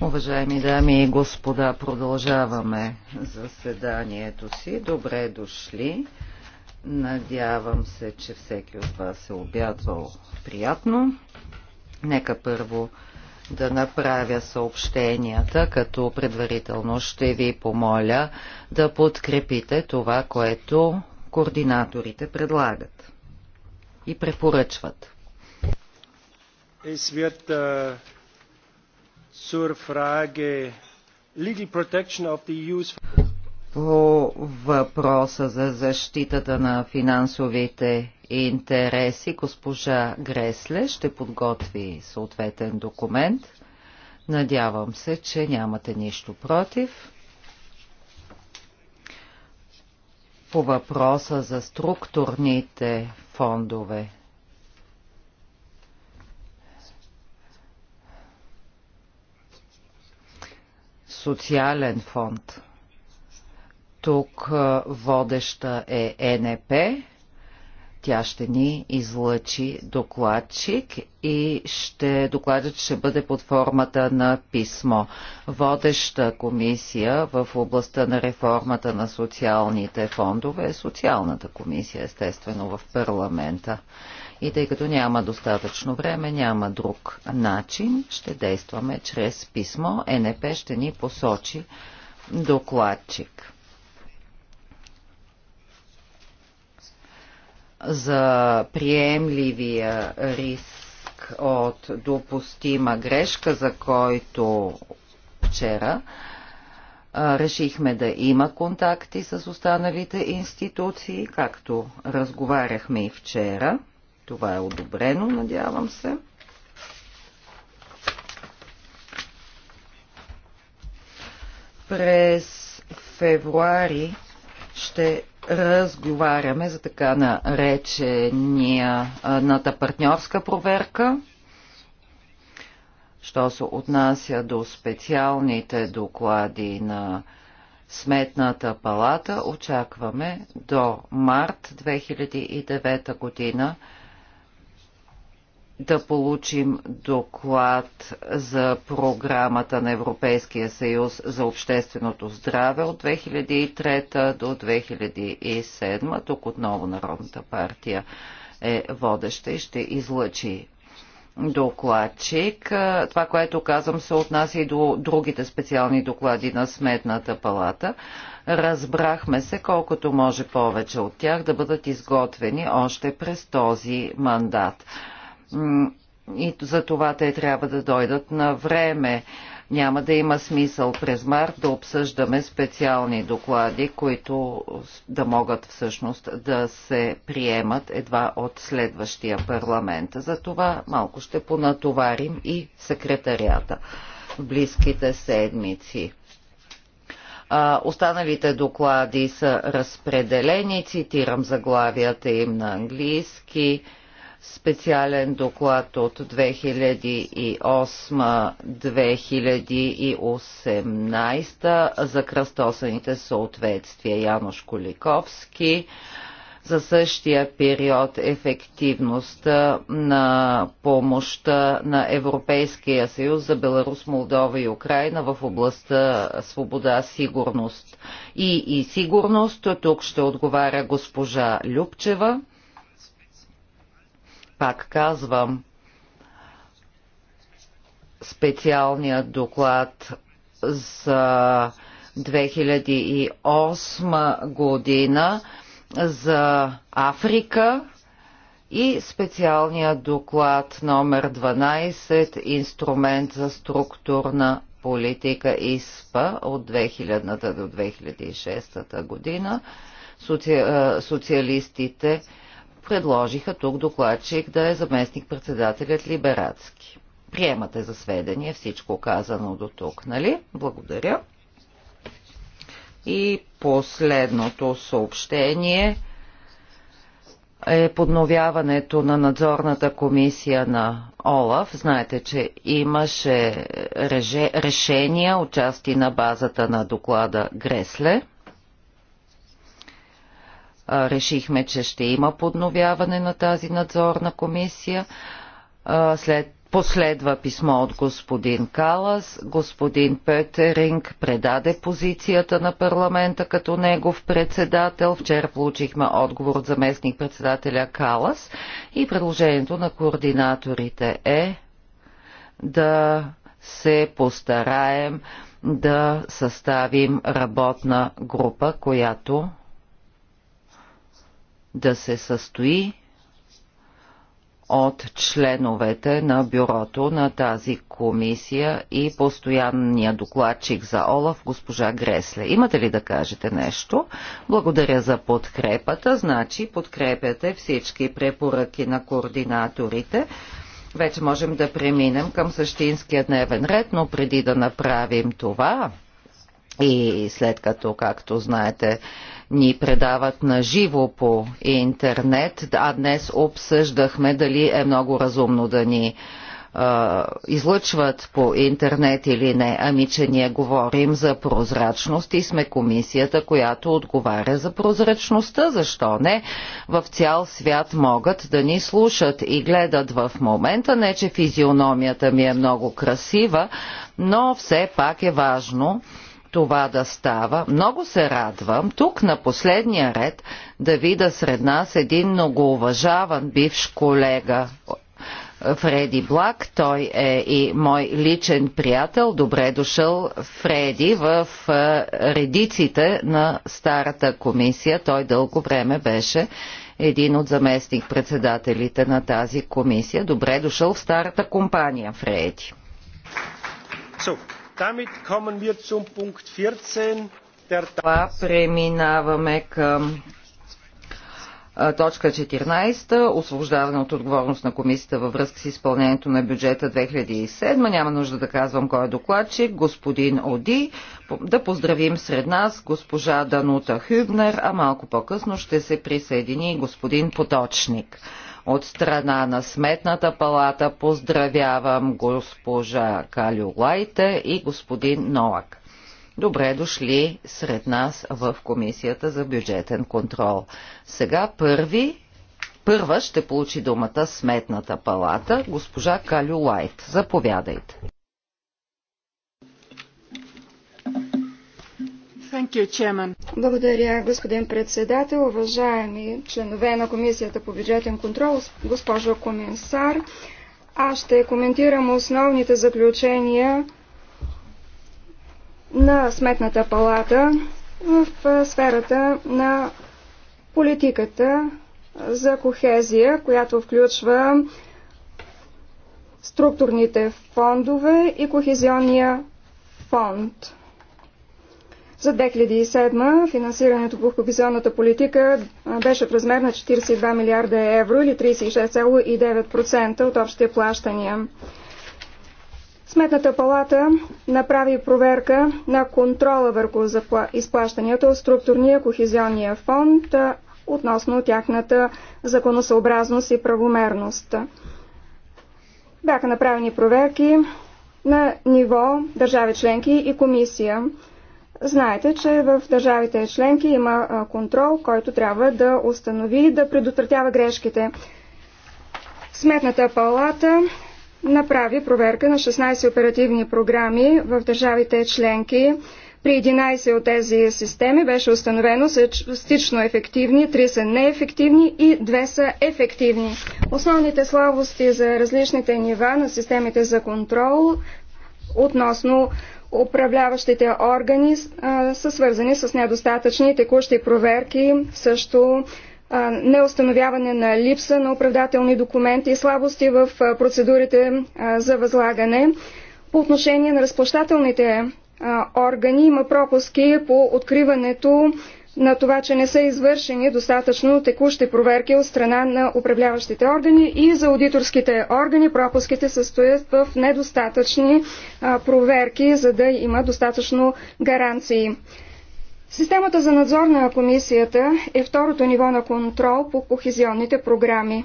Уважаеми дами и господа, продължаваме заседанието си. Добре дошли. Надявам се, че всеки от вас е обядвал приятно. Нека първо да направя съобщенията, като предварително ще ви помоля да подкрепите това, което координаторите предлагат и препоръчват. Es wird zur Frage legal protection of the EU's по въпроса за защитата на финансовите интереси, госпожа Гресле ще подготви съответен документ. Надявам се, че нямате нищо против. По въпроса за структурните фондове социален фонд. Тук водеща е НП. Тя ще ни излъчи докладчик и ще, докладът ще бъде под формата на писмо. Водеща комисия в областта на реформата на социалните фондове е социалната комисия, естествено, в парламента. И тъй като няма достатъчно време, няма друг начин, ще действаме чрез писмо. НП ще ни посочи докладчик. За приемливия риск от допустима грешка, за който вчера решихме да има контакти с останалите институции, както разговаряхме и вчера – това е одобрено, надявам се. През февруари ще разговаряме за така наречената партньорска проверка. Що се отнася до специалните доклади на Сметната палата, очакваме до март 2009 година да получим доклад за програмата на Европейския съюз за общественото здраве от 2003 до 2007. Тук отново Народната партия е водеща и ще излъчи докладчик. Това, което казвам, се отнася и до другите специални доклади на Сметната палата. Разбрахме се колкото може повече от тях да бъдат изготвени още през този мандат и за това те трябва да дойдат на време. Няма да има смисъл през март да обсъждаме специални доклади, които да могат всъщност да се приемат едва от следващия парламент. За това малко ще понатоварим и секретарията в близките седмици. А, останалите доклади са разпределени, цитирам заглавията им на английски специален доклад от 2008-2018 за кръстосаните съответствия Янош Коликовски. За същия период ефективността на помощта на Европейския съюз за Беларус, Молдова и Украина в областта свобода, сигурност и, и сигурност. Тук ще отговаря госпожа Любчева. Пак казвам, специалният доклад за 2008 година за Африка и специалният доклад номер 12 Инструмент за структурна политика ИСПА от 2000 до 2006 година. Соци... Социалистите предложиха тук докладчик да е заместник-председателят либератски. Приемате за сведение всичко казано до тук, нали? Благодаря. И последното съобщение е подновяването на надзорната комисия на ОЛАФ. Знаете, че имаше решения от части на базата на доклада Гресле решихме, че ще има подновяване на тази надзорна комисия. След Последва писмо от господин Калас. Господин Петеринг предаде позицията на парламента като негов председател. Вчера получихме отговор от заместник председателя Калас и предложението на координаторите е да се постараем да съставим работна група, която да се състои от членовете на бюрото на тази комисия и постоянния докладчик за Олаф, госпожа Гресле. Имате ли да кажете нещо? Благодаря за подкрепата. Значи подкрепяте всички препоръки на координаторите. Вече можем да преминем към същинския дневен ред, но преди да направим това, и след като, както знаете, ни предават на живо по интернет, а днес обсъждахме дали е много разумно да ни излъчват по интернет или не, ами че ние говорим за прозрачност и сме комисията, която отговаря за прозрачността. Защо не? В цял свят могат да ни слушат и гледат в момента. Не, че физиономията ми е много красива, но все пак е важно това да става. Много се радвам тук на последния ред да видя сред нас един многоуважаван бивш колега Фреди Блак. Той е и мой личен приятел. Добре дошъл Фреди в е, редиците на старата комисия. Той дълго време беше един от заместник-председателите на тази комисия. Добре дошъл в старата компания, Фреди. So, това преминаваме към Точка 14. Освобождаване от отговорност на комисията във връзка с изпълнението на бюджета 2007. Няма нужда да казвам кой е докладчик. Господин Оди. Да поздравим сред нас госпожа Данута Хюбнер, а малко по-късно ще се присъедини господин Поточник от страна на Сметната палата. Поздравявам госпожа Калю Лайте и господин Новак. Добре дошли сред нас в Комисията за бюджетен контрол. Сега първи, първа ще получи думата Сметната палата, госпожа Калю Лайт. Заповядайте. Благодаря, господин председател, уважаеми членове на Комисията по бюджетен контрол, госпожо комисар. Аз ще коментирам основните заключения на Сметната палата в сферата на политиката за кохезия, която включва структурните фондове и кохезионния фонд. За 2007 финансирането по кохезионната политика беше в размер на 42 милиарда евро или 36,9% от общите плащания. Сметната палата направи проверка на контрола върху изплащанията от структурния кохезионния фонд относно тяхната законосъобразност и правомерност. Бяха направени проверки на ниво държави членки и комисия. Знаете, че в държавите членки има контрол, който трябва да установи и да предотвратява грешките. Сметната палата направи проверка на 16 оперативни програми в държавите членки. При 11 от тези системи беше установено са частично ефективни, 3 са неефективни и 2 са ефективни. Основните слабости за различните нива на системите за контрол относно управляващите органи са свързани с недостатъчни текущи проверки, също неустановяване на липса на оправдателни документи и слабости в процедурите за възлагане. По отношение на разплащателните органи има пропуски по откриването на това, че не са извършени достатъчно текущи проверки от страна на управляващите органи и за аудиторските органи пропуските състоят в недостатъчни проверки, за да има достатъчно гаранции. Системата за надзор на комисията е второто ниво на контрол по кохезионните програми.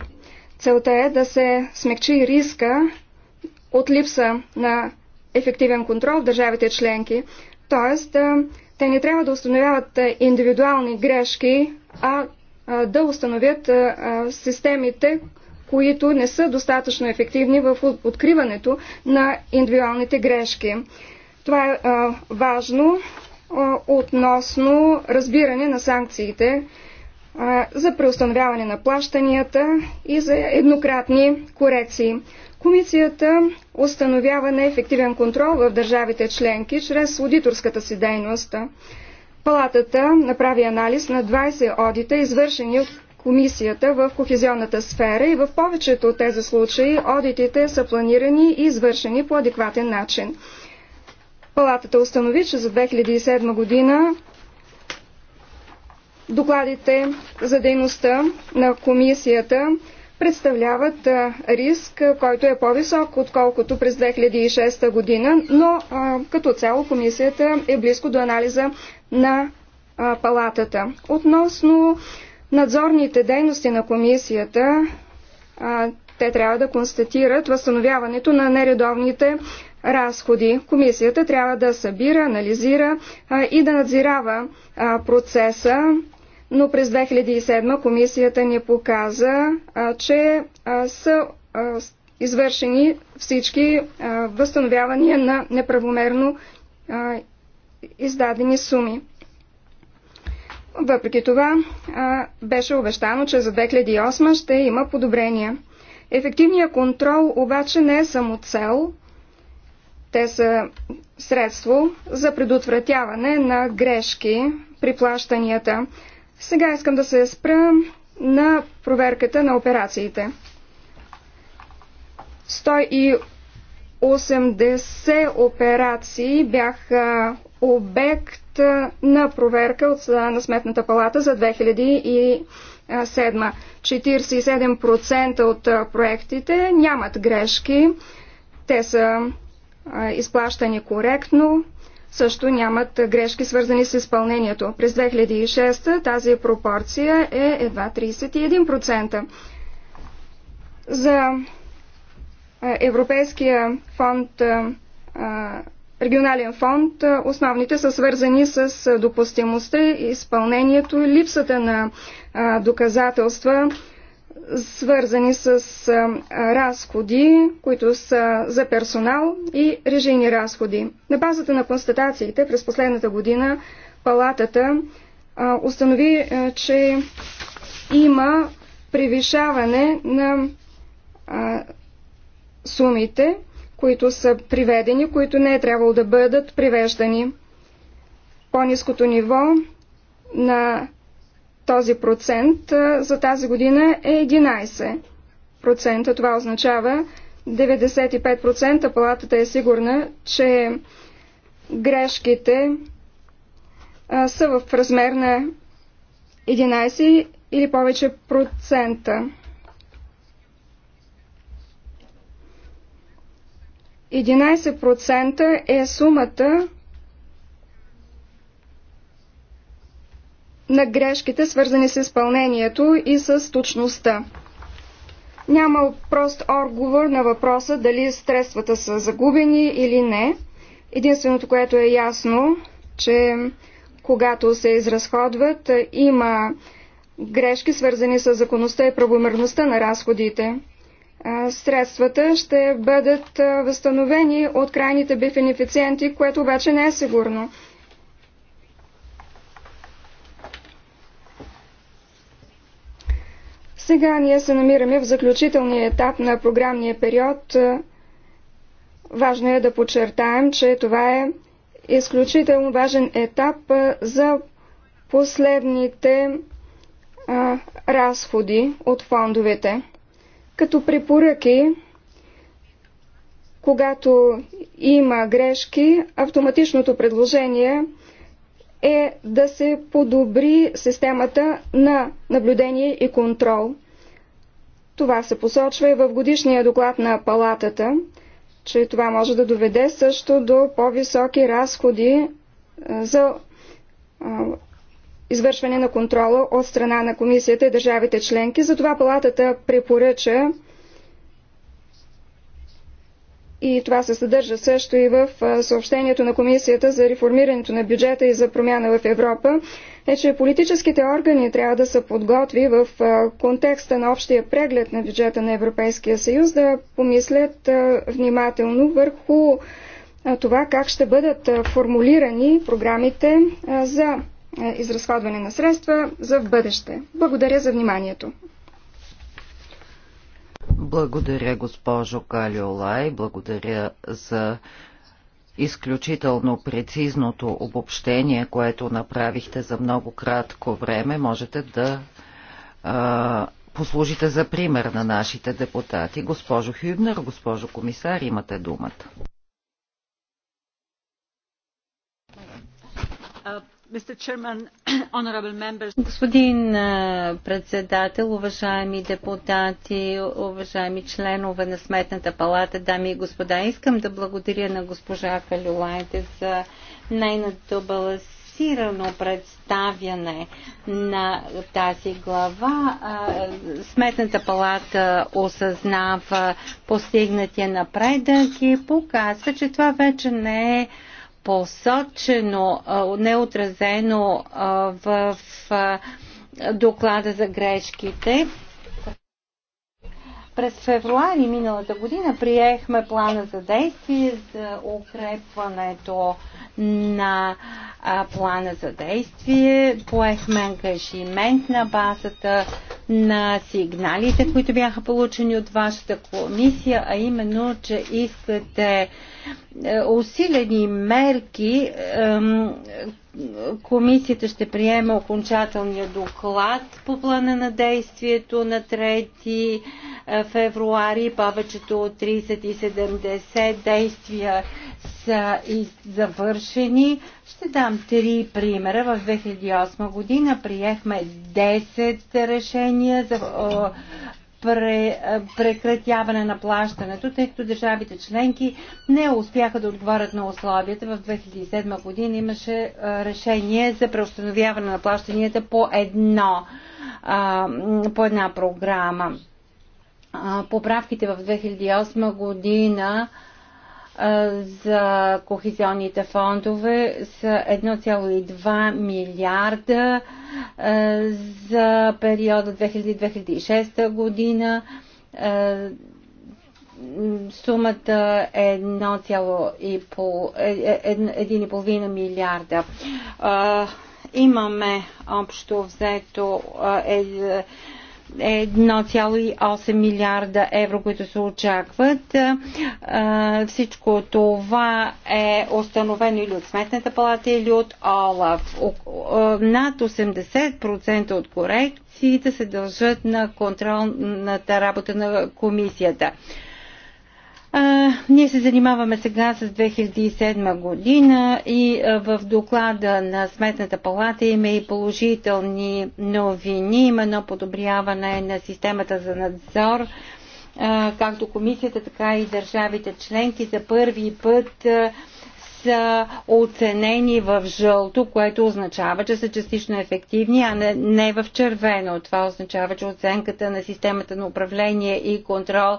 Целта е да се смекчи риска от липса на ефективен контрол в държавите членки, т.е. да те не трябва да установяват е, индивидуални грешки, а да установят е, е, системите, които не са достатъчно ефективни в откриването на индивидуалните грешки. Това е важно относно разбиране на санкциите за преустановяване на плащанията и за еднократни корекции. Комисията установява неефективен контрол в държавите членки чрез аудиторската си дейност. Палатата направи анализ на 20 одита, извършени от комисията в кохезионната сфера и в повечето от тези случаи одитите са планирани и извършени по адекватен начин. Палатата установи, че за 2007 година докладите за дейността на комисията представляват риск, който е по-висок, отколкото през 2006 година, но като цяло комисията е близко до анализа на палатата. Относно надзорните дейности на комисията, те трябва да констатират възстановяването на нередовните разходи. Комисията трябва да събира, анализира и да надзирава процеса но през 2007 комисията ни показа, че са извършени всички възстановявания на неправомерно издадени суми. Въпреки това беше обещано, че за 2008 ще има подобрения. Ефективният контрол обаче не е само цел, те са средство за предотвратяване на грешки при плащанията. Сега искам да се спра на проверката на операциите. 180 операции бяха обект на проверка от на Сметната палата за 2007. 47% от проектите нямат грешки. Те са изплащани коректно, също нямат грешки свързани с изпълнението. През 2006 тази пропорция е едва 31%. За Европейския фонд, регионален фонд, основните са свързани с допустимостта, изпълнението и липсата на доказателства свързани с разходи, които са за персонал и режийни разходи. На базата на констатациите през последната година палатата установи, че има превишаване на сумите, които са приведени, които не е трябвало да бъдат привеждани. По-низкото ниво на този процент за тази година е 11%. Това означава 95% палатата е сигурна, че грешките са в размер на 11 или повече процента. 11% е сумата на грешките, свързани с изпълнението и с точността. Няма прост отговор на въпроса дали средствата са загубени или не. Единственото, което е ясно, че когато се изразходват, има грешки, свързани с законността и правомерността на разходите. Средствата ще бъдат възстановени от крайните бифенефициенти, което обаче не е сигурно. Сега ние се намираме в заключителния етап на програмния период. Важно е да подчертаем, че това е изключително важен етап за последните а, разходи от фондовете. Като препоръки, когато има грешки, автоматичното предложение е да се подобри системата на наблюдение и контрол. Това се посочва и в годишния доклад на палатата, че това може да доведе също до по-високи разходи за извършване на контрола от страна на комисията и държавите членки. Затова палатата препоръча и това се съдържа също и в съобщението на Комисията за реформирането на бюджета и за промяна в Европа, е, че политическите органи трябва да са подготви в контекста на общия преглед на бюджета на Европейския съюз да помислят внимателно върху това как ще бъдат формулирани програмите за изразходване на средства за в бъдеще. Благодаря за вниманието. Благодаря, госпожо Калиолай. Благодаря за изключително прецизното обобщение, което направихте за много кратко време. Можете да а, послужите за пример на нашите депутати. Госпожо Хюбнер, госпожо комисар, имате думата. Господин председател, уважаеми депутати, уважаеми членове на Сметната палата, дами и господа, искам да благодаря на госпожа Калюлайте за нейното балансирано представяне на тази глава. Сметната палата осъзнава постигнатия напредък и показва, че това вече не е посочено, неотразено в доклада за грешките през февруари миналата година приехме плана за действие за укрепването на а, плана за действие. Поехме ангажимент на базата на сигналите, които бяха получени от вашата комисия, а именно, че искате е, усилени мерки, комисията ще приеме окончателния доклад по плана на действието на 3 е, февруари. Повечето от 30 и 70 действия са и завършени. Ще дам три примера. В 2008 година приехме 10 решения за е, пре, прекратяване на плащането, тъй като държавите членки не успяха да отговарят на условията. В 2007 година имаше решение за преустановяване на плащанията по, едно, по една програма. Поправките в 2008 година за кохезионните фондове са 1,2 милиарда за периода 2000-2006 година. Сумата е 1,5 е, е, е, милиарда. Имаме общо взето е, 1,8 е милиарда евро, които се очакват. Всичко това е установено или от Сметната палата, или от ОЛАФ. Над 80% от корекциите се дължат на контролната работа на комисията. А, ние се занимаваме сега с 2007 година и а, в доклада на Сметната палата има и положителни новини, има едно подобряване на системата за надзор, а, както комисията, така и държавите членки за първи път а, са оценени в жълто, което означава, че са частично ефективни, а не, не в червено. Това означава, че оценката на системата на управление и контрол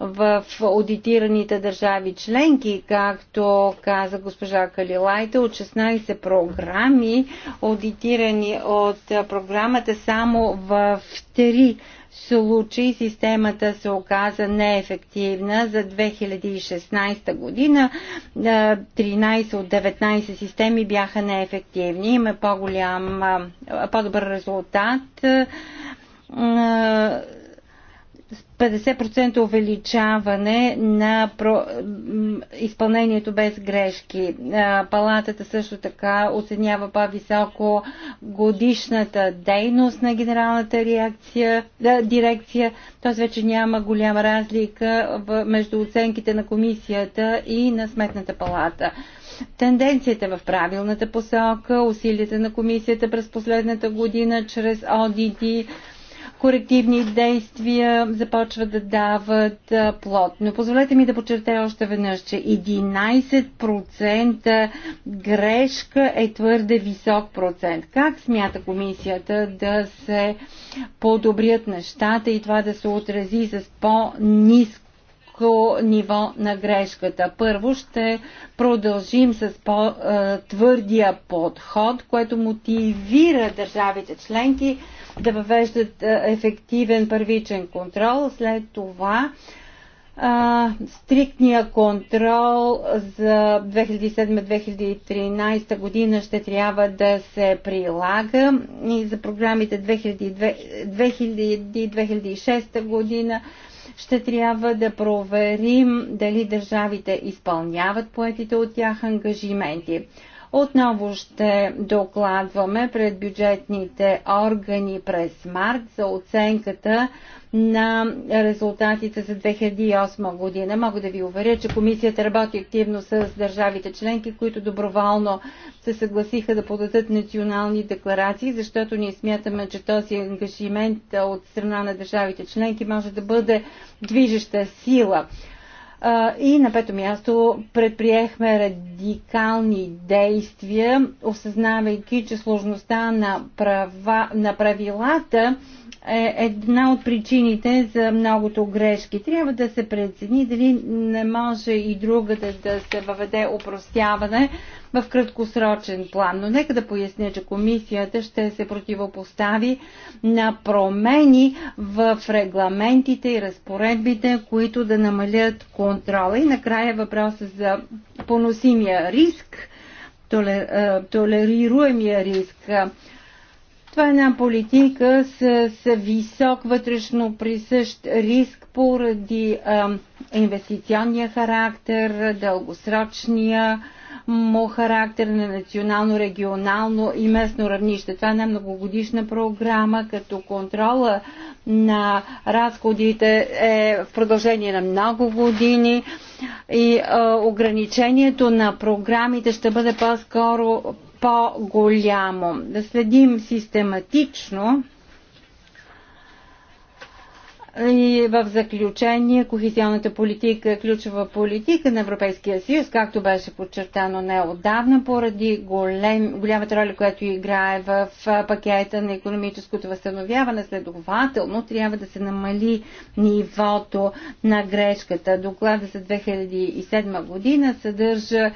в аудитираните държави членки, както каза госпожа Калилайте, от 16 програми, аудитирани от програмата само в 3 случаи системата се оказа неефективна за 2016 година. 13 от 19 системи бяха неефективни. Има по-голям, по-добър резултат 50% увеличаване на про... изпълнението без грешки. Палатата също така оценява по-високо годишната дейност на генералната реакция, да, дирекция, т.е. вече няма голяма разлика между оценките на комисията и на сметната палата тенденцията в правилната посока, усилията на комисията през последната година чрез одити, корективни действия започват да дават плод. Но позволете ми да подчертая още веднъж, че 11% грешка е твърде висок процент. Как смята комисията да се подобрят нещата и това да се отрази с по-низка ниско ниво на грешката. Първо ще продължим с по-твърдия е, подход, което мотивира държавите членки да въвеждат е, ефективен първичен контрол. След това е, стриктния контрол за 2007-2013 година ще трябва да се прилага и за програмите 2002-2006 година ще трябва да проверим дали държавите изпълняват поетите от тях ангажименти. Отново ще докладваме пред бюджетните органи през март за оценката на резултатите за 2008 година. Мога да ви уверя, че комисията работи активно с държавите членки, които доброволно се съгласиха да подадат национални декларации, защото ние смятаме, че този ангажимент от страна на държавите членки може да бъде движеща сила. И на пето място предприехме радикални действия, осъзнавайки, че сложността на, права, на правилата е една от причините за многото грешки. Трябва да се прецени дали не може и другата да се въведе упростяване в краткосрочен план. Но нека да поясня, че комисията ще се противопостави на промени в регламентите и разпоредбите, които да намалят контрола. И накрая въпроса за поносимия риск, толер, е, толерируемия риск това е една политика с, с висок вътрешно присъщ риск поради а, инвестиционния характер, дългосрочния му характер на национално, регионално и местно равнище. Това е една многогодишна програма, като контрола на разходите е в продължение на много години и а, ограничението на програмите ще бъде по-скоро по-голямо. Да следим систематично и в заключение, кохезионната политика е ключова политика на Европейския съюз, както беше подчертано неодавна, поради голем, голямата роля, която играе в пакета на економическото възстановяване. Следователно, трябва да се намали нивото на грешката. Доклада за 2007 година съдържа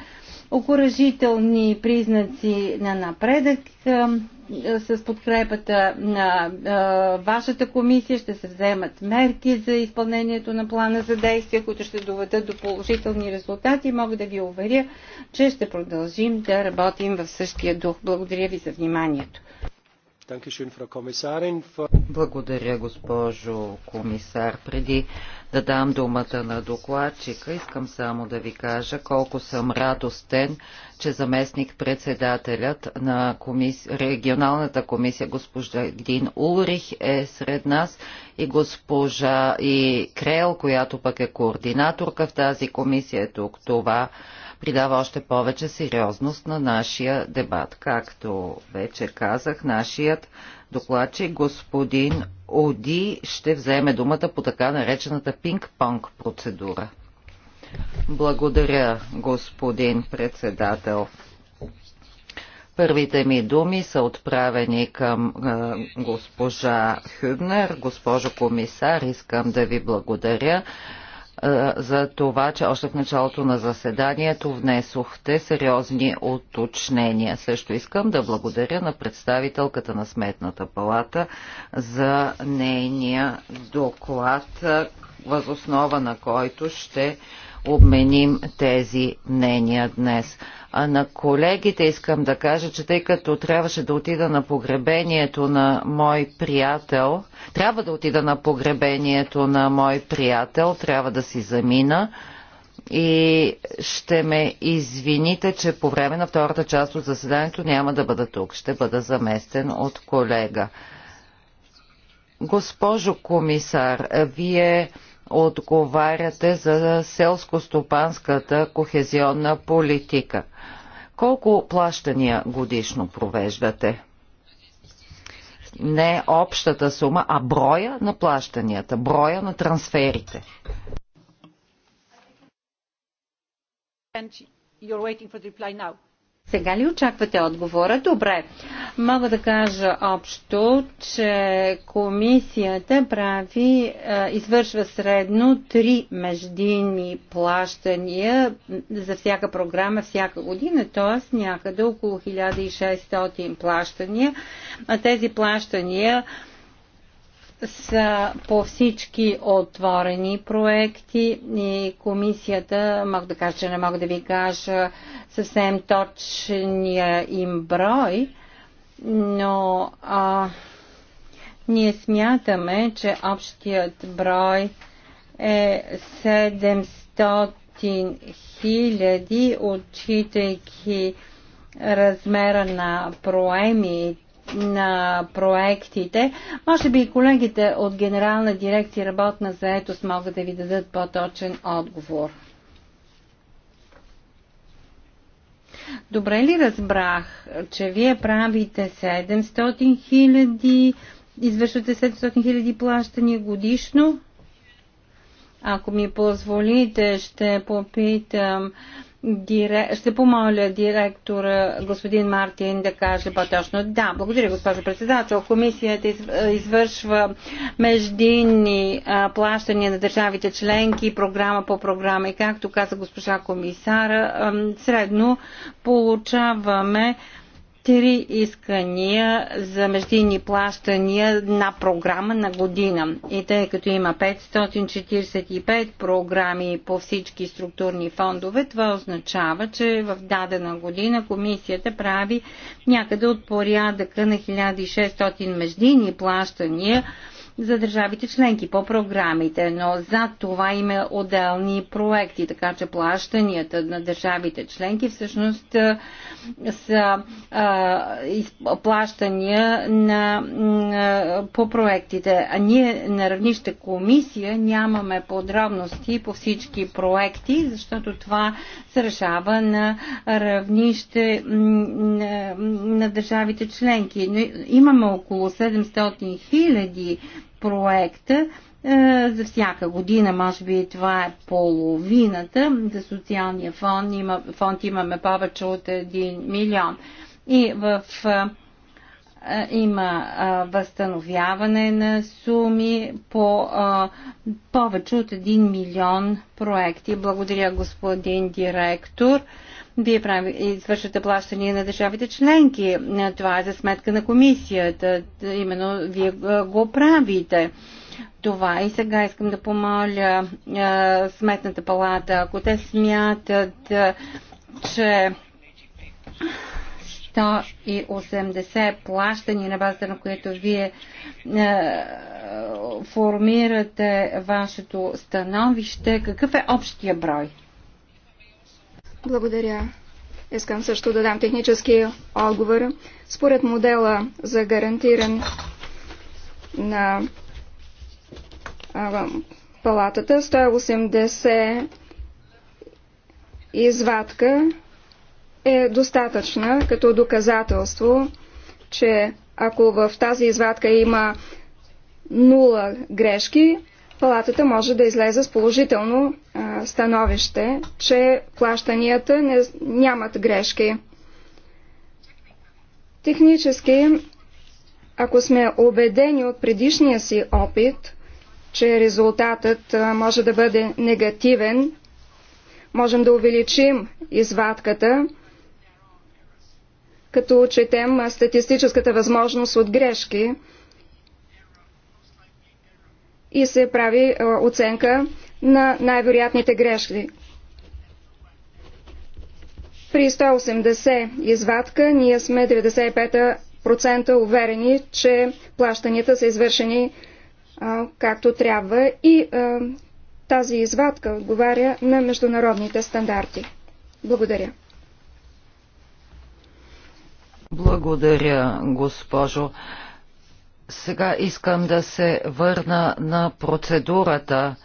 окоръжителни признаци на напредък. С подкрепата на вашата комисия ще се вземат мерки за изпълнението на плана за действия, които ще доведат до положителни резултати. Мога да ви уверя, че ще продължим да работим в същия дух. Благодаря ви за вниманието. Благодаря, госпожо комисар. Преди да дам думата на докладчика, искам само да ви кажа колко съм радостен, че заместник-председателят на комис... регионалната комисия, госпожа Дин Улрих е сред нас и госпожа и Крел, която пък е координаторка в тази комисия, е тук това придава още повече сериозност на нашия дебат. Както вече казах, нашият докладчик господин Оди ще вземе думата по така наречената пинг-понг процедура. Благодаря, господин председател. Първите ми думи са отправени към е, госпожа Хюбнер. Госпожо комисар, искам да ви благодаря е, за това, че още в началото на заседанието внесохте сериозни уточнения. Също искам да благодаря на представителката на Сметната палата за нейния доклад, възоснова на който ще обменим тези мнения днес. А на колегите искам да кажа, че тъй като трябваше да отида на погребението на мой приятел, трябва да отида на погребението на мой приятел, трябва да си замина и ще ме извините, че по време на втората част от заседанието няма да бъда тук. Ще бъда заместен от колега. Госпожо комисар, вие отговаряте за селско-стопанската кохезионна политика. Колко плащания годишно провеждате? Не общата сума, а броя на плащанията, броя на трансферите. And you're waiting for the reply now. Сега ли очаквате отговора? Добре. Мога да кажа общо, че комисията прави, е, извършва средно три междинни плащания за всяка програма всяка година, т.е. някъде около 1600 плащания. А тези плащания са по всички отворени проекти и комисията, мога да кажа, че не мога да ви кажа съвсем точния им брой, но а, ние смятаме, че общият брой е 700 хиляди, отчитайки размера на проемите на проектите. Може би и колегите от Генерална дирекция работна заетост могат да ви дадат по-точен отговор. Добре ли разбрах, че вие правите 700 хиляди, извършвате 700 хиляди плащания годишно? Ако ми позволите, ще попитам Дире... Ще помоля директора господин Мартин да каже по-точно. Да, благодаря госпожо председател. Комисията извършва междинни плащания на държавите членки, програма по програма и както каза госпожа комисара, средно получаваме четири искания за междинни плащания на програма на година. И тъй като има 545 програми по всички структурни фондове, това означава, че в дадена година комисията прави някъде от порядъка на 1600 междинни плащания за държавите членки по програмите, но за това има отделни проекти, така че плащанията на държавите членки всъщност са плащания на, по проектите. А ние на равнище комисия нямаме подробности по всички проекти, защото това се решава на равнище на, на държавите членки. Но имаме около 700 хиляди проекта е, за всяка година, може би това е половината, за социалния фонд, има, фонд имаме повече от 1 милион. И в е, е, има а, възстановяване на суми по а, повече от 1 милион проекти. Благодаря господин директор. Вие прави, извършвате плащания на държавите членки. Това е за сметка на комисията. Именно вие го правите това. И сега искам да помоля Сметната палата, ако те смятат, че 180 плащани на базата на което вие формирате вашето становище, какъв е общия брой? Благодаря. Искам също да дам технически отговор. Според модела за гарантиран на палатата 180 извадка е достатъчна като доказателство, че ако в тази извадка има нула грешки, палатата може да излезе с положително а, становище, че плащанията не, нямат грешки. Технически, ако сме убедени от предишния си опит, че резултатът а, може да бъде негативен, можем да увеличим извадката, като четем статистическата възможност от грешки – и се прави оценка на най-вероятните грешки. При 180 извадка ние сме 95% уверени, че плащанията са извършени както трябва и тази извадка отговаря на международните стандарти. Благодаря. Благодаря, госпожо. Сега искам да се върна на процедурата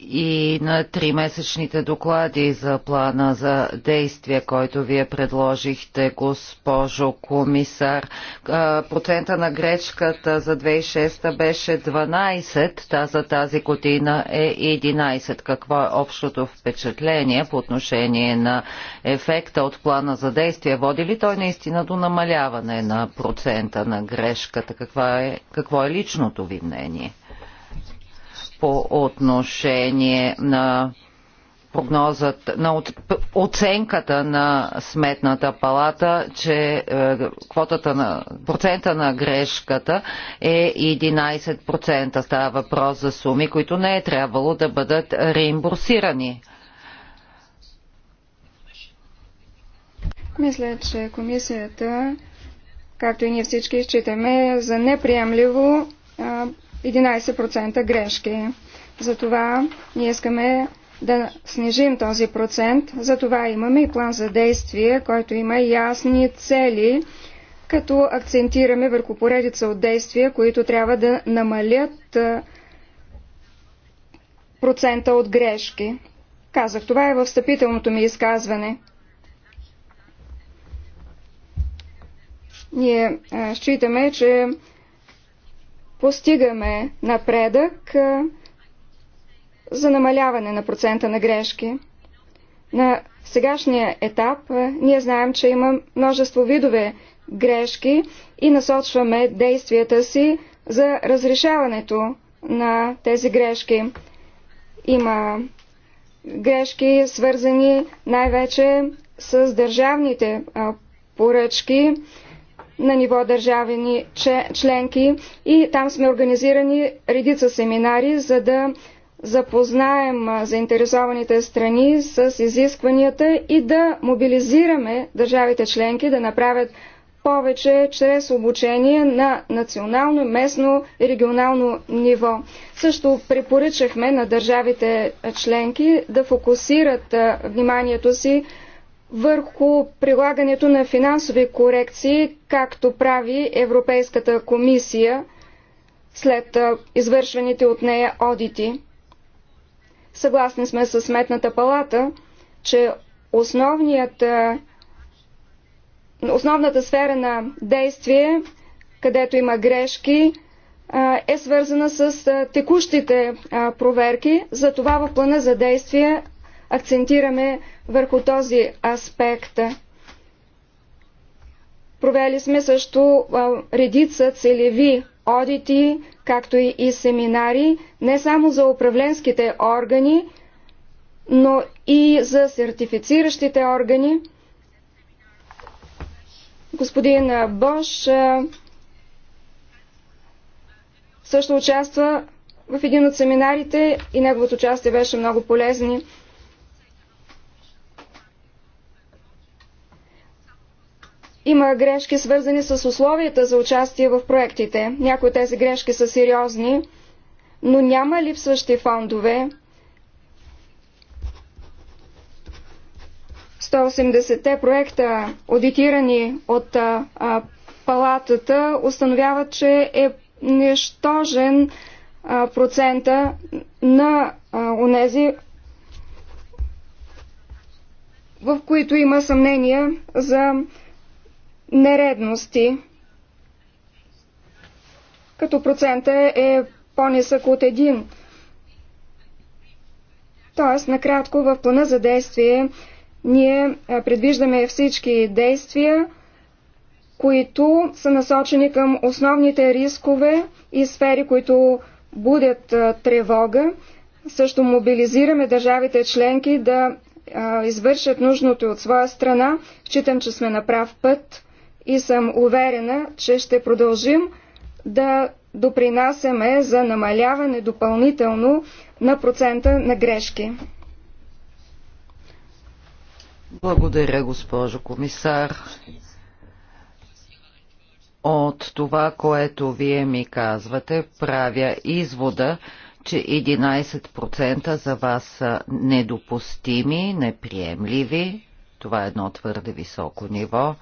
и на тримесечните доклади за плана за действие, който вие предложихте, госпожо комисар. Процента на грешката за 2006 беше 12, та за тази година е 11. Какво е общото впечатление по отношение на ефекта от плана за действие? Води ли той наистина до намаляване на процента на грешката? е, какво е личното ви мнение? по отношение на прогнозът, на оценката на сметната палата, че е, квотата на, процента на грешката е 11%. Става въпрос за суми, които не е трябвало да бъдат реимбурсирани. Мисля, че комисията, както и ние всички, считаме за неприемливо 11% грешки. Затова ние искаме да снижим този процент. Затова имаме и план за действие, който има ясни цели, като акцентираме върху поредица от действия, които трябва да намалят процента от грешки. Казах, това е встъпителното ми изказване. Ние считаме, че постигаме напредък за намаляване на процента на грешки. На сегашния етап ние знаем, че има множество видове грешки и насочваме действията си за разрешаването на тези грешки. Има грешки, свързани най-вече с държавните поръчки, на ниво държавени членки и там сме организирани редица семинари, за да запознаем заинтересованите страни с изискванията и да мобилизираме държавите членки да направят повече чрез обучение на национално, местно и регионално ниво. Също препоръчахме на държавите членки да фокусират вниманието си върху прилагането на финансови корекции, както прави Европейската комисия след извършваните от нея одити. Съгласни сме с Сметната палата, че основният, основната сфера на действие, където има грешки, е свързана с текущите проверки. Затова в плана за действие акцентираме върху този аспект. Провели сме също редица целеви одити, както и семинари, не само за управленските органи, но и за сертифициращите органи. Господин Бош също участва в един от семинарите и неговото участие беше много полезни. Има грешки свързани с условията за участие в проектите. Някои от тези грешки са сериозни, но няма липсващи фондове. 180-те проекта, аудитирани от а, а, палатата, установяват, че е нещожен а, процента на а, унези, в които има съмнение за нередности, като процента е, е по-нисък от един. Тоест, накратко, в плана за действие ние е, предвиждаме всички действия, които са насочени към основните рискове и сфери, които будят е, тревога. Също мобилизираме държавите членки да извършат нужното от своя страна. Считам, че сме на прав път и съм уверена, че ще продължим да допринасяме за намаляване допълнително на процента на грешки. Благодаря, госпожо комисар. От това, което вие ми казвате, правя извода, че 11% за вас са недопустими, неприемливи. Това е едно твърде високо ниво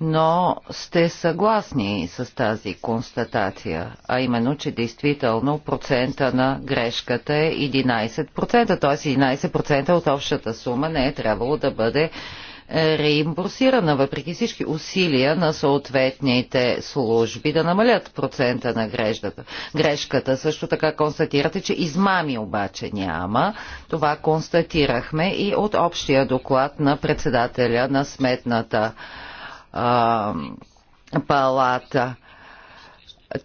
но сте съгласни с тази констатация, а именно, че действително процента на грешката е 11%, т.е. 11% от общата сума не е трябвало да бъде е, реимбурсирана, въпреки всички усилия на съответните служби да намалят процента на грешката. грешката. Също така констатирате, че измами обаче няма. Това констатирахме и от общия доклад на председателя на сметната а, палата.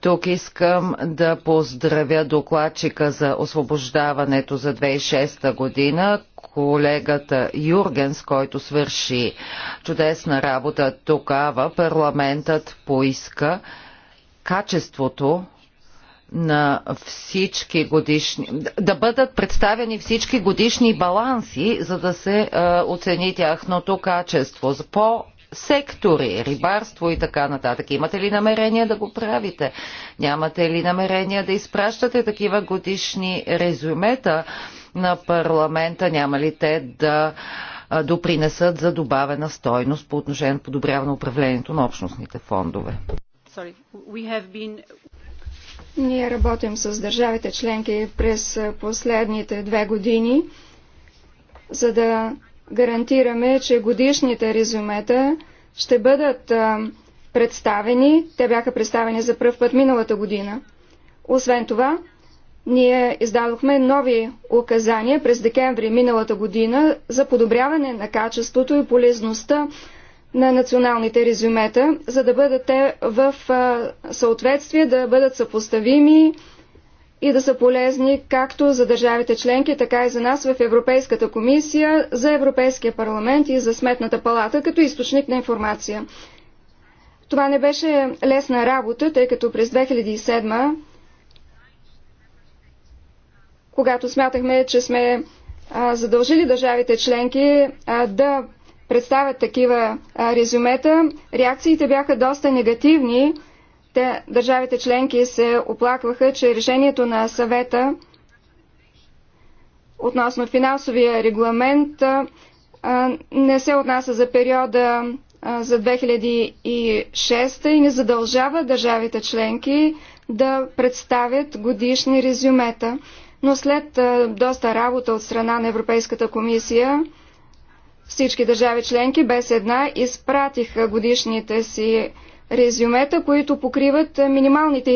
Тук искам да поздравя докладчика за освобождаването за 2006 година, колегата Юргенс, който свърши чудесна работа тогава. Парламентът поиска качеството на всички годишни, да бъдат представени всички годишни баланси, за да се е, оцени тяхното качество. По сектори, рибарство и така нататък. Имате ли намерение да го правите? Нямате ли намерение да изпращате такива годишни резюмета на парламента? Няма ли те да допринесат за добавена стойност по отношение на подобряване на управлението на общностните фондове? Ние работим с държавите членки през последните две години, за да гарантираме, че годишните резюмета ще бъдат представени. Те бяха представени за пръв път миналата година. Освен това, ние издадохме нови указания през декември миналата година за подобряване на качеството и полезността на националните резюмета, за да бъдат те в съответствие, да бъдат съпоставими и да са полезни както за държавите членки, така и за нас в Европейската комисия, за Европейския парламент и за Сметната палата като източник на информация. Това не беше лесна работа, тъй като през 2007, когато смятахме, че сме задължили държавите членки да представят такива резюмета, реакциите бяха доста негативни, те, държавите членки се оплакваха, че решението на съвета относно финансовия регламент не се отнася за периода за 2006 и не задължава държавите членки да представят годишни резюмета. Но след доста работа от страна на Европейската комисия, всички държави членки без една изпратиха годишните си резюмета, които покриват минималните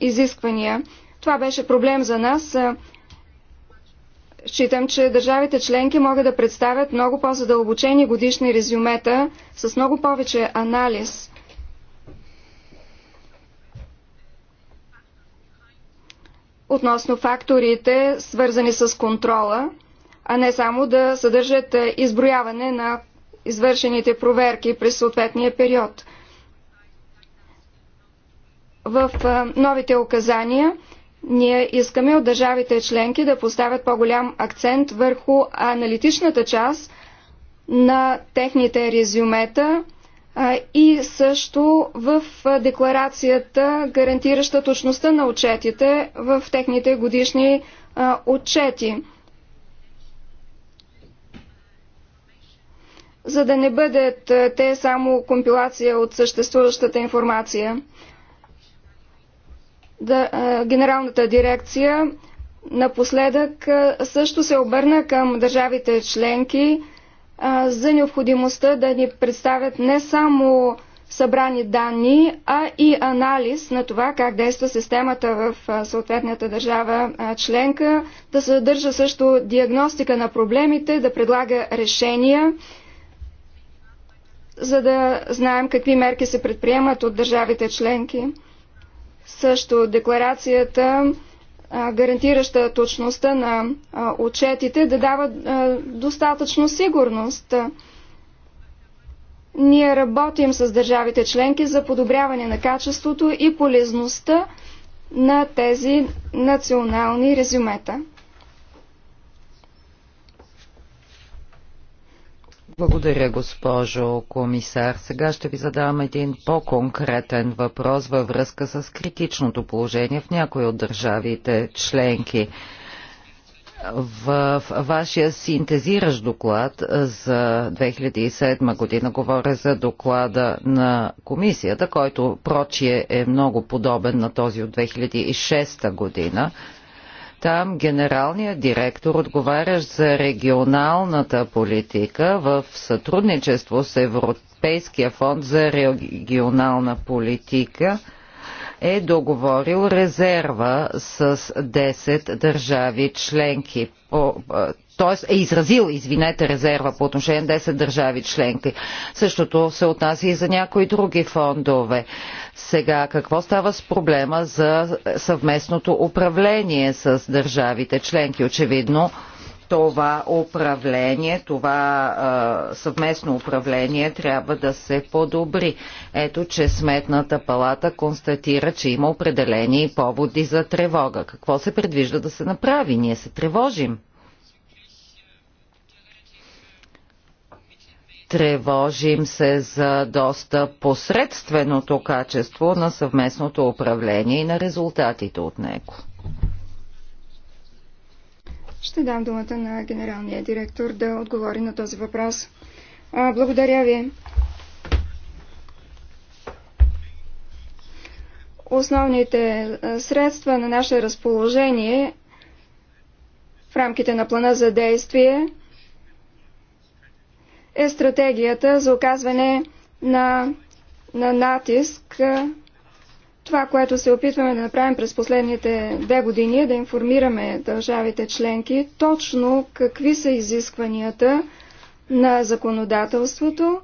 изисквания. Това беше проблем за нас. Считам, че държавите членки могат да представят много по-задълбочени годишни резюмета с много повече анализ. Относно факторите, свързани с контрола, а не само да съдържат изброяване на извършените проверки през съответния период. В новите указания ние искаме от държавите членки да поставят по-голям акцент върху аналитичната част на техните резюмета и също в декларацията, гарантираща точността на отчетите в техните годишни отчети. За да не бъдат те само компилация от съществуващата информация да, а, е, генералната дирекция напоследък а, е, също се обърна към държавите членки а, е, за необходимостта да ни представят не само събрани данни, а и анализ на това как действа системата в съответната държава членка, да съдържа също диагностика на проблемите, да предлага решения, за да знаем какви мерки се предприемат от държавите членки. Също декларацията, гарантираща точността на отчетите, да дава достатъчно сигурност. Ние работим с държавите членки за подобряване на качеството и полезността на тези национални резюмета. Благодаря, госпожо комисар. Сега ще ви задам един по-конкретен въпрос във връзка с критичното положение в някои от държавите членки. В вашия синтезиращ доклад за 2007 година говоря за доклада на комисията, който прочие е много подобен на този от 2006 година там генералният директор, отговарящ за регионалната политика в сътрудничество с Европейския фонд за регионална политика – е договорил резерва с 10 държави членки. По, т.е. е изразил, извинете, резерва по отношение на 10 държави членки. Същото се отнася и за някои други фондове. Сега, какво става с проблема за съвместното управление с държавите членки? Очевидно, това управление, това а, съвместно управление трябва да се подобри. Ето, че Сметната палата констатира, че има определени поводи за тревога. Какво се предвижда да се направи? Ние се тревожим. Тревожим се за доста посредственото качество на съвместното управление и на резултатите от него. Ще дам думата на генералния директор да отговори на този въпрос. А, благодаря ви. Основните средства на наше разположение в рамките на плана за действие е стратегията за оказване на, на натиск това, което се опитваме да направим през последните две години е да информираме държавите членки точно какви са изискванията на законодателството,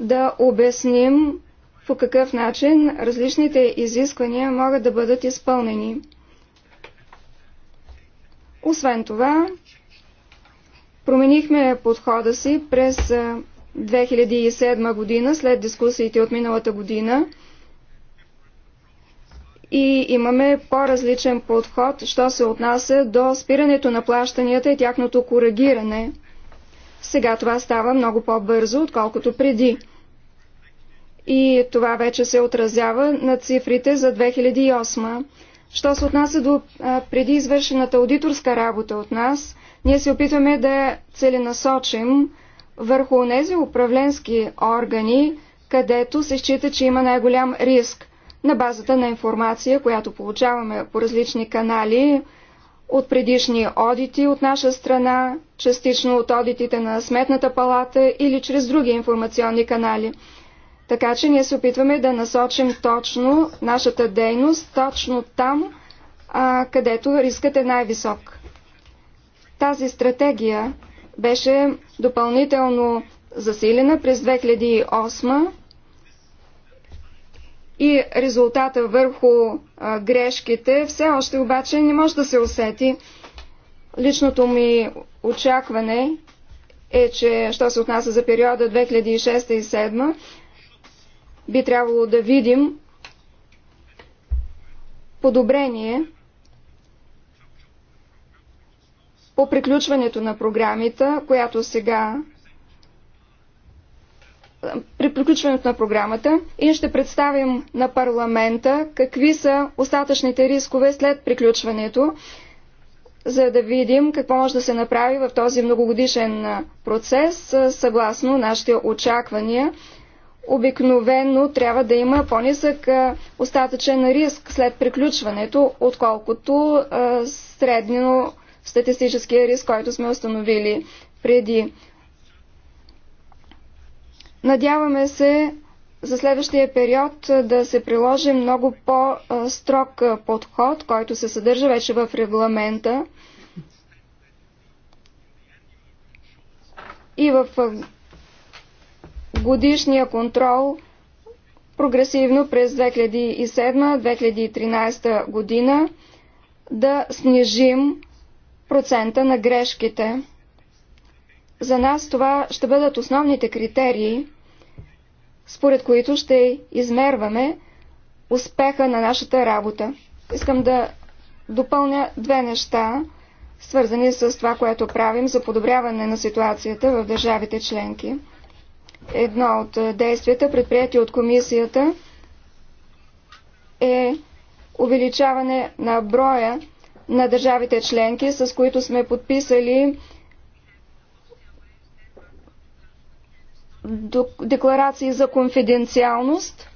да обясним по какъв начин различните изисквания могат да бъдат изпълнени. Освен това, променихме подхода си през 2007 година, след дискусиите от миналата година – и имаме по-различен подход, що се отнася до спирането на плащанията и тяхното коригиране. Сега това става много по-бързо, отколкото преди. И това вече се отразява на цифрите за 2008. Що се отнася до преди извършената аудиторска работа от нас, ние се опитваме да целенасочим върху тези управленски органи, където се счита, че има най-голям риск – на базата на информация, която получаваме по различни канали, от предишни одити от наша страна, частично от одитите на Сметната палата или чрез други информационни канали. Така че ние се опитваме да насочим точно нашата дейност, точно там, а, където рискът е най-висок. Тази стратегия беше допълнително засилена през 2008 и резултата върху а, грешките все още обаче не може да се усети. Личното ми очакване е, че що се отнася за периода 2006 и 2007, би трябвало да видим подобрение по приключването на програмите, която сега при приключването на програмата и ще представим на парламента какви са остатъчните рискове след приключването, за да видим какво може да се направи в този многогодишен процес съгласно нашите очаквания. Обикновено трябва да има по-нисък остатъчен риск след приключването, отколкото средно статистическия риск, който сме установили преди. Надяваме се за следващия период да се приложи много по-строг подход, който се съдържа вече в регламента. И в годишния контрол прогресивно през 2007-2013 година да снижим процента на грешките. За нас това ще бъдат основните критерии, според които ще измерваме успеха на нашата работа. Искам да допълня две неща, свързани с това, което правим за подобряване на ситуацията в държавите членки. Едно от е, действията, предприяти от комисията, е увеличаване на броя на държавите членки, с които сме подписали декларации за конфиденциалност.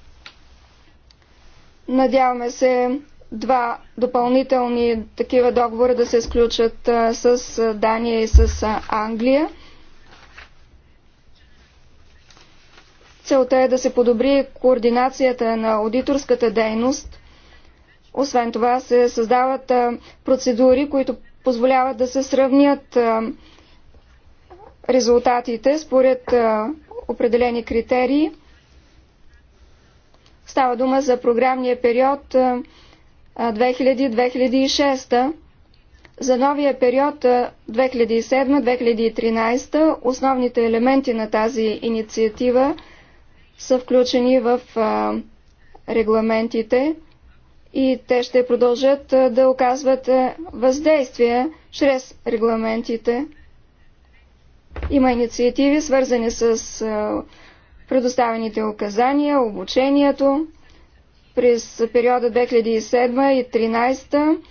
Надяваме се два допълнителни такива договора да се сключат с Дания и с Англия. Целта е да се подобри координацията на аудиторската дейност. Освен това се създават процедури, които позволяват да се сравнят резултатите според определени критерии. Става дума за програмния период 2000-2006. За новия период 2007-2013 основните елементи на тази инициатива са включени в регламентите и те ще продължат да оказват въздействие чрез регламентите. Има инициативи, свързани с предоставените указания, обучението. През периода 2007 и 2013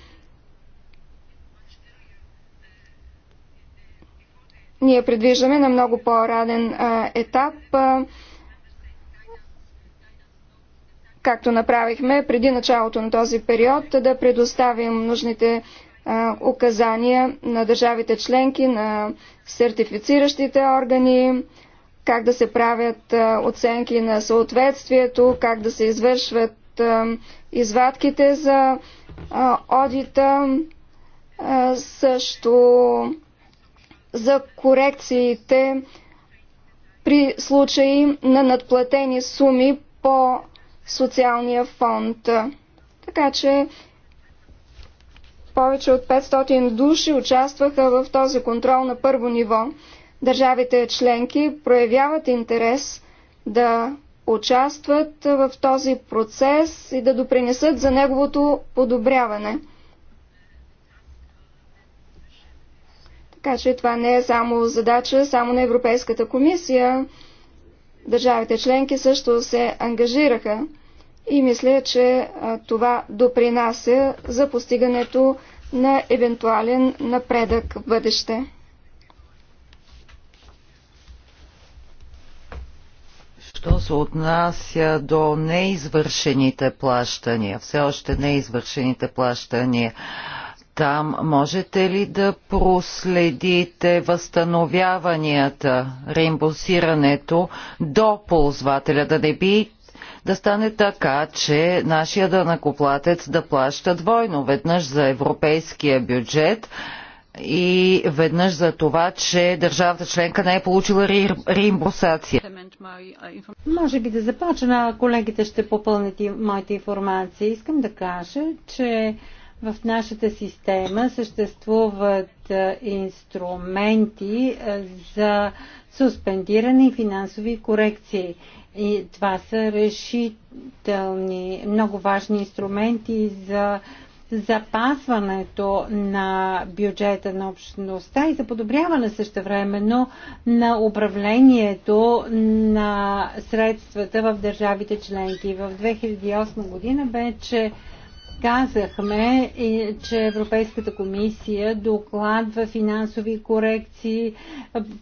ние предвиждаме на много по раден етап, а, както направихме преди началото на този период, да предоставим нужните указания на държавите членки, на сертифициращите органи, как да се правят оценки на съответствието, как да се извършват извадките за одита, също за корекциите при случаи на надплатени суми по социалния фонд. Така че повече от 500 души участваха в този контрол на първо ниво. Държавите членки проявяват интерес да участват в този процес и да допринесат за неговото подобряване. Така че това не е само задача само на Европейската комисия. Държавите членки също се ангажираха и мисля, че това допринася за постигането на евентуален напредък в бъдеще. Що се отнася до неизвършените плащания, все още неизвършените плащания, там можете ли да проследите възстановяванията, реимбурсирането до ползвателя, да не би да стане така, че нашия данакоплатец да плаща двойно, веднъж за европейския бюджет и веднъж за това, че държавата членка не е получила реимбурсация. Може би да започна, колегите ще попълнят моите информации. Искам да кажа, че в нашата система съществуват инструменти за суспендиране и финансови корекции. И това са решителни, много важни инструменти за запазването на бюджета на общността и за подобряване също времено на управлението на средствата в държавите членки. В 2008 година вече Казахме, че Европейската комисия докладва финансови корекции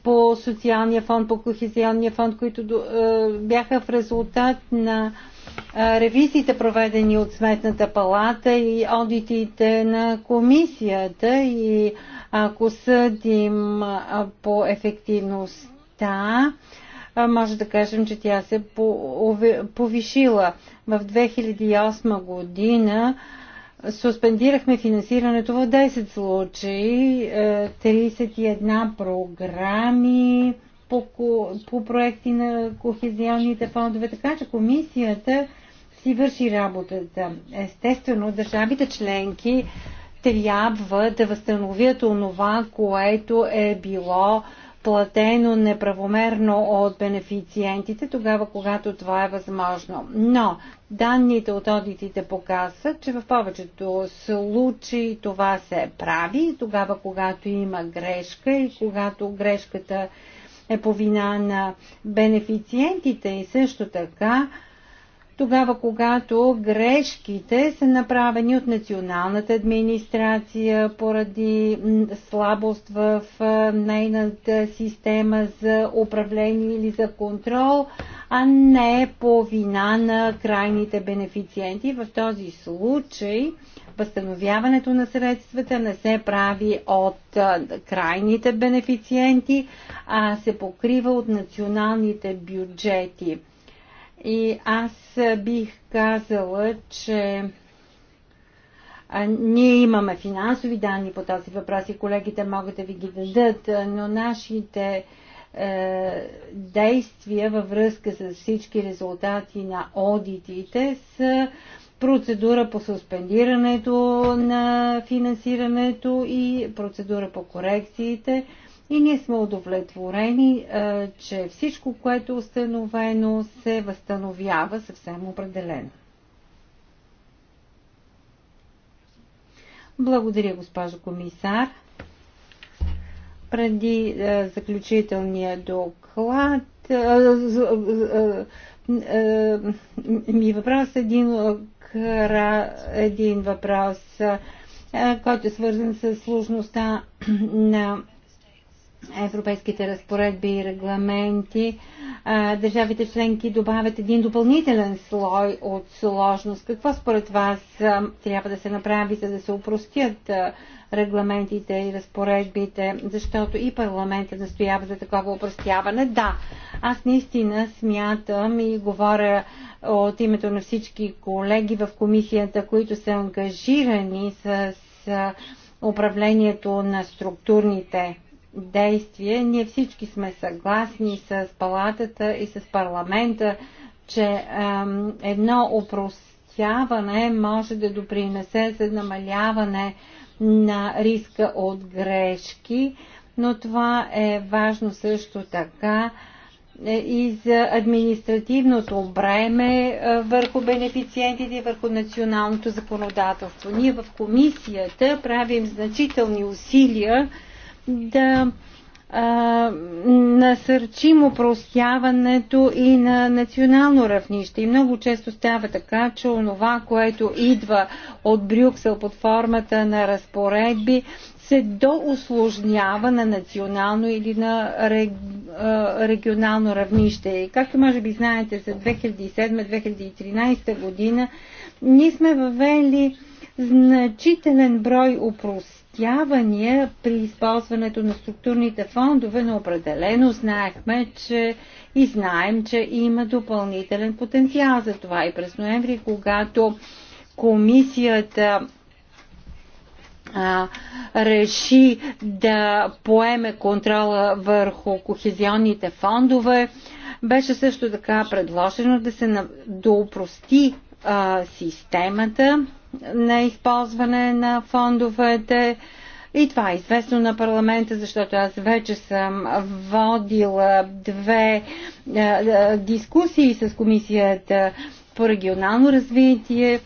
по социалния фонд, по кохезионния фонд, които бяха в резултат на ревизиите, проведени от Сметната палата и одитите на комисията. И ако съдим по ефективността, може да кажем, че тя се повишила. В 2008 година суспендирахме финансирането в 10 случаи, 31 е, програми по, по проекти на кохезионните фондове, така че комисията си върши работата. Естествено, държавите членки трябва да възстановят онова, което е било платено неправомерно от бенефициентите, тогава когато това е възможно. Но данните от одитите показват, че в повечето случаи това се прави, тогава когато има грешка и когато грешката е по вина на бенефициентите и също така тогава когато грешките са направени от националната администрация поради слабост в нейната система за управление или за контрол, а не по вина на крайните бенефициенти. В този случай възстановяването на средствата не се прави от крайните бенефициенти, а се покрива от националните бюджети. И аз бих казала, че ние имаме финансови данни по този въпрос и колегите могат да ви ги дадат, но нашите е, действия във връзка с всички резултати на одитите са процедура по суспендирането на финансирането и процедура по корекциите. И ние сме удовлетворени, е, че всичко, което е установено, се възстановява съвсем определено. Благодаря, госпожо комисар. Преди е, заключителния доклад, е, е, е, е ми въпрос един, един въпрос, който е свързан с сложността на европейските разпоредби и регламенти, държавите членки добавят един допълнителен слой от сложност. Какво според вас трябва да се направи, за да се упростят регламентите и разпоредбите, защото и парламентът настоява за такова упростяване? Да, аз наистина смятам и говоря от името на всички колеги в комисията, които са ангажирани с управлението на структурните действие. Ние всички сме съгласни с палатата и с парламента, че едно упростяване може да допринесе за намаляване на риска от грешки, но това е важно също така е, и за административното бреме е, върху бенефициентите и върху националното законодателство. Ние в комисията правим значителни усилия да а, насърчим упростяването и на национално равнище. И много често става така, че онова, което идва от Брюксел под формата на разпоредби, се доусложнява на национално или на регионално равнище. И както може би знаете, за 2007-2013 година ние сме въвели значителен брой упростяване спестявания при използването на структурните фондове, но определено знаехме, че и знаем, че има допълнителен потенциал за това. И през ноември, когато комисията а, реши да поеме контрола върху кохезионните фондове, беше също така предложено да се доупрости системата на използване на фондовете. И това е известно на парламента, защото аз вече съм водила две е, е, дискусии с комисията по регионално развитие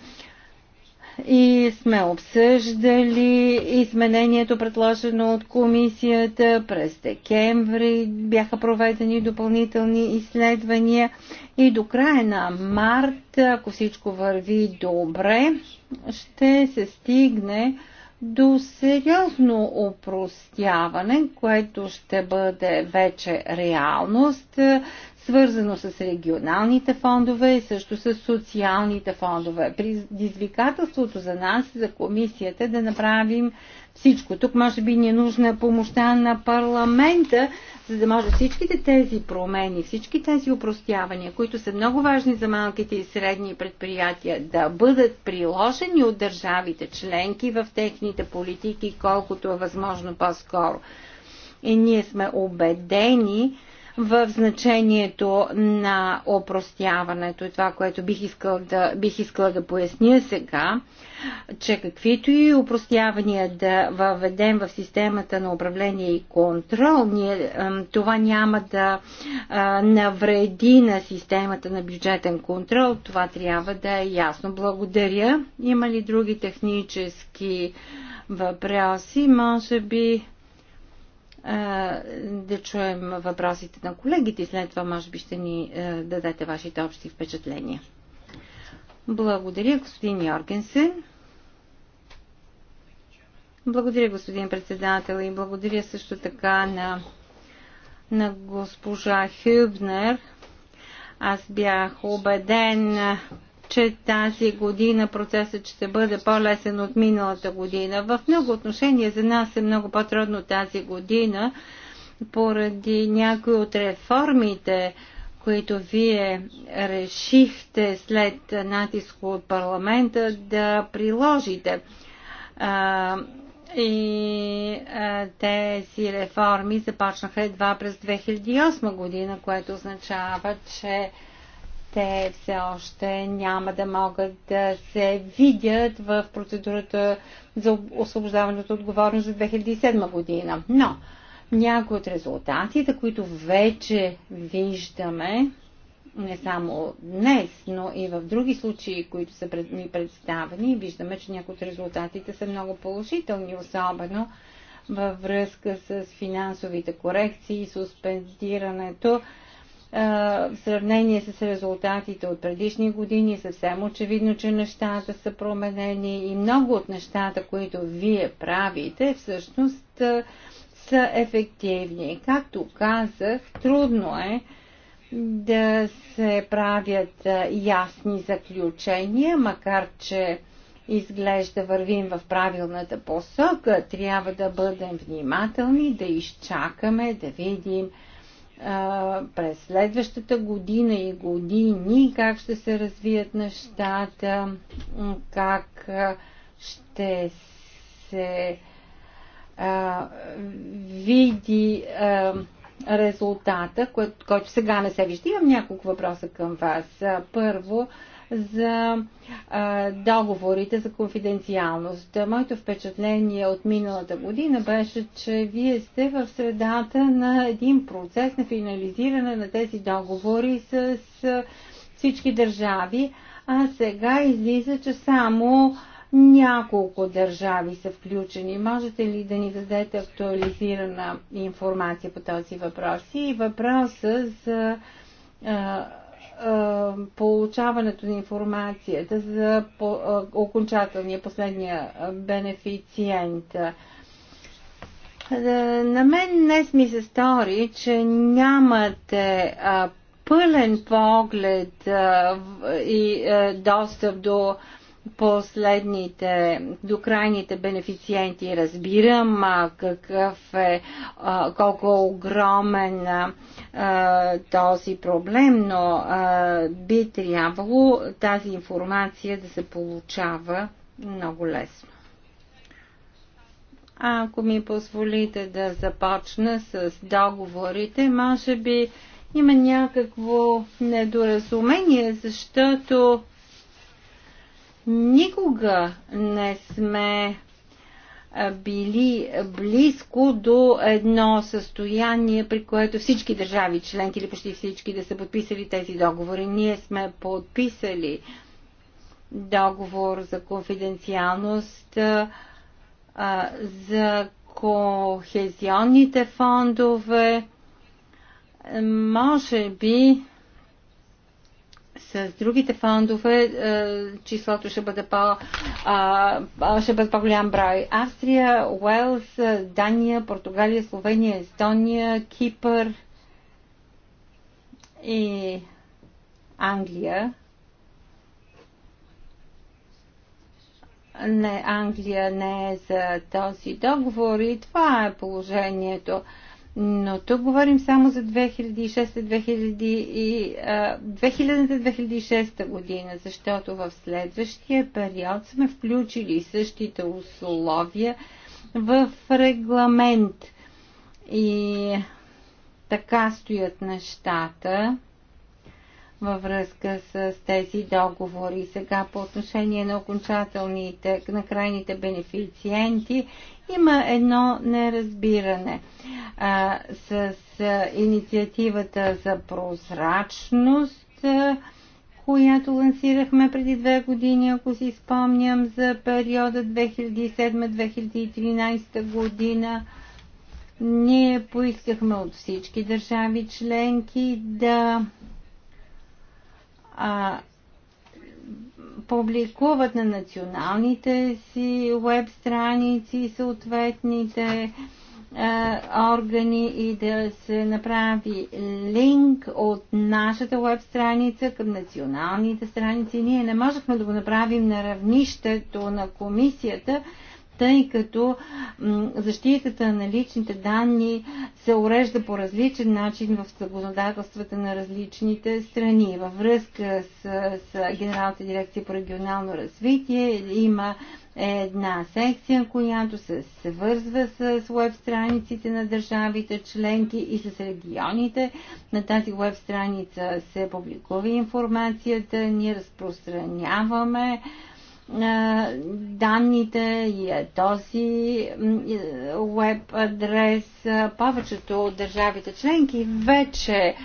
и сме обсъждали изменението предложено от комисията. През декември бяха проведени допълнителни изследвания и до края на март, ако всичко върви добре, ще се стигне до сериозно упростяване, което ще бъде вече реалност свързано с регионалните фондове и също с социалните фондове. Предизвикателството за нас, за комисията, е да направим всичко. Тук може би ни е нужна помощта на парламента, за да може всичките тези промени, всички тези упростявания, които са много важни за малките и средни предприятия, да бъдат приложени от държавите членки в техните политики, колкото е възможно по-скоро. И ние сме убедени, в значението на опростяването и това, което бих искала да, бих искала да поясня сега, че каквито и опростявания да въведем в системата на управление и контрол, ние, това няма да е, навреди на системата на бюджетен контрол. Това трябва да е ясно. Благодаря. Има ли други технически въпроси? Може би да чуем въпросите на колегите и след това може би ще ни дадете вашите общи впечатления. Благодаря, господин Йоргенсен. Благодаря, господин председател, и благодаря също така на, на госпожа Хюбнер. Аз бях убеден че тази година процесът ще бъде по-лесен от миналата година. В много отношения за нас е много по-трудно тази година поради някои от реформите, които вие решихте след натиск от парламента да приложите. А, и а, тези реформи започнаха едва през 2008 година, което означава, че те все още няма да могат да се видят в процедурата за освобождаването от отговорност за 2007 година. Но някои от резултатите, които вече виждаме, не само днес, но и в други случаи, които са пред, ни представени, виждаме, че някои от резултатите са много положителни, особено във връзка с финансовите корекции, суспендирането в сравнение с резултатите от предишни години, съвсем очевидно, че нещата са променени и много от нещата, които вие правите, всъщност са ефективни. Както казах, трудно е да се правят ясни заключения, макар че изглежда вървим в правилната посока, трябва да бъдем внимателни, да изчакаме, да видим – а, през следващата година и години как ще се развият нещата, как ще се а, види а, резултата, който, който сега не се вижда. Имам няколко въпроса към вас. Първо, а, за а, договорите за конфиденциалност. Моето впечатление от миналата година беше, че вие сте в средата на един процес на финализиране на тези договори с всички държави, а сега излиза, че само няколко държави са включени. Можете ли да ни дадете актуализирана информация по този въпрос? И въпроса за а, получаването на информацията за окончателния последния бенефициент. На мен днес ми се стори, че нямате пълен поглед и достъп до последните, до крайните бенефициенти. Разбирам а, какъв е, а, колко е огромен а, този проблем, но а, би трябвало тази информация да се получава много лесно. Ако ми позволите да започна с договорите, може би има някакво недоразумение, защото Никога не сме били близко до едно състояние, при което всички държави членки или почти всички да са подписали тези договори. Ние сме подписали договор за конфиденциалност, за кохезионните фондове. Може би с другите фондове е, числото ще бъде, по, ще бъде по-голям брой. Австрия, Уелс, Дания, Португалия, Словения, Естония, Кипър и Англия. Не, Англия не е за този договор и това е положението. Но тук говорим само за 2006-2006 година, защото в следващия период сме включили същите условия в регламент. И така стоят нещата във връзка с тези договори. Сега по отношение на окончателните, на крайните бенефициенти има едно неразбиране. А, с а, инициативата за прозрачност, а, която лансирахме преди две години, ако си спомням, за периода 2007-2013 година, ние поискахме от всички държави членки да а, публикуват на националните си веб страници съответните органи и да се направи линк от нашата веб страница към националните страници. Ние не можехме да го направим на равнището на комисията, тъй като защитата на личните данни се урежда по различен начин в законодателствата на различните страни. Във връзка с, с Генералната дирекция по регионално развитие има една секция, която се свързва с веб страниците на държавите членки и с регионите. На тази веб страница се публикува информацията, ние разпространяваме данните и е този веб е, адрес. Повечето от държавите членки вече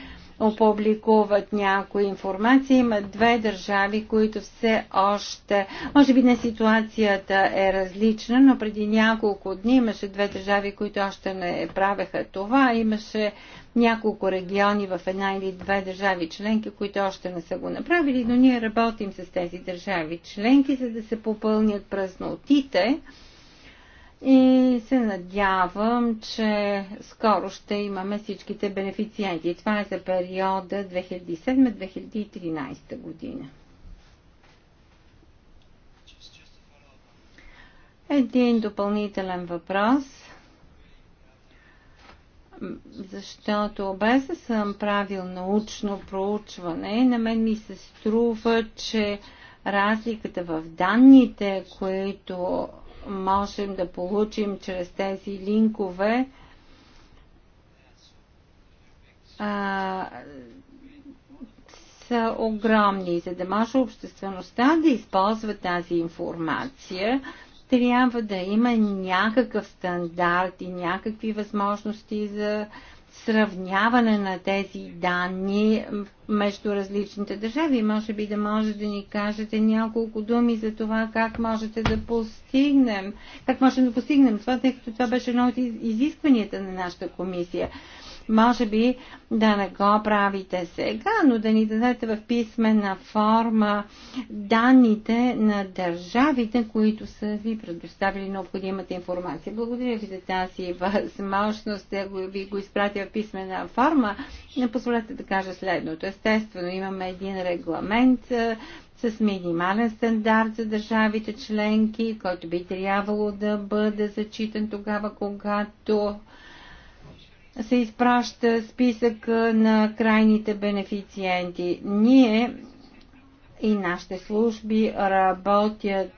опубликуват някои информации. Има две държави, които все още, може би не ситуацията е различна, но преди няколко дни имаше две държави, които още не правеха това. Имаше няколко региони в една или две държави членки, които още не са го направили, но ние работим с тези държави членки, за да се попълнят празнотите и се надявам, че скоро ще имаме всичките бенефициенти. Това е за периода 2007-2013 година. Един допълнителен въпрос, защото без да съм правил научно проучване, на мен ми се струва, че разликата в данните, които можем да получим чрез тези линкове а, са огромни. За да може обществеността да използва тази информация, трябва да има някакъв стандарт и някакви възможности за сравняване на тези данни между различните държави. Може би да може да ни кажете няколко думи за това как можете да постигнем, как можем да постигнем това, тъй като това беше едно от изискванията на нашата комисия. Може би да не го правите сега, но да ни дадете в писмена форма данните на държавите, които са ви предоставили необходимата информация. Благодаря ви за тази възможност да ви го изпратя в писмена форма. Не позволете да кажа следното. Естествено, имаме един регламент е, с минимален стандарт за държавите членки, който би трябвало да бъде зачитан тогава, когато се изпраща списък на крайните бенефициенти. Ние и нашите служби работят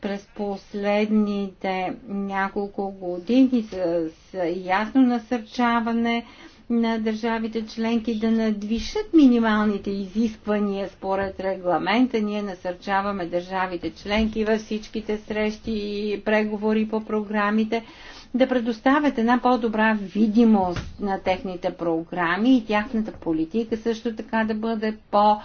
през последните няколко години с ясно насърчаване на държавите членки да надвишат минималните изисквания според регламента. Ние насърчаваме държавите членки във всичките срещи и преговори по програмите да предоставят една по-добра видимост на техните програми и тяхната политика също така да бъде по-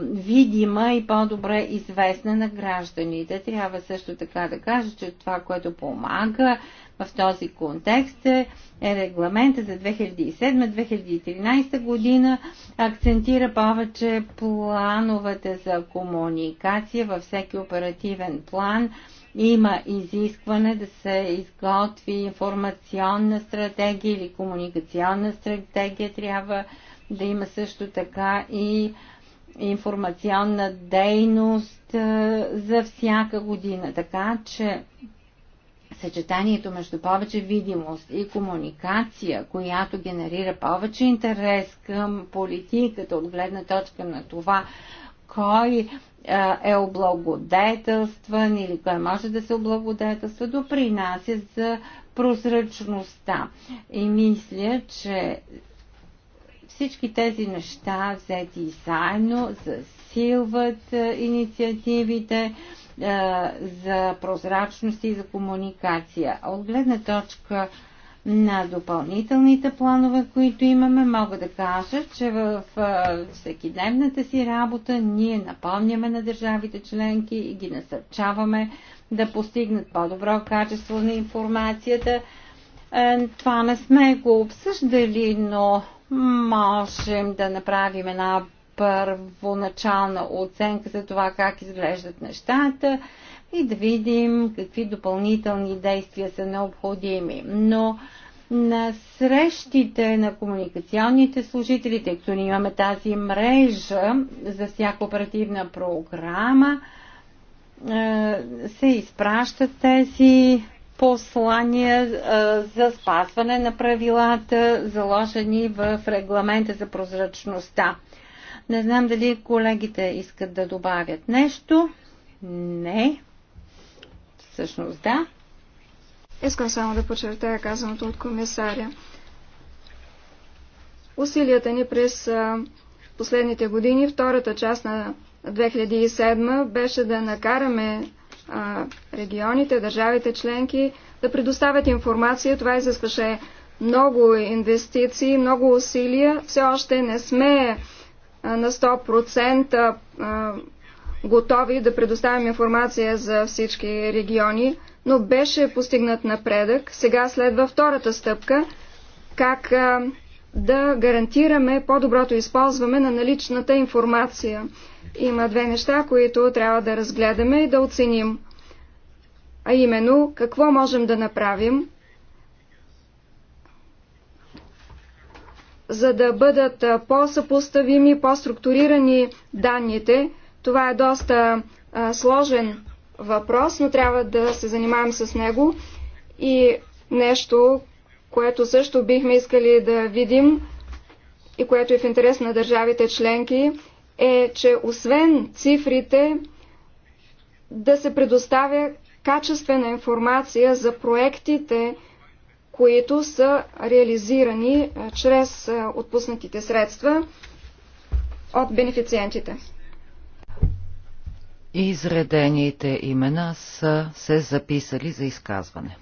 видима и по-добре известна на гражданите. Трябва също така да кажа, че това, което помага в този контекст е, е регламента за 2007-2013 година акцентира повече плановете за комуникация във всеки оперативен план има изискване да се изготви информационна стратегия или комуникационна стратегия, трябва да има също така и информационна дейност за всяка година. Така че съчетанието между повече видимост и комуникация, която генерира повече интерес към политиката от гледна точка на това, кой е облагодетелстван или кой може да се облагодетелства, допринася за прозрачността. И мисля, че всички тези неща, взети и заедно, засилват инициативите за прозрачност и за комуникация. От гледна точка на допълнителните планове, които имаме, мога да кажа, че в всекидневната си работа ние напомняме на държавите членки и ги насърчаваме да постигнат по-добро качество на информацията. Е, това не сме го обсъждали, но можем да направим една първоначална оценка за това как изглеждат нещата и да видим какви допълнителни действия са необходими. Но на срещите на комуникационните служители, тъй като ние имаме тази мрежа за всяка оперативна програма, е, се изпращат тези послания е, за спазване на правилата, заложени в регламента за прозрачността. Не знам дали колегите искат да добавят нещо. Не. Всъщност да. Искам само да подчертая казаното от комисаря. Усилията ни през последните години, втората част на 2007 беше да накараме регионите, държавите членки да предоставят информация. Това изискваше много инвестиции, много усилия. Все още не сме на 100% готови да предоставим информация за всички региони, но беше постигнат напредък. Сега следва втората стъпка как да гарантираме по-доброто използване на наличната информация. Има две неща, които трябва да разгледаме и да оценим. А именно, какво можем да направим, за да бъдат по-съпоставими, по-структурирани данните, това е доста а, сложен въпрос, но трябва да се занимавам с него. И нещо, което също бихме искали да видим и което е в интерес на държавите членки, е, че освен цифрите, да се предоставя качествена информация за проектите, които са реализирани чрез отпуснатите средства от бенефициентите. Изредените имена са се записали за изказване.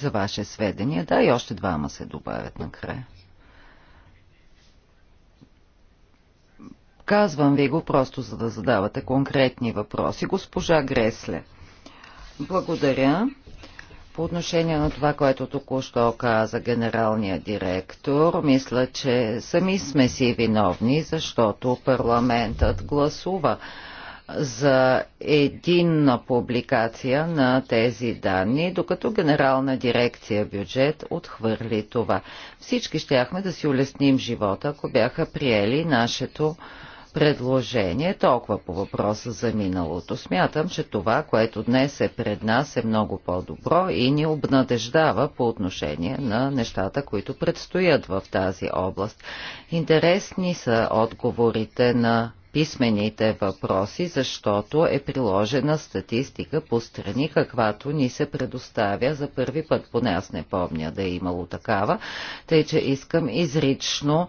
За ваше сведение, да, и още двама се добавят накрая. Казвам ви го просто за да задавате конкретни въпроси. Госпожа Гресле. Благодаря. По отношение на това, което току-що каза генералния директор, мисля, че сами сме си виновни, защото парламентът гласува за единна публикация на тези данни, докато Генерална дирекция бюджет отхвърли това. Всички щяхме да си улесним живота, ако бяха приели нашето предложение. Толкова по въпроса за миналото. Смятам, че това, което днес е пред нас е много по-добро и ни обнадеждава по отношение на нещата, които предстоят в тази област. Интересни са отговорите на писмените въпроси, защото е приложена статистика по страни, каквато ни се предоставя за първи път, поне аз не помня да е имало такава, тъй че искам изрично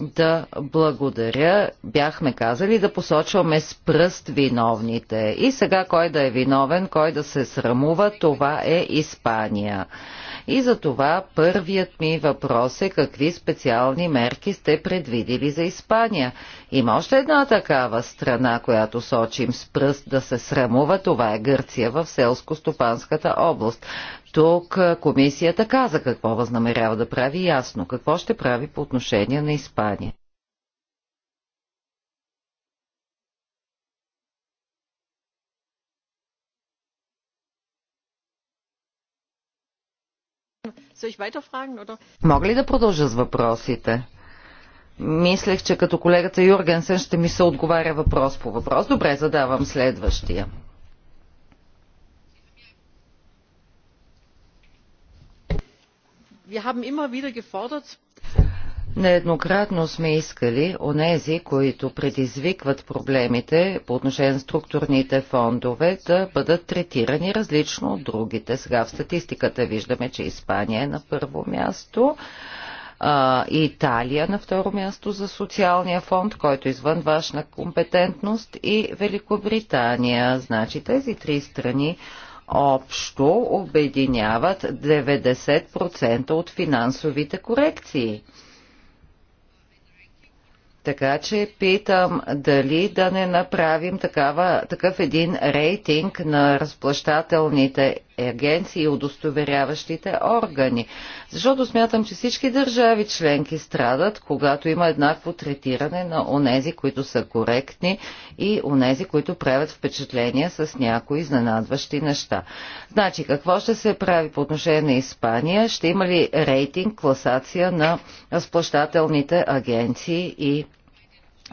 да благодаря. Бяхме казали да посочваме с пръст виновните. И сега кой да е виновен, кой да се срамува, това е Испания. И за това първият ми въпрос е какви специални мерки сте предвидили за Испания. Има още една такава страна, която сочим с пръст да се срамува. Това е Гърция в селско-стопанската област. Тук комисията каза какво възнамерява да прави ясно. Какво ще прави по отношение на Испания? Мога ли да продължа с въпросите? Мислех, че като колегата Юргенсен ще ми се отговаря въпрос по въпрос. Добре, задавам следващия. Wir haben immer wieder gefordert, Нееднократно сме искали онези, които предизвикват проблемите по отношение на структурните фондове, да бъдат третирани различно от другите. Сега в статистиката виждаме, че Испания е на първо място. А, Италия на второ място за социалния фонд, който е извън вашна компетентност и Великобритания. Значи тези три страни общо обединяват 90% от финансовите корекции. Така че питам дали да не направим такава, такъв един рейтинг на разплащателните агенции и удостоверяващите органи. Защото смятам, че всички държави членки страдат, когато има еднакво третиране на онези, които са коректни и онези, които правят впечатление с някои изненадващи неща. Значи, какво ще се прави по отношение на Испания? Ще има ли рейтинг, класация на разплащателните агенции и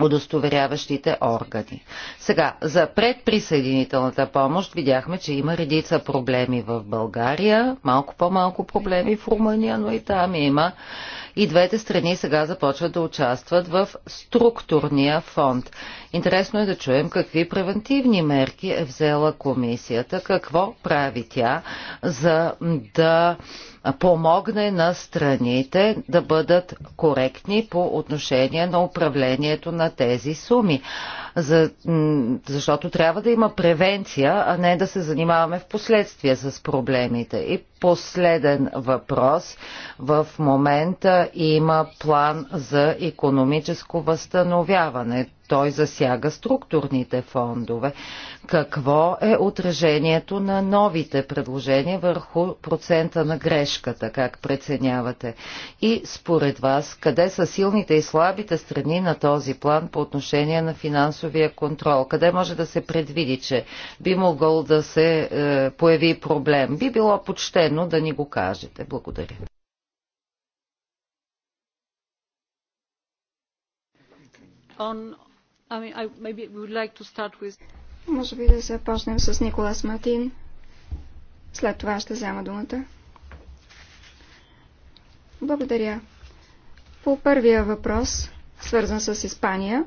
удостоверяващите органи. Сега, за предприсъединителната помощ видяхме, че има редица проблеми в България, малко по-малко проблеми в Румъния, но и там има. И двете страни сега започват да участват в структурния фонд. Интересно е да чуем какви превентивни мерки е взела комисията, какво прави тя, за да помогне на страните да бъдат коректни по отношение на управлението на тези суми. За, защото трябва да има превенция, а не да се занимаваме в последствие с проблемите. И последен въпрос. В момента има план за економическо възстановяване. Той засяга структурните фондове. Какво е отражението на новите предложения върху процента на грешката, как преценявате? И според вас, къде са силните и слабите страни на този план по отношение на финансовия контрол? Къде може да се предвиди, че би могъл да се е, появи проблем? Би било почтено да ни го кажете. Благодаря. On, може би да започнем с Николас Мартин. След това ще взема думата. Благодаря. По първия въпрос, свързан с Испания,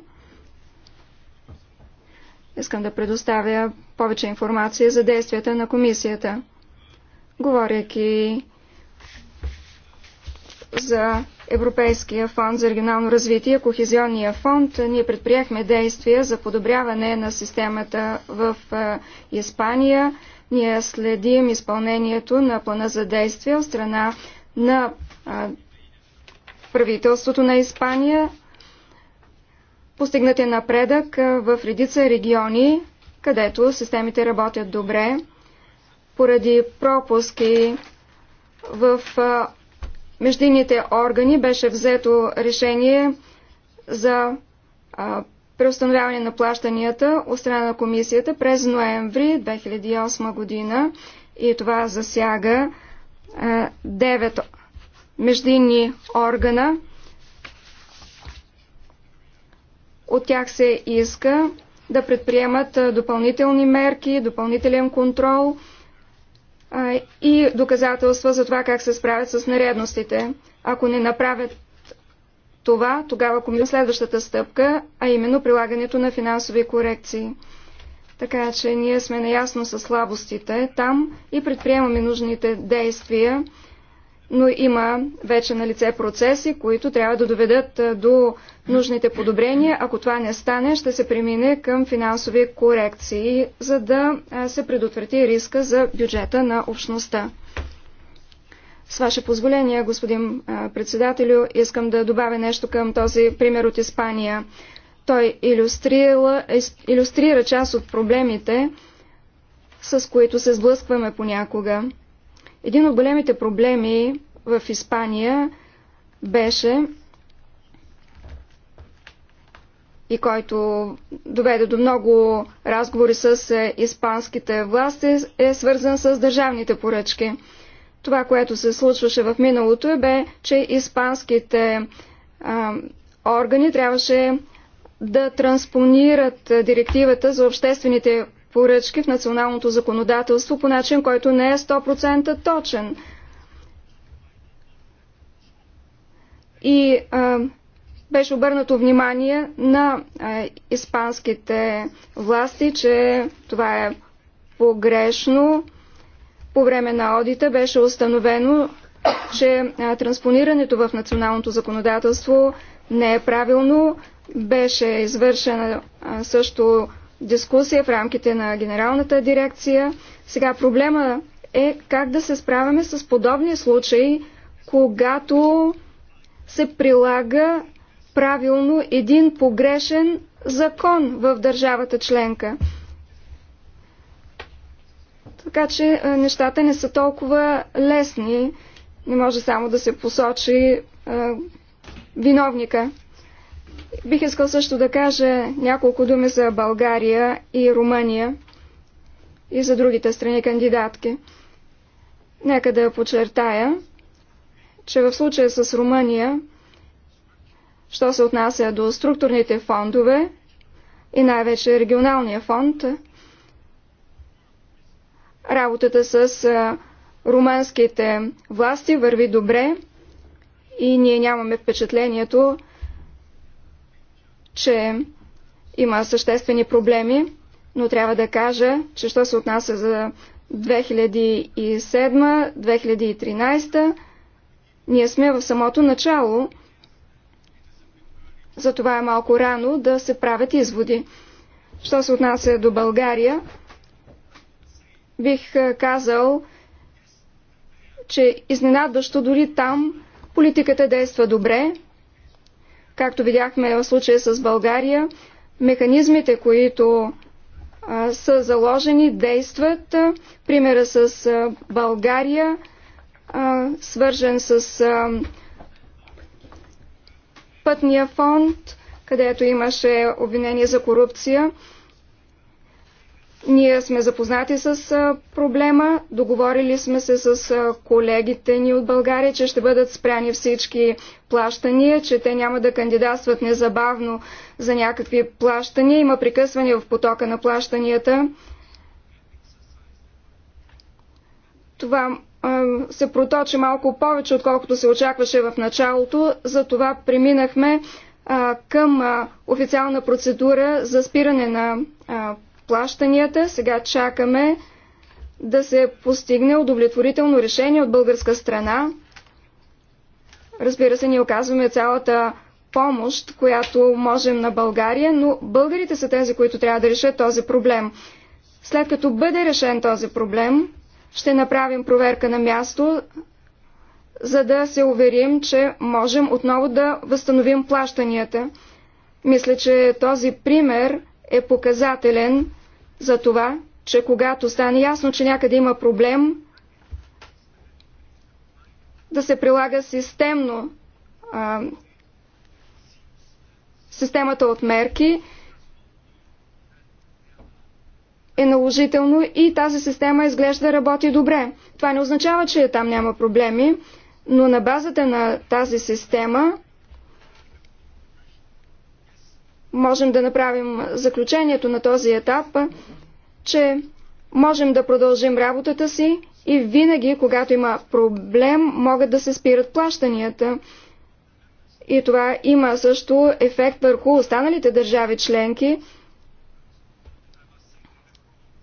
искам да предоставя повече информация за действията на комисията, говоряки за Европейския фонд за регионално развитие, Кохезионния фонд, ние предприехме действия за подобряване на системата в Испания. Ние следим изпълнението на плана за действие от страна на правителството на Испания. Постигнат е напредък в редица региони, където системите работят добре. Поради пропуски в междинните органи беше взето решение за преустановяване на плащанията от страна на комисията през ноември 2008 година и това засяга 9 междинни органа. От тях се иска да предприемат допълнителни мерки, допълнителен контрол – и доказателства за това как се справят с нередностите. Ако не направят това, тогава комисия следващата стъпка, а именно прилагането на финансови корекции. Така че ние сме наясно с слабостите там и предприемаме нужните действия но има вече на лице процеси, които трябва да доведат до нужните подобрения. Ако това не стане, ще се премине към финансови корекции, за да се предотврати риска за бюджета на общността. С ваше позволение, господин председателю, искам да добавя нещо към този пример от Испания. Той иллюстрира, иллюстрира част от проблемите, с които се сблъскваме понякога. Един от големите проблеми в Испания беше и който доведе до много разговори с е, испанските власти, е свързан с държавните поръчки. Това, което се случваше в миналото, е бе, че испанските а, органи трябваше да транспонират е, директивата за обществените поръчки в националното законодателство по начин, който не е 100% точен. И а, беше обърнато внимание на а, испанските власти, че това е погрешно. По време на одита беше установено, че а, транспонирането в националното законодателство не е правилно. Беше извършена а, също дискусия в рамките на генералната дирекция. Сега проблема е как да се справяме с подобни случаи, когато се прилага правилно един погрешен закон в държавата членка. Така че е, нещата не са толкова лесни. Не може само да се посочи а, е, виновника. Бих искал също да кажа няколко думи за България и Румъния и за другите страни кандидатки. Нека да подчертая, че в случая с Румъния, що се отнася до структурните фондове и най-вече регионалния фонд, работата с румънските власти върви добре и ние нямаме впечатлението, че има съществени проблеми, но трябва да кажа, че що се отнася за 2007-2013, ние сме в самото начало. Затова е малко рано да се правят изводи. Що се отнася до България, бих казал, че изненадващо дори там политиката действа добре, Както видяхме в случая с България, механизмите, които а, са заложени, действат. Примера с а, България, а, свържен с пътния фонд, където имаше обвинение за корупция. Ние сме запознати с проблема, договорили сме се с колегите ни от България, че ще бъдат спряни всички плащания, че те няма да кандидатстват незабавно за някакви плащания. Има прекъсване в потока на плащанията. Това се проточи малко повече, отколкото се очакваше в началото. Затова преминахме към официална процедура за спиране на плащанията. Сега чакаме да се постигне удовлетворително решение от българска страна. Разбира се, ние оказваме цялата помощ, която можем на България, но българите са тези, които трябва да решат този проблем. След като бъде решен този проблем, ще направим проверка на място, за да се уверим, че можем отново да възстановим плащанията. Мисля, че този пример е показателен за това, че когато стане ясно, че някъде има проблем, да се прилага системно а, системата от мерки е наложително и тази система изглежда работи добре. Това не означава, че там няма проблеми, но на базата на тази система можем да направим заключението на този етап, че можем да продължим работата си и винаги, когато има проблем, могат да се спират плащанията. И това има също ефект върху останалите държави членки.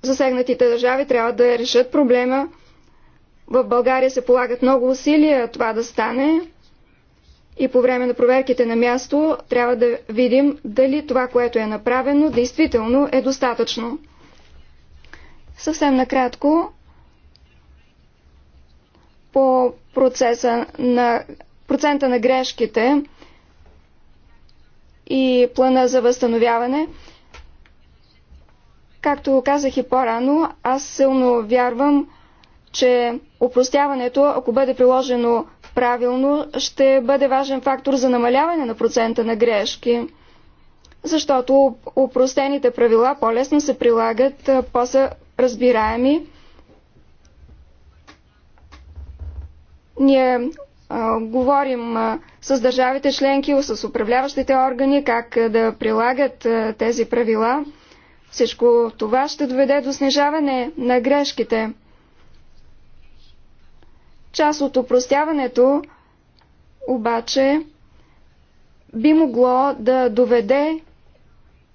Засегнатите държави трябва да решат проблема. В България се полагат много усилия това да стане и по време на проверките на място трябва да видим дали това, което е направено, действително е достатъчно. Съвсем накратко по процеса на процента на грешките и плана за възстановяване. Както казах и по-рано, аз силно вярвам, че упростяването, ако бъде приложено правилно, ще бъде важен фактор за намаляване на процента на грешки, защото упростените правила по-лесно се прилагат, по-са разбираеми. Ние а, говорим а, с държавите членки, с управляващите органи, как а, да прилагат а, тези правила. Всичко това ще доведе до снижаване на грешките. Част от опростяването обаче би могло да доведе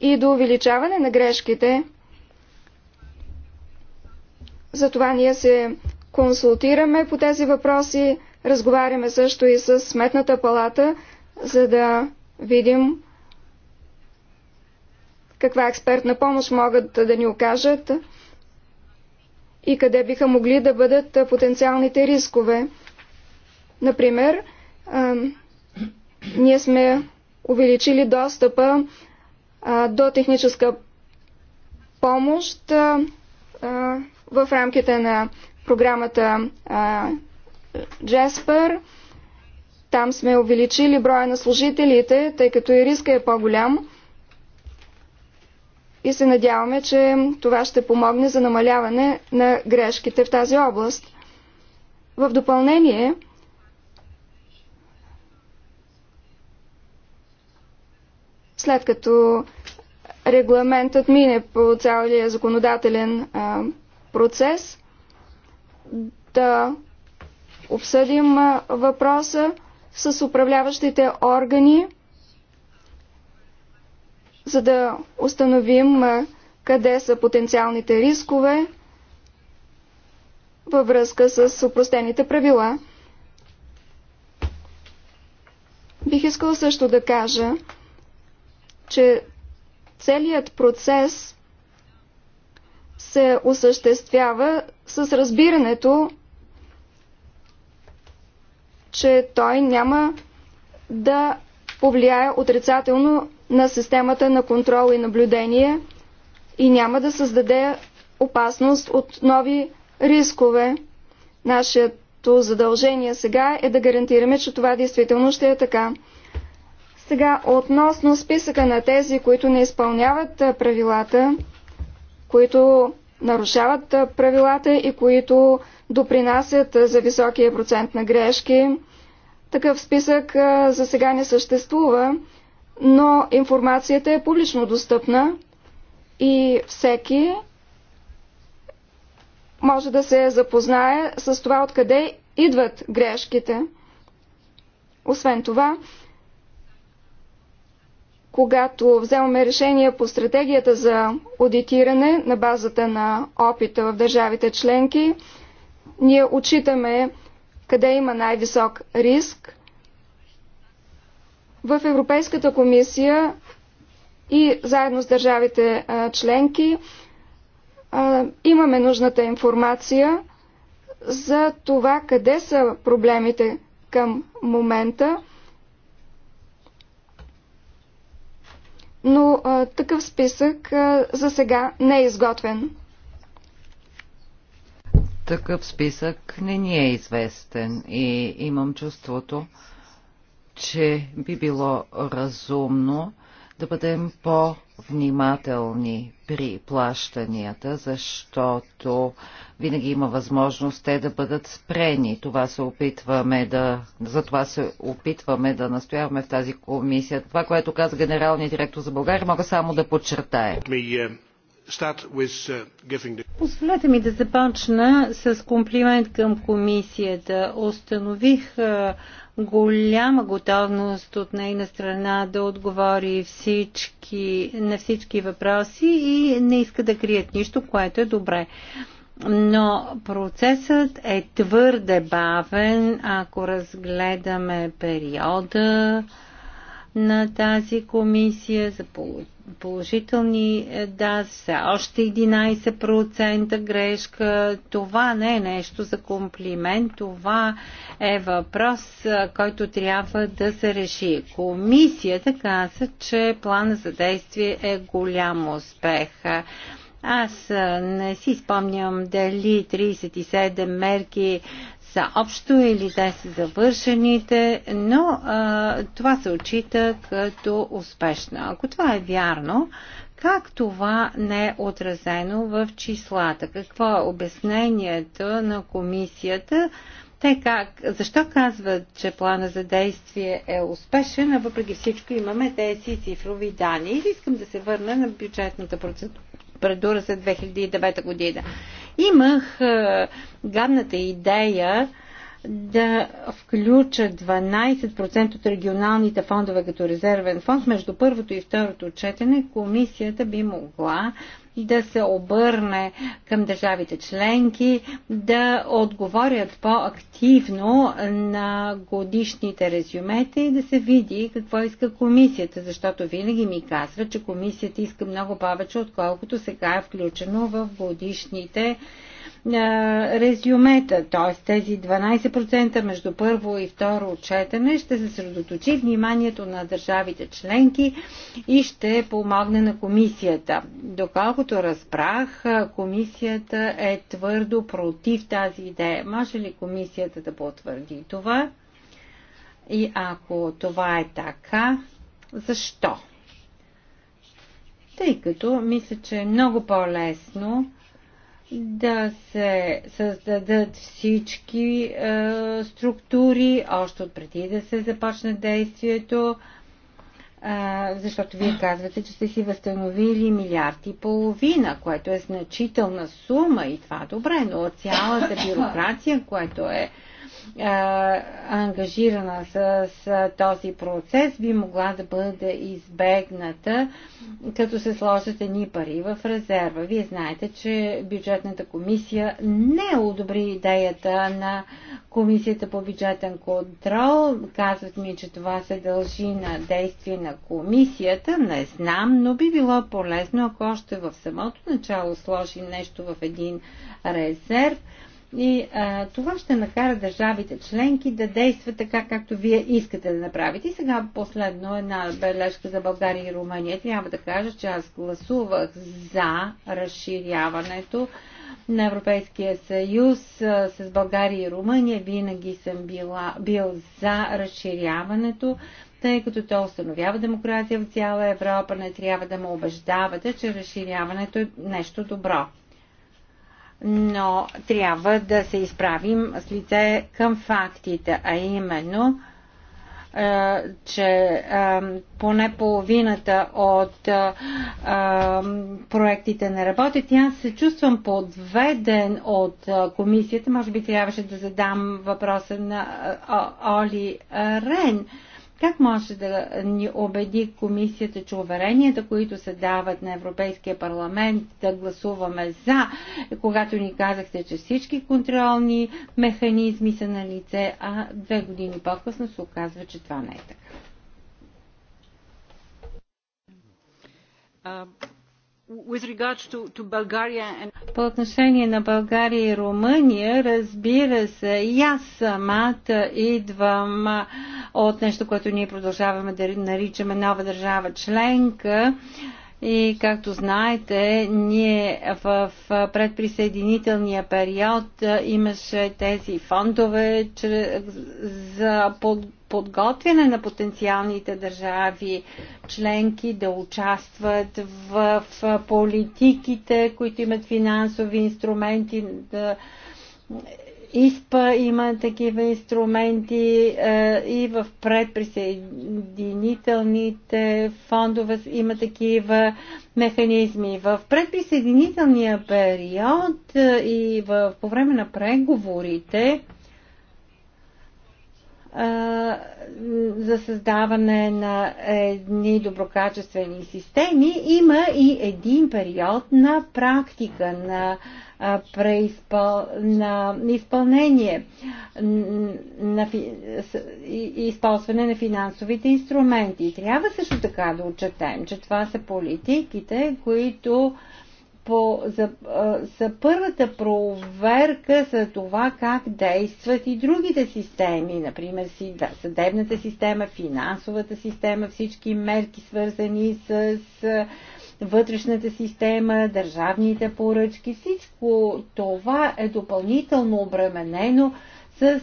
и до увеличаване на грешките. Затова ние се консултираме по тези въпроси, разговаряме също и с Сметната палата, за да видим каква експертна помощ могат да ни окажат и къде биха могли да бъдат потенциалните рискове. Например, ние сме увеличили достъпа до техническа помощ в рамките на програмата Jasper. Там сме увеличили броя на служителите, тъй като и риска е по-голям и се надяваме, че това ще помогне за намаляване на грешките в тази област. В допълнение, след като регламентът мине по цялия законодателен а, процес, да обсъдим а, въпроса с управляващите органи за да установим къде са потенциалните рискове във връзка с упростените правила. Бих искал също да кажа, че целият процес се осъществява с разбирането, че той няма да повлияе отрицателно на системата на контрол и наблюдение и няма да създаде опасност от нови рискове. Нашето задължение сега е да гарантираме, че това действително ще е така. Сега, относно списъка на тези, които не изпълняват правилата, които нарушават правилата и които допринасят за високия процент на грешки, такъв списък за сега не съществува но информацията е публично достъпна и всеки може да се запознае с това откъде идват грешките. Освен това, когато вземаме решение по стратегията за аудитиране на базата на опита в държавите членки, ние отчитаме къде има най-висок риск в Европейската комисия и заедно с държавите членки имаме нужната информация за това къде са проблемите към момента. Но а, такъв списък а, за сега не е изготвен. Такъв списък не ни е известен и имам чувството, че би било разумно да бъдем по-внимателни при плащанията, защото винаги има възможност те да бъдат спрени. Това се опитваме да, за това се опитваме да настояваме в тази комисия. Това, което каза генералният директор за България, мога само да подчертая. Uh, uh, Позволете ми да започна с комплимент към комисията. Установих голяма готовност от нейна страна да отговори всички, на всички въпроси и не иска да крият нищо, което е добре. Но процесът е твърде бавен, ако разгледаме периода на тази комисия за получение положителни е, да са още 11% грешка. Това не е нещо за комплимент, това е въпрос, е, който трябва да се реши. Комисията каза, че плана за действие е голям успех. Аз е, не си спомням дали 37 мерки са общо или те са завършените, но а, това се отчита като успешно. Ако това е вярно, как това не е отразено в числата? Какво е обяснението на комисията? Те как, защо казват, че плана за действие е успешен, а въпреки всичко имаме тези цифрови данни? И искам да се върна на бюджетната процедура за 2009 година. Имах е, гадната идея да включа 12% от регионалните фондове като резервен фонд между първото и второто четене, комисията би могла да се обърне към държавите членки да отговорят по-активно на годишните резюмета и да се види какво иска комисията, защото винаги ми казва, че комисията иска много повече, отколкото сега е включено в годишните резюмета резюмета, т.е. тези 12% между първо и второ четене ще се средоточи вниманието на държавите членки и ще помогне на комисията. Доколкото разбрах, комисията е твърдо против тази идея. Може ли комисията да потвърди това? И ако това е така, защо? Тъй като мисля, че е много по-лесно да се създадат всички е, структури, още от преди да се започне действието, е, защото вие казвате, че сте си възстановили милиард и половина, което е значителна сума и това добре, но цялата бюрокрация, което е ангажирана с този процес, би могла да бъде избегната, като се сложат едни пари в резерва. Вие знаете, че бюджетната комисия не одобри идеята на комисията по бюджетен контрол. Казват ми, че това се дължи на действие на комисията. Не знам, но би било полезно, ако още в самото начало сложи нещо в един резерв и а, това ще накара държавите членки да действат така, както вие искате да направите. И сега последно една бележка за България и Румъния. Трябва да кажа, че аз гласувах за разширяването на Европейския съюз а, с България и Румъния. Винаги съм била, бил за разширяването тъй като то установява демокрация в цяла Европа, не трябва да му убеждавате, че разширяването е нещо добро но трябва да се изправим с лице към фактите, а именно, е, че е, поне половината от е, проектите не работят. И аз се чувствам подведен от комисията. Може би трябваше да задам въпроса на Оли Рен. Как може да ни убеди комисията, че уверенията, които се дават на Европейския парламент да гласуваме за, когато ни казахте, че всички контролни механизми са на лице, а две години по-късно се оказва, че това не е така? По отношение на България и Румъния, разбира се, и аз самата идвам от нещо, което ние продължаваме да наричаме нова държава членка. И както знаете, ние в предприсъединителния период имаше тези фондове за под подготвяне на потенциалните държави членки да участват в политиките, които имат финансови инструменти, да ИСПА има такива инструменти е, и в предприсъединителните фондове има такива механизми. В предприсъединителния период е, и в, по време на преговорите за създаване на едни доброкачествени системи, има и един период на практика, на, преизпъл... на изпълнение, на фи... използване на финансовите инструменти. И трябва също така да отчетем, че това са политиките, които по, за, за първата проверка за това как действат и другите системи, например съдебната система, финансовата система, всички мерки свързани с вътрешната система, държавните поръчки, всичко това е допълнително обременено с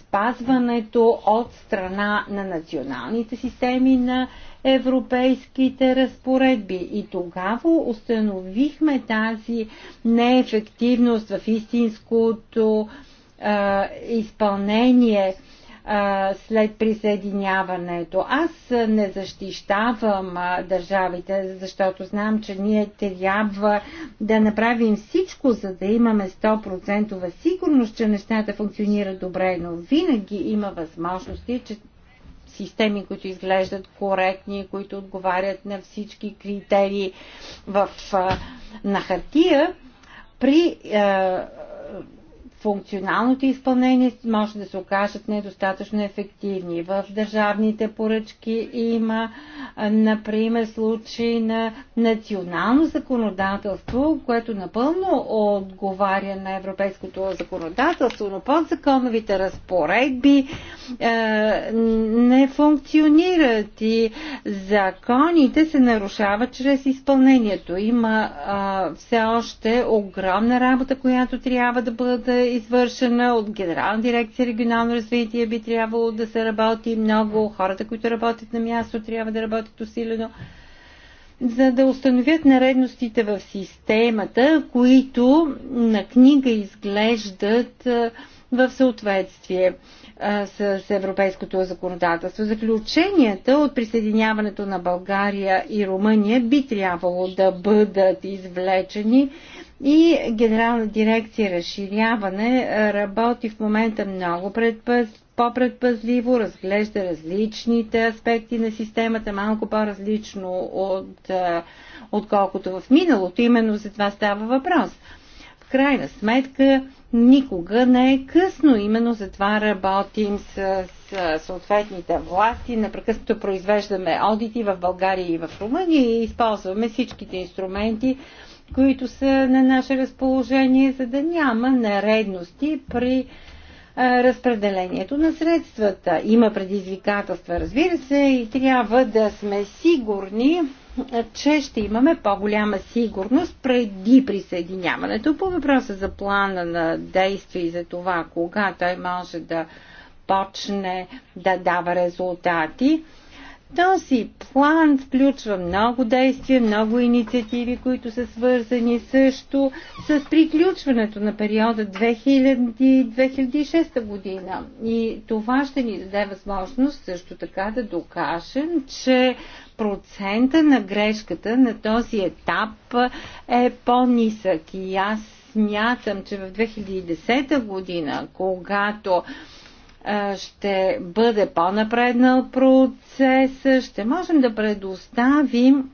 спазването от страна на националните системи на европейските разпоредби. И тогава установихме тази неефективност в истинското а, изпълнение а, след присъединяването. Аз не защищавам а, държавите, защото знам, че ние трябва да направим всичко, за да имаме 100% сигурност, че нещата функционират добре, но винаги има възможности, че системи, които изглеждат коректни, които отговарят на всички критерии в, на хартия, при е, функционалното изпълнение може да се окажат недостатъчно ефективни. В държавните поръчки има, например, случаи на национално законодателство, което напълно отговаря на европейското законодателство, но подзаконовите разпоредби е, не функционират и законите се нарушават чрез изпълнението. Има е, все още огромна работа, която трябва да бъде извършена от Генерална дирекция регионално развитие. Би трябвало да се работи много. Хората, които работят на място, трябва да работят усилено за да установят наредностите в системата, които на книга изглеждат в съответствие с европейското законодателство. Заключенията от присъединяването на България и Румъния би трябвало да бъдат извлечени и Генерална дирекция разширяване е, работи в момента много предпъз, по-предпазливо, разглежда различните аспекти на системата, малко по-различно от, е, отколкото в миналото. Именно за това става въпрос. В крайна сметка, никога не е късно. Именно за това работим с, с е, съответните власти. Напрекъснато произвеждаме одити в България и в Румъния и използваме всичките инструменти, които са на наше разположение, за да няма нередности при е, разпределението на средствата. Има предизвикателства, разбира се, и трябва да сме сигурни, че ще имаме по-голяма сигурност преди присъединяването. По въпроса за плана на действие и за това кога той може да почне да дава резултати, този план включва много действия, много инициативи, които са свързани също с приключването на периода 2000-2006 година. И това ще ни даде възможност също така да докажем, че процента на грешката на този етап е по-нисък. И аз смятам, че в 2010 година, когато ще бъде по-напреднал процес, ще можем да предоставим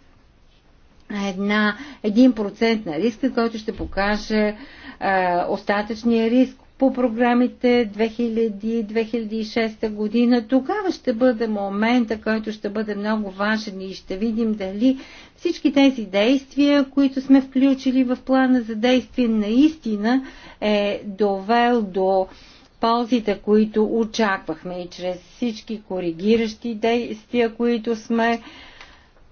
една, един процент на риска, който ще покаже а, остатъчния риск по програмите 2000-2006 година. Тогава ще бъде момента, който ще бъде много важен и ще видим дали всички тези действия, които сме включили в плана за действие, наистина е довел до а, ползите, които очаквахме и чрез всички коригиращи действия, които сме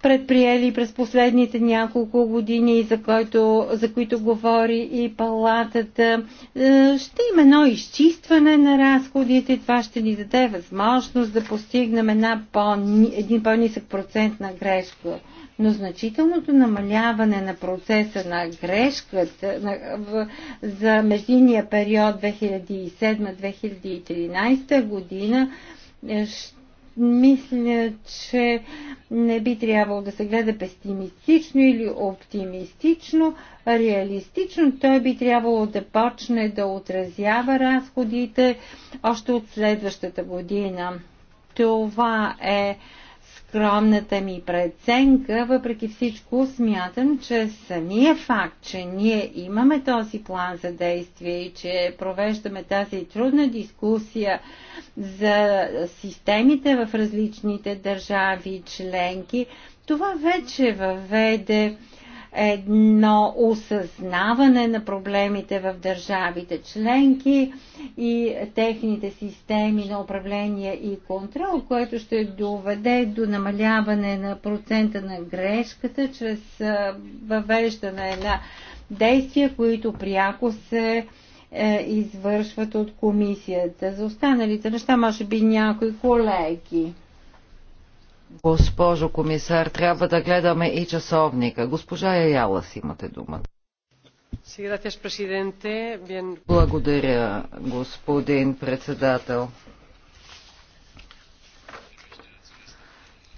предприели през последните няколко години, за, който, за които говори и палатата. Е, ще има едно изчистване на разходите и това ще ни даде възможност да постигнем една по, един по-нисък процент на грешка но значителното намаляване на процеса на грешката на, в, за междинния период 2007-2013 година е, мисля, че не би трябвало да се гледа пестимистично или оптимистично. Реалистично той би трябвало да почне да отразява разходите още от следващата година. Това е скромната ми преценка, въпреки всичко смятам, че самия факт, че ние имаме този план за действие и че провеждаме тази трудна дискусия за системите в различните държави членки, това вече въведе едно осъзнаване на проблемите в държавите членки и техните системи на управление и контрол, което ще доведе до намаляване на процента на грешката чрез въвеждане на действия, които пряко се е, извършват от комисията. За останалите неща, може би някои колеги. Госпожо комисар, трябва да гледаме и часовника. Госпожа Яялас, имате думата. Благодаря, господин председател.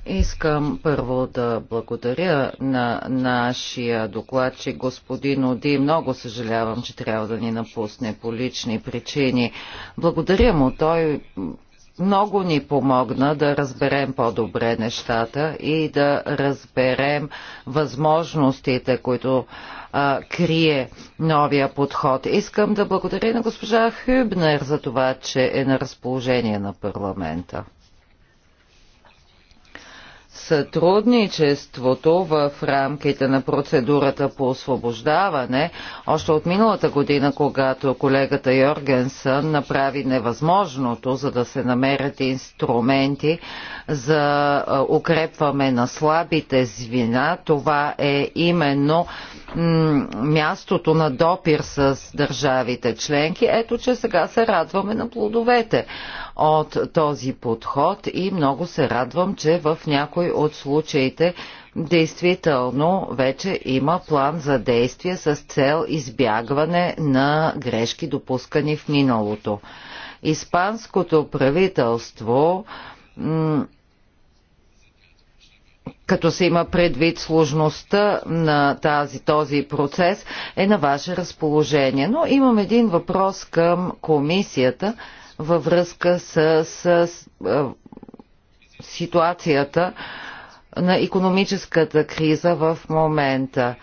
Искам първо да благодаря на нашия докладчик господин Оди. Много съжалявам, че трябва да ни напусне по лични причини. Благодаря му. Той много ни помогна да разберем по-добре нещата и да разберем възможностите, които а, крие новия подход. Искам да благодаря на госпожа Хюбнер за това, че е на разположение на парламента сътрудничеството в рамките на процедурата по освобождаване, още от миналата година, когато колегата Йоргенсън направи невъзможното, за да се намерят инструменти за укрепване на слабите звена, това е именно мястото на допир с държавите членки. Ето, че сега се радваме на плодовете от този подход и много се радвам, че в някой от случаите действително вече има план за действие с цел избягване на грешки допускани в миналото. Испанското правителство като се има предвид сложността на тази, този процес, е на ваше разположение. Но имам един въпрос към комисията във връзка с, с ситуацията на економическата криза в момента.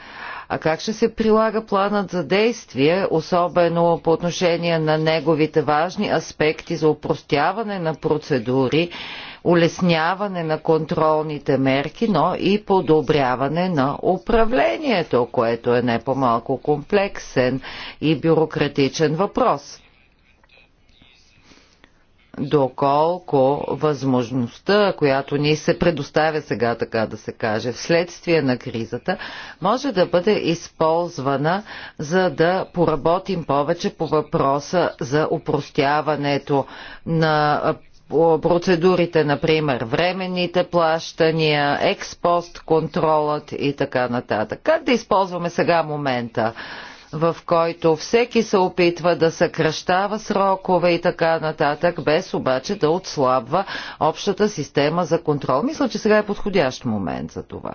А как ще се прилага планът за действие, особено по отношение на неговите важни аспекти за упростяване на процедури, улесняване на контролните мерки, но и подобряване на управлението, което е не по-малко комплексен и бюрократичен въпрос доколко възможността, която ни се предоставя сега, така да се каже, вследствие на кризата, може да бъде използвана за да поработим повече по въпроса за упростяването на процедурите, например, временните плащания, експост контролът и така нататък. Как да използваме сега момента? в който всеки се опитва да съкръщава срокове и така нататък, без обаче да отслабва общата система за контрол. Мисля, че сега е подходящ момент за това.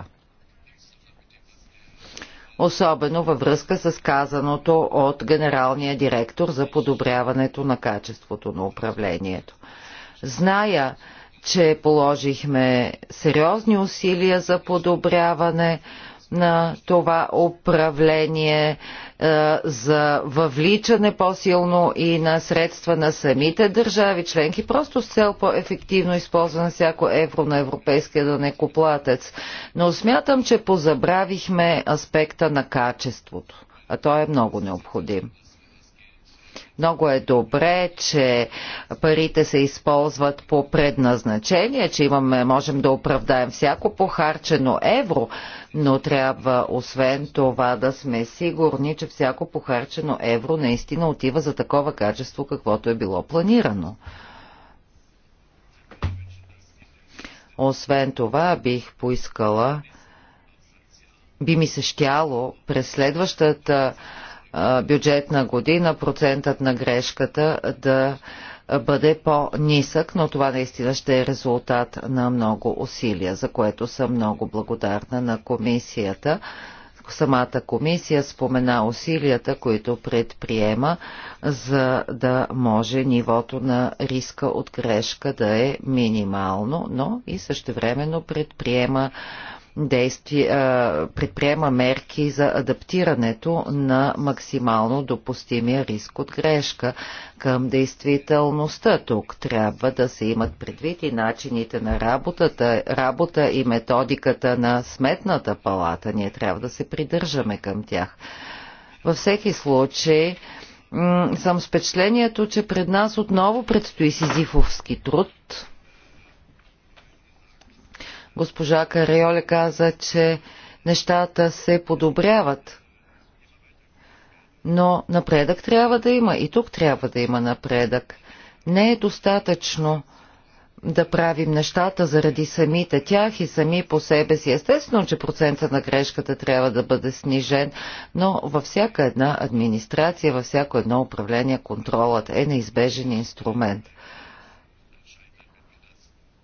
Особено във връзка с казаното от генералния директор за подобряването на качеството на управлението. Зная, че положихме сериозни усилия за подобряване на това управление е, за въвличане по-силно и на средства на самите държави членки, просто с цел по-ефективно използване всяко евро на европейския данекоплатец. Но смятам, че позабравихме аспекта на качеството, а той е много необходим. Много е добре, че парите се използват по предназначение, че имаме, можем да оправдаем всяко похарчено евро, но трябва освен това да сме сигурни, че всяко похарчено евро наистина отива за такова качество, каквото е било планирано. Освен това бих поискала, би ми се щяло през следващата бюджетна година процентът на грешката да бъде по-нисък, но това наистина ще е резултат на много усилия, за което съм много благодарна на комисията. Самата комисия спомена усилията, които предприема, за да може нивото на риска от грешка да е минимално, но и същевременно предприема действи, предприема мерки за адаптирането на максимално допустимия риск от грешка към действителността. Тук трябва да се имат предвид и начините на работата, работа и методиката на сметната палата. Ние трябва да се придържаме към тях. Във всеки случай, съм с впечатлението, че пред нас отново предстои сизифовски труд, Госпожа Кариоле каза, че нещата се подобряват. Но напредък трябва да има и тук трябва да има напредък. Не е достатъчно да правим нещата заради самите тях и сами по себе си. Естествено, че процента на грешката трябва да бъде снижен, но във всяка една администрация, във всяко едно управление контролът е неизбежен инструмент.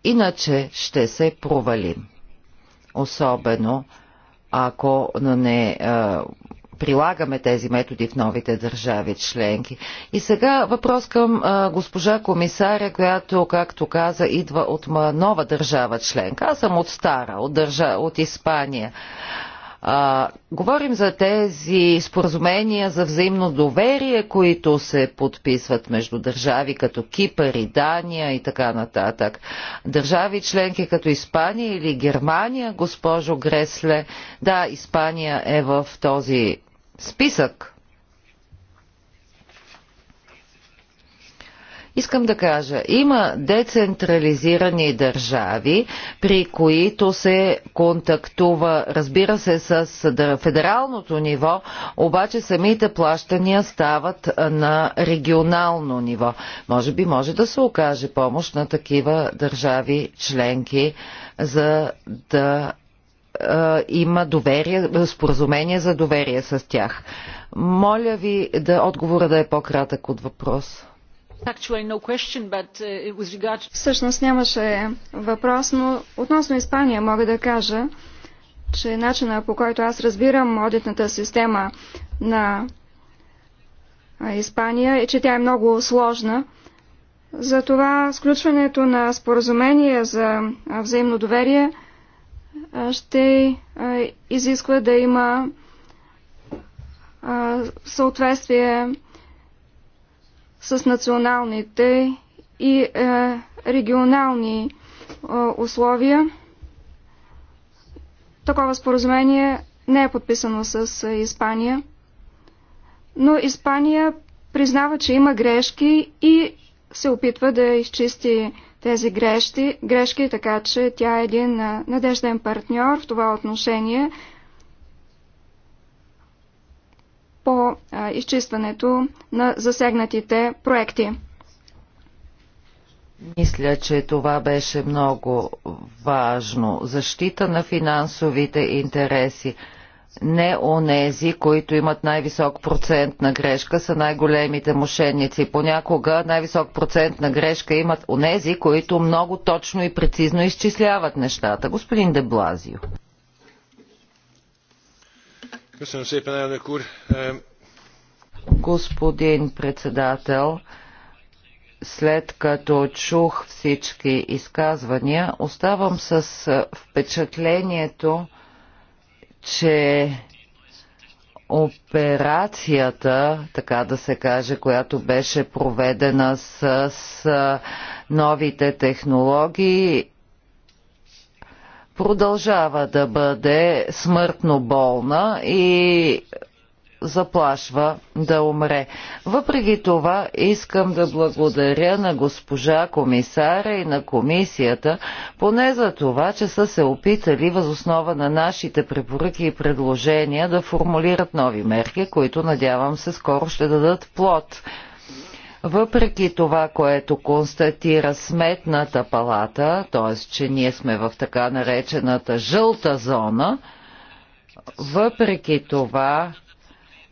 Иначе ще се провалим. Особено ако не а, прилагаме тези методи в новите държави членки. И сега въпрос към а, госпожа комисаря, която, както каза, идва от нова държава членка. Аз съм от стара, от, държа, от Испания. А, говорим за тези споразумения за взаимно доверие, които се подписват между държави като Кипър и Дания и така нататък. Държави членки като Испания или Германия, госпожо Гресле, да, Испания е в този списък Искам да кажа, има децентрализирани държави, при които се контактува, разбира се, с федералното ниво, обаче самите плащания стават на регионално ниво. Може би може да се окаже помощ на такива държави членки, за да има доверие, споразумение за доверие с тях. Моля ви да отговора да е по-кратък от въпрос. Uh, Всъщност нямаше въпрос, но относно Испания мога да кажа, че начина по който аз разбирам одитната система на Испания е, че тя е много сложна. Затова сключването на споразумение за взаимно доверие ще изисква да има съответствие на с националните и е, регионални е, условия. Такова споразумение не е подписано с е, Испания, но Испания признава, че има грешки и се опитва да изчисти тези грешки, грешки така че тя е един надежден партньор в това отношение по изчистването на засегнатите проекти. Мисля, че това беше много важно. Защита на финансовите интереси. Не онези, които имат най-висок процент на грешка, са най-големите мошенници. Понякога най-висок процент на грешка имат онези, които много точно и прецизно изчисляват нещата. Господин Деблазио. Господин председател, след като чух всички изказвания, оставам с е, впечатлението, че операцията, така да се каже, която беше проведена с новите технологии, продължава да бъде смъртно болна и заплашва да умре. Въпреки това искам да благодаря на госпожа комисара и на комисията, поне за това, че са се опитали възоснова на нашите препоръки и предложения да формулират нови мерки, които надявам се скоро ще дадат плод. Въпреки това, което констатира сметната палата, т.е. че ние сме в така наречената жълта зона, въпреки това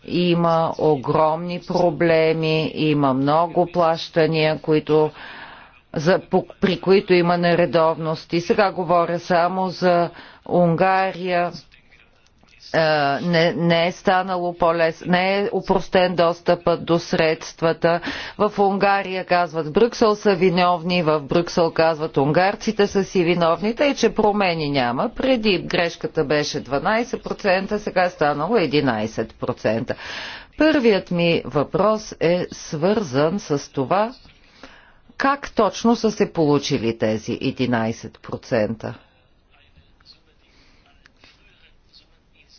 има огромни проблеми, има много плащания, които, за, при които има нередовности. Сега говоря само за Унгария, е, не, не е станало по лесно не е упростен достъпът до средствата. В Унгария казват Брюксел са виновни, в Брюксел казват унгарците са си виновни, тъй че промени няма. Преди грешката беше 12%, сега е станало 11%. Първият ми въпрос е свързан с това, как точно са се получили тези 11%.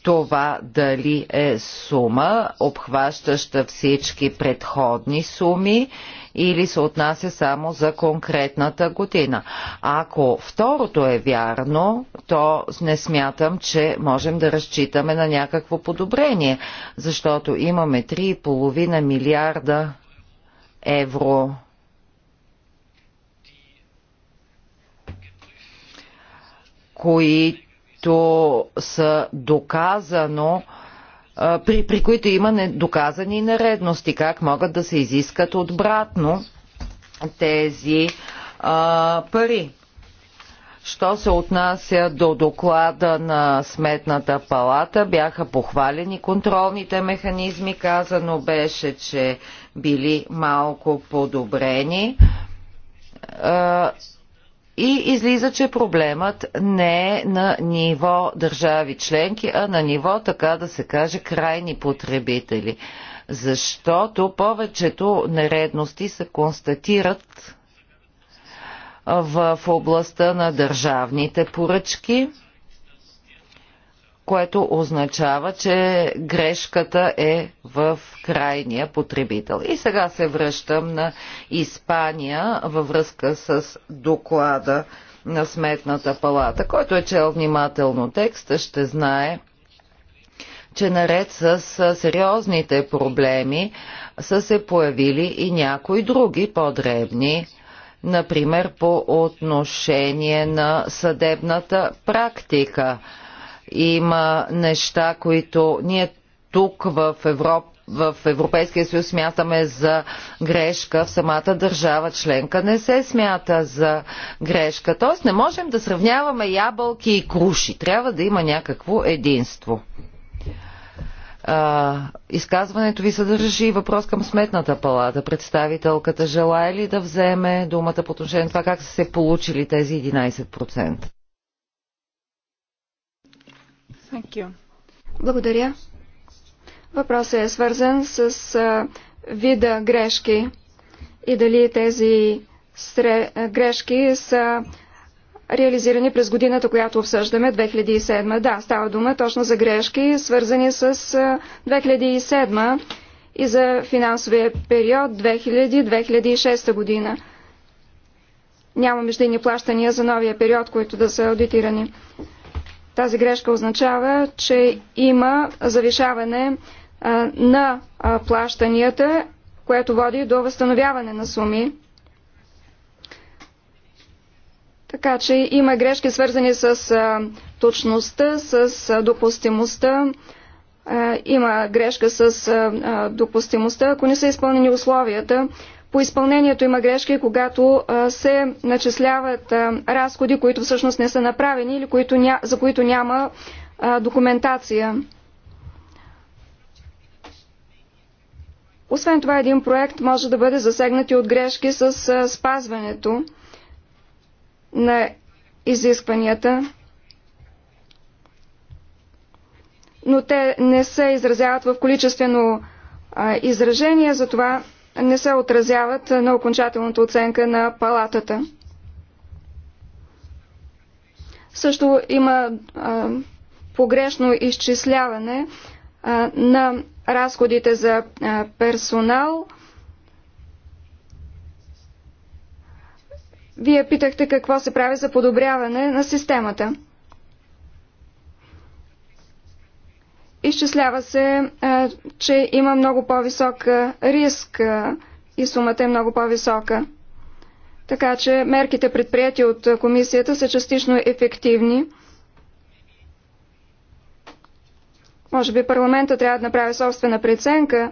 това дали е сума, обхващаща всички предходни суми или се отнася само за конкретната година. Ако второто е вярно, то не смятам, че можем да разчитаме на някакво подобрение, защото имаме 3,5 милиарда евро които които са доказано при, при които има доказани нередности, как могат да се изискат обратно тези а, пари. Що се отнася до доклада на Сметната палата, бяха похвалени контролните механизми. Казано беше, че били малко подобрени. А, и излиза, че проблемът не е на ниво държави членки, а на ниво, така да се каже, крайни потребители. Защото повечето нередности се констатират в областта на държавните поръчки – което означава, че грешката е в крайния потребител. И сега се връщам на Испания във връзка с доклада на Сметната палата. Който е чел внимателно текста, ще знае, че наред с сериозните проблеми са се появили и някои други по-дребни например по отношение на съдебната практика. Има неща, които ние тук в Европа в Европейския съюз смятаме за грешка, в самата държава членка не се смята за грешка. Тоест не можем да сравняваме ябълки и круши. Трябва да има някакво единство. А, изказването ви съдържаше и въпрос към сметната палата. Представителката желая е ли да вземе думата по отношение на това как са се получили тези 11%? Благодаря. Въпросът е свързан с а, вида грешки и дали тези сре... грешки са реализирани през годината, която обсъждаме, 2007. Да, става дума точно за грешки, свързани с 2007 и за финансовия период 2000-2006 година. Няма междинни плащания за новия период, които да са аудитирани. Тази грешка означава, че има завишаване на плащанията, което води до възстановяване на суми. Така че има грешки свързани с точността, с допустимостта. Има грешка с допустимостта, ако не са изпълнени условията по изпълнението има грешки, когато се начисляват разходи, които всъщност не са направени или които ня... за които няма документация. Освен това, един проект може да бъде засегнат и от грешки с спазването на изискванията, но те не се изразяват в количествено изражение, затова не се отразяват на окончателната оценка на палатата. Също има а, погрешно изчисляване а, на разходите за а, персонал. Вие питахте какво се прави за подобряване на системата. Изчислява се, че има много по-висок риск и сумата е много по-висока. Така че мерките предприяти от комисията са частично ефективни. Може би парламента трябва да направи собствена преценка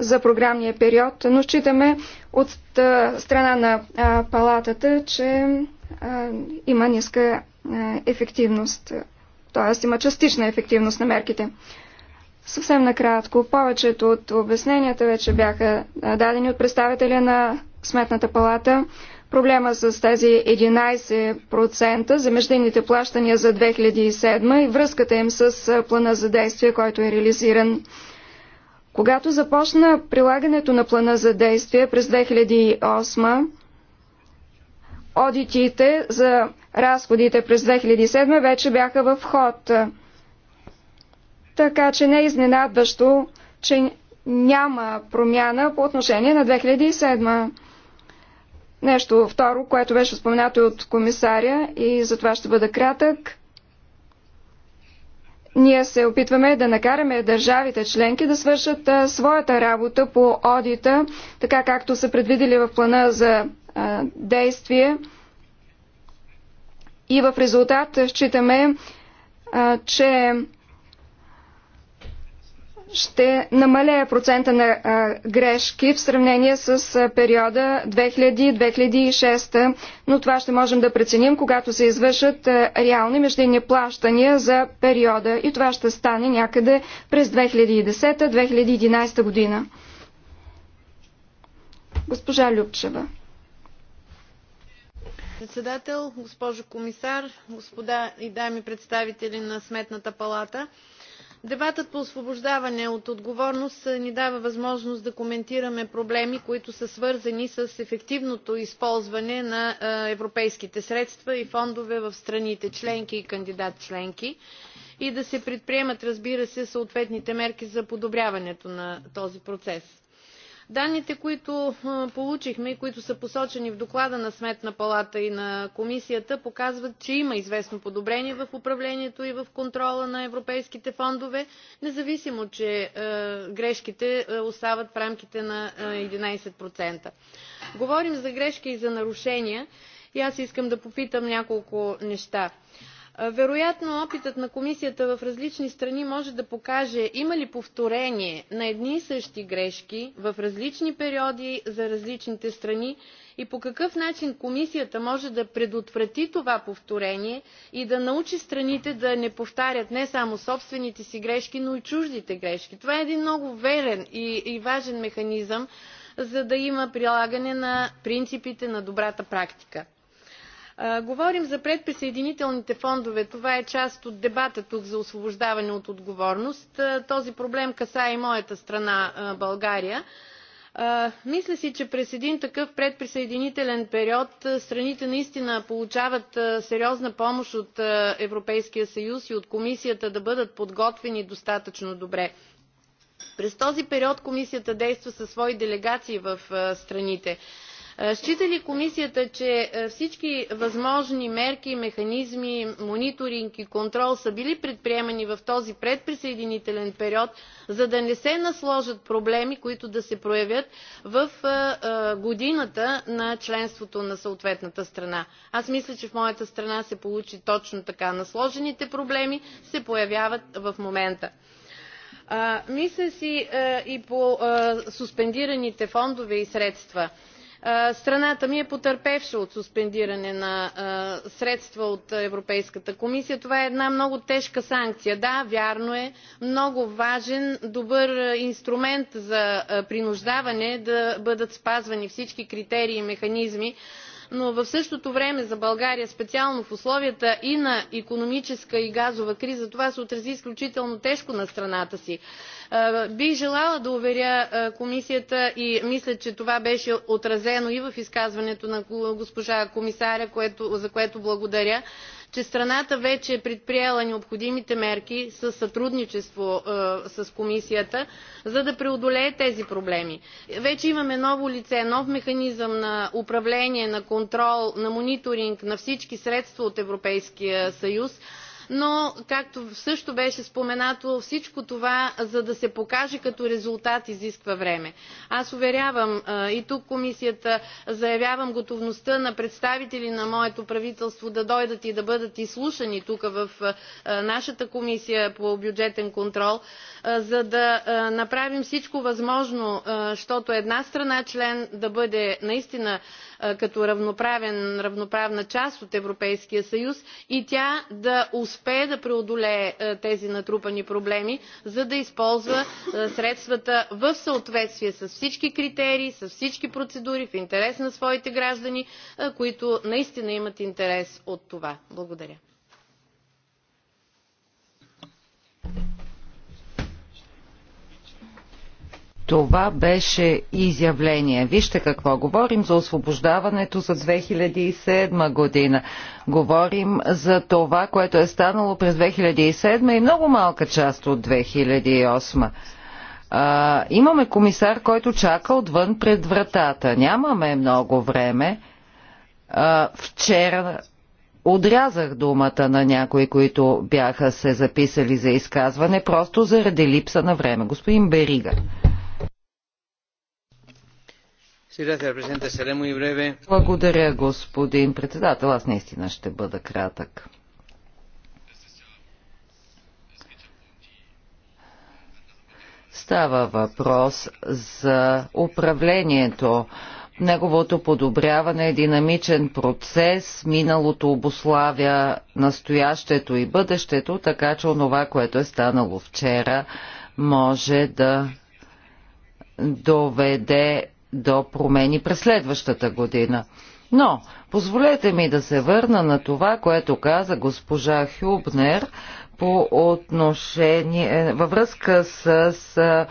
за програмния период, но считаме от страна на палатата, че има ниска ефективност, т.е. има частична ефективност на мерките. Съвсем накратко, повечето от обясненията вече бяха дадени от представителя на Сметната палата. Проблема с тези 11% за междинните плащания за 2007 и връзката им с плана за действие, който е реализиран. Когато започна прилагането на плана за действие през 2008, одитите за разходите през 2007 вече бяха в ход. Така че не е изненадващо, че няма промяна по отношение на 2007. Нещо второ, което беше споменато от комисаря и за това ще бъда кратък. Ние се опитваме да накараме държавите членки да свършат а, своята работа по одита, така както са предвидели в плана за а, действие. И в резултат считаме, а, че ще намалее процента на грешки в сравнение с периода 2000-2006, но това ще можем да преценим, когато се извършат реални междинни плащания за периода и това ще стане някъде през 2010-2011 година. Госпожа Любчева. Председател, госпожо комисар, господа и дами представители на Сметната палата – Дебатът по освобождаване от отговорност ни дава възможност да коментираме проблеми, които са свързани с ефективното използване на европейските средства и фондове в страните членки и кандидат членки и да се предприемат, разбира се, съответните мерки за подобряването на този процес. Данните, които получихме и които са посочени в доклада на Сметна палата и на комисията, показват, че има известно подобрение в управлението и в контрола на европейските фондове, независимо, че грешките остават в рамките на 11%. Говорим за грешки и за нарушения и аз искам да попитам няколко неща вероятно опитът на комисията в различни страни може да покаже има ли повторение на едни и същи грешки в различни периоди за различните страни и по какъв начин комисията може да предотврати това повторение и да научи страните да не повтарят не само собствените си грешки, но и чуждите грешки. Това е един много верен и, и важен механизъм, за да има прилагане на принципите на добрата практика. Говорим за предприсъединителните фондове. Това е част от дебата тук за освобождаване от отговорност. Този проблем касае и моята страна България. Мисля си, че през един такъв предприсъединителен период страните наистина получават сериозна помощ от Европейския съюз и от комисията да бъдат подготвени достатъчно добре. През този период комисията действа със свои делегации в страните. Е, счита ли комисията, че е, всички възможни мерки, механизми, мониторинг и контрол са били предприемани в този предприсъединителен период, за да не се насложат проблеми, които да се проявят в е, годината на членството на съответната страна? Аз мисля, че в моята страна се получи точно така. Насложените проблеми се появяват в момента. Мисля си и по суспендираните фондове и средства – страната ми е потърпевша от суспендиране на средства от европейската комисия. това е една много тежка санкция. да вярно е много важен добър инструмент за принуждаване да бъдат спазвани всички критерии и механизми но в същото време за България, специално в условията и на икономическа и газова криза, това се отрази изключително тежко на страната си. Бих желала да уверя комисията и мисля, че това беше отразено и в изказването на госпожа комисаря, за което благодаря, че страната вече е предприела необходимите мерки със сътрудничество с комисията, за да преодолее тези проблеми. Вече имаме ново лице, нов механизъм на управление, на контрол, на мониторинг на всички средства от Европейския съюз но както също беше споменато, всичко това, за да се покаже като резултат, изисква време. Аз уверявам и тук комисията, заявявам готовността на представители на моето правителство да дойдат и да бъдат изслушани тук в нашата комисия по бюджетен контрол, за да направим всичко възможно, защото една страна член да бъде наистина като равноправен, равноправна част от Европейския съюз и тя да успее успее да преодолее е, тези натрупани проблеми, за да използва е, средствата в съответствие с всички критерии, с всички процедури, в интерес на своите граждани, е, които наистина имат интерес от това. Благодаря. Това беше изявление. Вижте какво говорим за освобождаването за 2007 година. Говорим за това, което е станало през 2007 и много малка част от 2008. А, имаме комисар, който чака отвън пред вратата. Нямаме много време. А, вчера Отрязах думата на някои, които бяха се записали за изказване, просто заради липса на време. Господин Берига. Благодаря, господин председател. Аз наистина ще бъда кратък. Става въпрос за управлението, неговото подобряване е динамичен процес, миналото обославя настоящето и бъдещето, така че онова, което е станало вчера, може да доведе до промени през следващата година. Но, позволете ми да се върна на това, което каза госпожа Хюбнер по отношение, е, във връзка с, с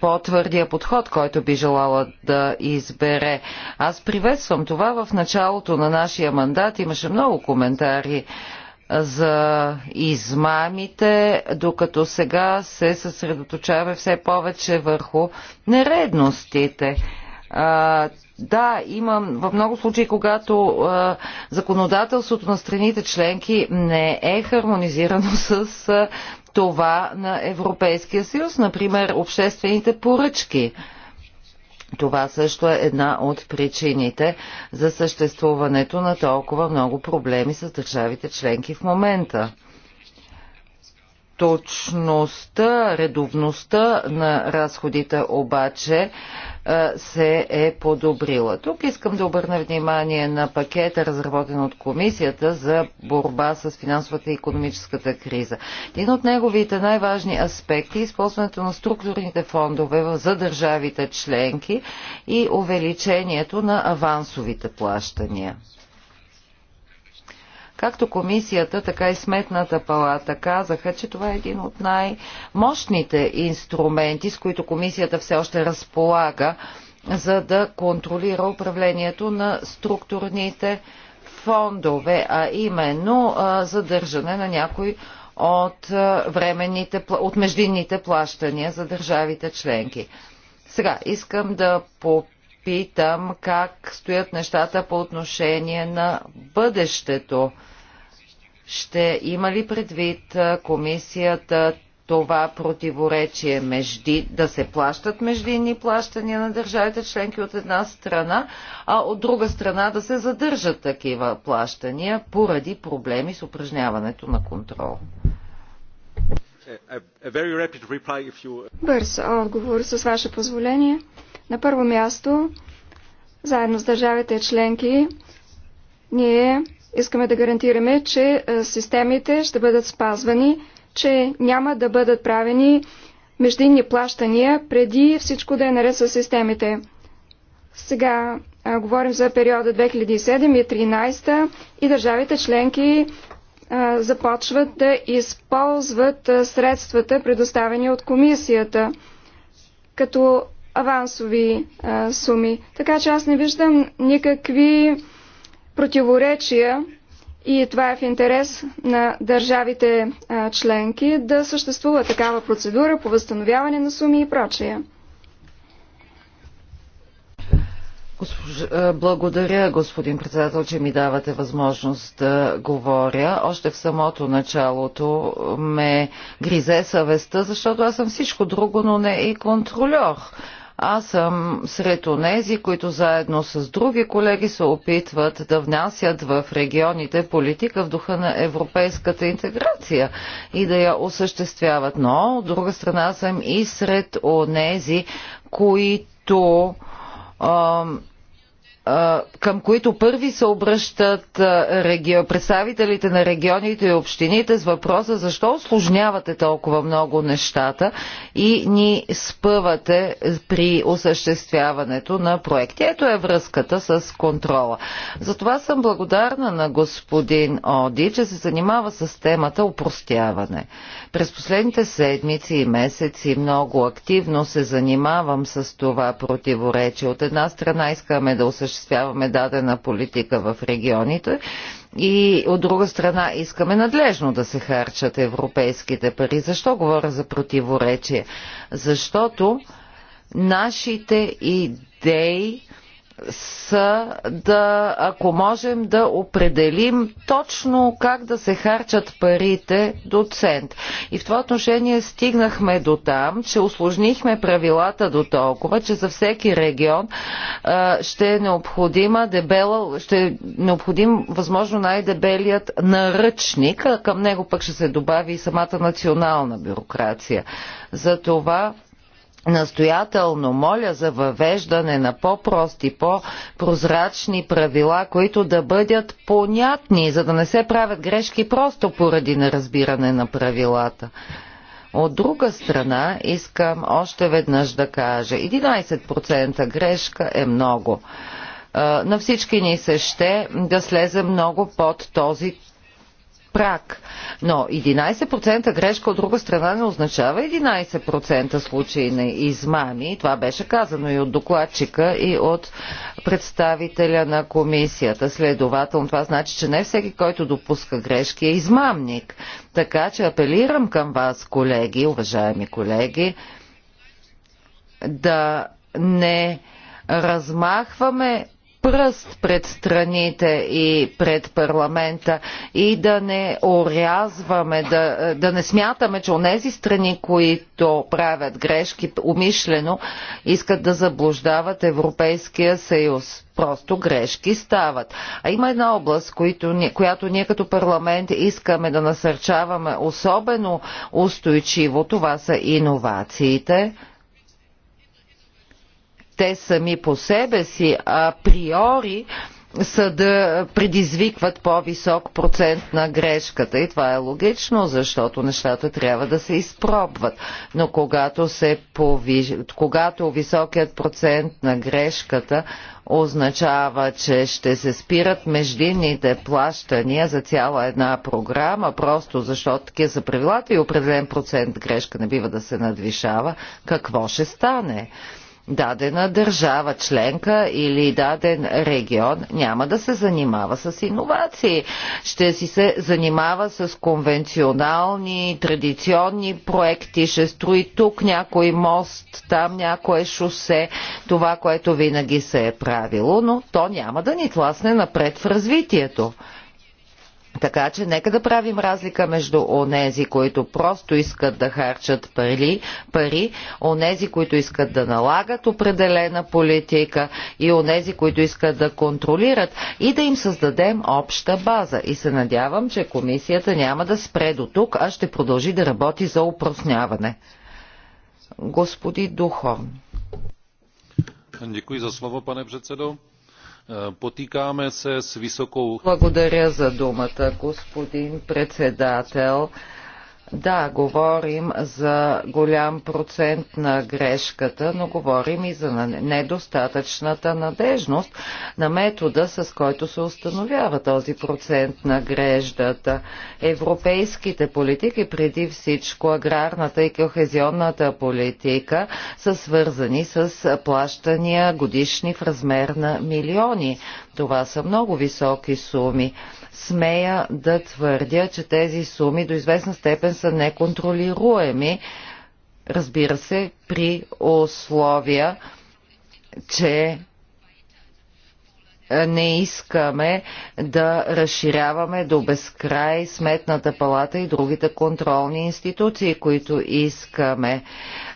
по-твърдия подход, който би желала да избере. Аз приветствам това. В началото на нашия мандат имаше много коментари за измамите, докато сега се съсредоточава все повече върху нередностите а, да, има в много случаи, когато а, законодателството на страните членки не е хармонизирано с а, това на Европейския съюз, например обществените поръчки. Това също е една от причините за съществуването на толкова много проблеми с държавите членки в момента точността, редовността на разходите обаче се е подобрила. Тук искам да обърна внимание на пакета, разработен от Комисията за борба с финансовата и економическата криза. Един от неговите най-важни аспекти е използването на структурните фондове за държавите членки и увеличението на авансовите плащания. Както комисията, така и сметната палата казаха, че това е един от най-мощните инструменти, с които комисията все още разполага, за да контролира управлението на структурните фондове, а именно задържане на някой от, временните, от междинните плащания за държавите членки. Сега искам да попитам как стоят нещата по отношение на бъдещето. Ще има ли предвид комисията това противоречие между да се плащат междинни плащания на държавите членки от една страна, а от друга страна да се задържат такива плащания поради проблеми с упражняването на контрол? Бърз отговор с ваше позволение. На първо място, заедно с държавите членки, ние Искаме да гарантираме, че е, системите ще бъдат спазвани, че няма да бъдат правени междинни плащания преди всичко да е наред с системите. Сега а, е, говорим за периода 2007 и 2013 и държавите членки а, е, започват да използват а, средствата, предоставени от комисията, като авансови а, суми. Така че аз не виждам никакви противоречия и това е в интерес на държавите членки да съществува такава процедура по възстановяване на суми и прочее. благодаря, господин председател, че ми давате възможност да говоря. Още в самото началото ме гризе съвестта, защото аз съм всичко друго, но не и контролер. Аз съм сред онези, които заедно с други колеги се опитват да внасят в регионите политика в духа на европейската интеграция и да я осъществяват. Но, от друга страна, съм и сред онези, които към които първи се обръщат представителите на регионите и общините с въпроса защо осложнявате толкова много нещата и ни спъвате при осъществяването на проекти. Ето е връзката с контрола. Затова съм благодарна на господин Оди, че се занимава с темата упростяване. През последните седмици и месеци много активно се занимавам с това противоречие. От една страна искаме да осъществяваме осъществяваме дадена политика в регионите и от друга страна искаме надлежно да се харчат европейските пари. Защо говоря за противоречие? Защото нашите идеи са да, ако можем да определим точно как да се харчат парите до цент. И в това отношение стигнахме до там, че усложнихме правилата до толкова, че за всеки регион а, ще е необходима дебела, ще е необходим възможно най-дебелият наръчник, а към него пък ще се добави и самата национална бюрокрация. За това настоятелно моля за въвеждане на по-прости, по-прозрачни правила, които да бъдат понятни, за да не се правят грешки просто поради неразбиране на правилата. От друга страна, искам още веднъж да кажа, 11% грешка е много. На всички ни се ще да слезе много под този прак. Но 11% грешка от друга страна не означава 11% случаи на измами. Това беше казано и от докладчика, и от представителя на комисията. Следователно това значи, че не всеки, който допуска грешки е измамник. Така че апелирам към вас, колеги, уважаеми колеги, да не размахваме пръст пред страните и пред парламента и да не орязваме, да, да не смятаме, че онези страни, които правят грешки умишлено, искат да заблуждават Европейския съюз. Просто грешки стават. А има една област, ние, която ние като парламент искаме да насърчаваме особено устойчиво. Това са иновациите те сами по себе си, априори, са да предизвикват по-висок процент на грешката. И това е логично, защото нещата трябва да се изпробват. Но когато, се повиж... когато високият процент на грешката означава, че ще се спират междинните плащания за цяла една програма, просто защото такива са правилата и определен процент грешка не бива да се надвишава, какво ще стане? дадена държава членка или даден регион няма да се занимава с иновации. Ще си се занимава с конвенционални, традиционни проекти, ще строи тук някой мост, там някое шосе, това, което винаги се е правило, но то няма да ни тласне напред в развитието. Така че нека да правим разлика между онези, които просто искат да харчат пари, пари онези, които искат да налагат определена политика и онези, които искат да контролират и да им създадем обща база. И се надявам, че комисията няма да спре до тук, а ще продължи да работи за упросняване. Господи Духовн. Děkuji za slovo, pane předsedo Потикаме се с високо... Благодаря за думата, господин председател. Да, говорим за голям процент на грешката, но говорим и за недостатъчната надежност на метода, с който се установява този процент на греждата. Европейските политики, преди всичко аграрната и кохезионната политика, са свързани с плащания годишни в размер на милиони. Това са много високи суми смея да твърдя, че тези суми до известна степен са неконтролируеми, разбира се, при условия, че не искаме да разширяваме до безкрай сметната палата и другите контролни институции, които искаме.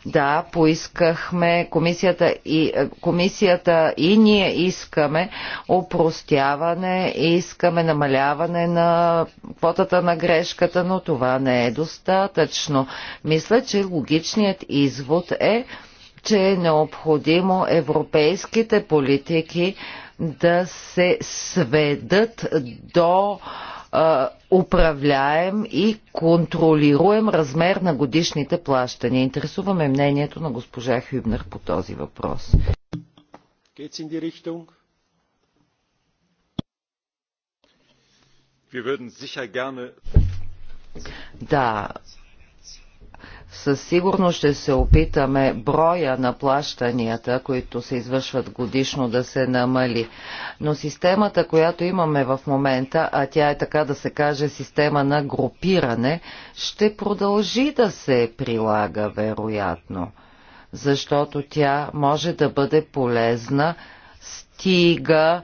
Да, поискахме комисията и, комисията и ние искаме опростяване, искаме намаляване на квотата на грешката, но това не е достатъчно. Мисля, че логичният извод е, че е необходимо европейските политики да се сведат до а, управляем и контролируем размер на годишните плащания. Интересуваме мнението на госпожа Хюбнер по този въпрос. Да, със сигурност ще се опитаме броя на плащанията, които се извършват годишно, да се намали. Но системата, която имаме в момента, а тя е така да се каже система на групиране, ще продължи да се прилага, вероятно, защото тя може да бъде полезна, стига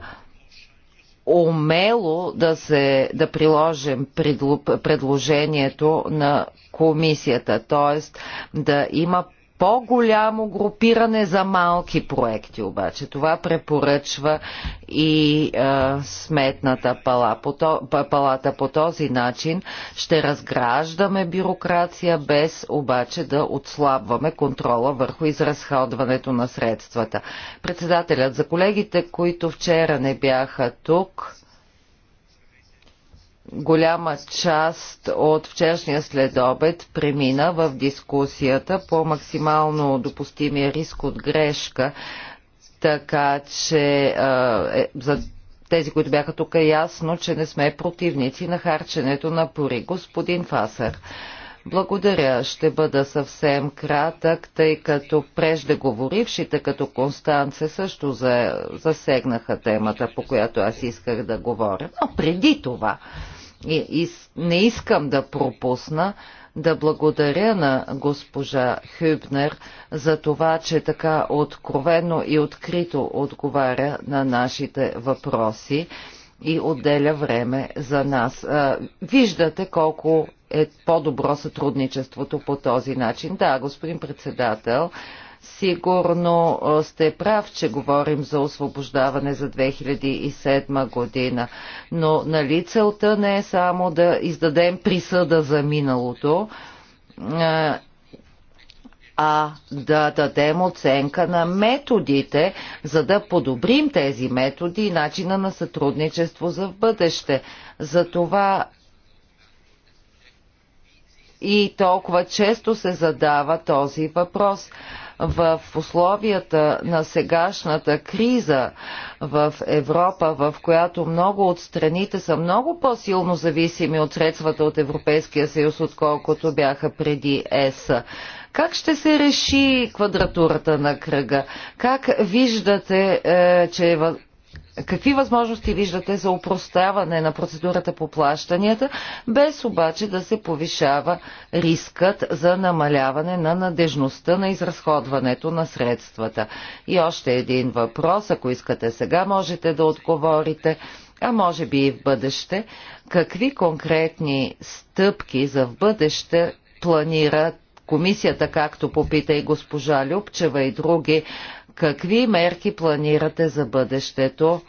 умело да, се, да приложим предложението на комисията, т.е. да има по-голямо групиране за малки проекти обаче. Това препоръчва и е, сметната пала. По то, палата по този начин ще разграждаме бюрокрация без обаче да отслабваме контрола върху изразходването на средствата. Председателят за колегите, които вчера не бяха тук, голяма част от вчерашния следобед премина в дискусията по максимално допустимия риск от грешка, така че е, за тези, които бяха тук, е ясно, че не сме противници на харченето на пори. Господин Фасър, благодаря. Ще бъда съвсем кратък, тъй като преждеговорившите като Констанце също засегнаха темата, по която аз исках да говоря. Но преди това и не искам да пропусна да благодаря на госпожа Хюбнер за това, че така откровено и открито отговаря на нашите въпроси и отделя време за нас. Виждате колко е по-добро сътрудничеството по този начин. Да, господин председател, Сигурно сте прав, че говорим за освобождаване за 2007 година, но нали целта не е само да издадем присъда за миналото, а да дадем оценка на методите, за да подобрим тези методи и начина на сътрудничество за в бъдеще. Затова и толкова често се задава този въпрос в условията на сегашната криза в Европа, в която много от страните са много по-силно зависими от средствата от Европейския съюз, отколкото бяха преди ЕС. Как ще се реши квадратурата на кръга? Как виждате, е, че е, Какви възможности виждате за упростяване на процедурата по плащанията, без обаче да се повишава рискът за намаляване на надежността на изразходването на средствата? И още един въпрос, ако искате сега, можете да отговорите а може би и в бъдеще, какви конкретни стъпки за в бъдеще планират комисията, както попита и госпожа Любчева и други, Какви мерки планирате за бъдещето,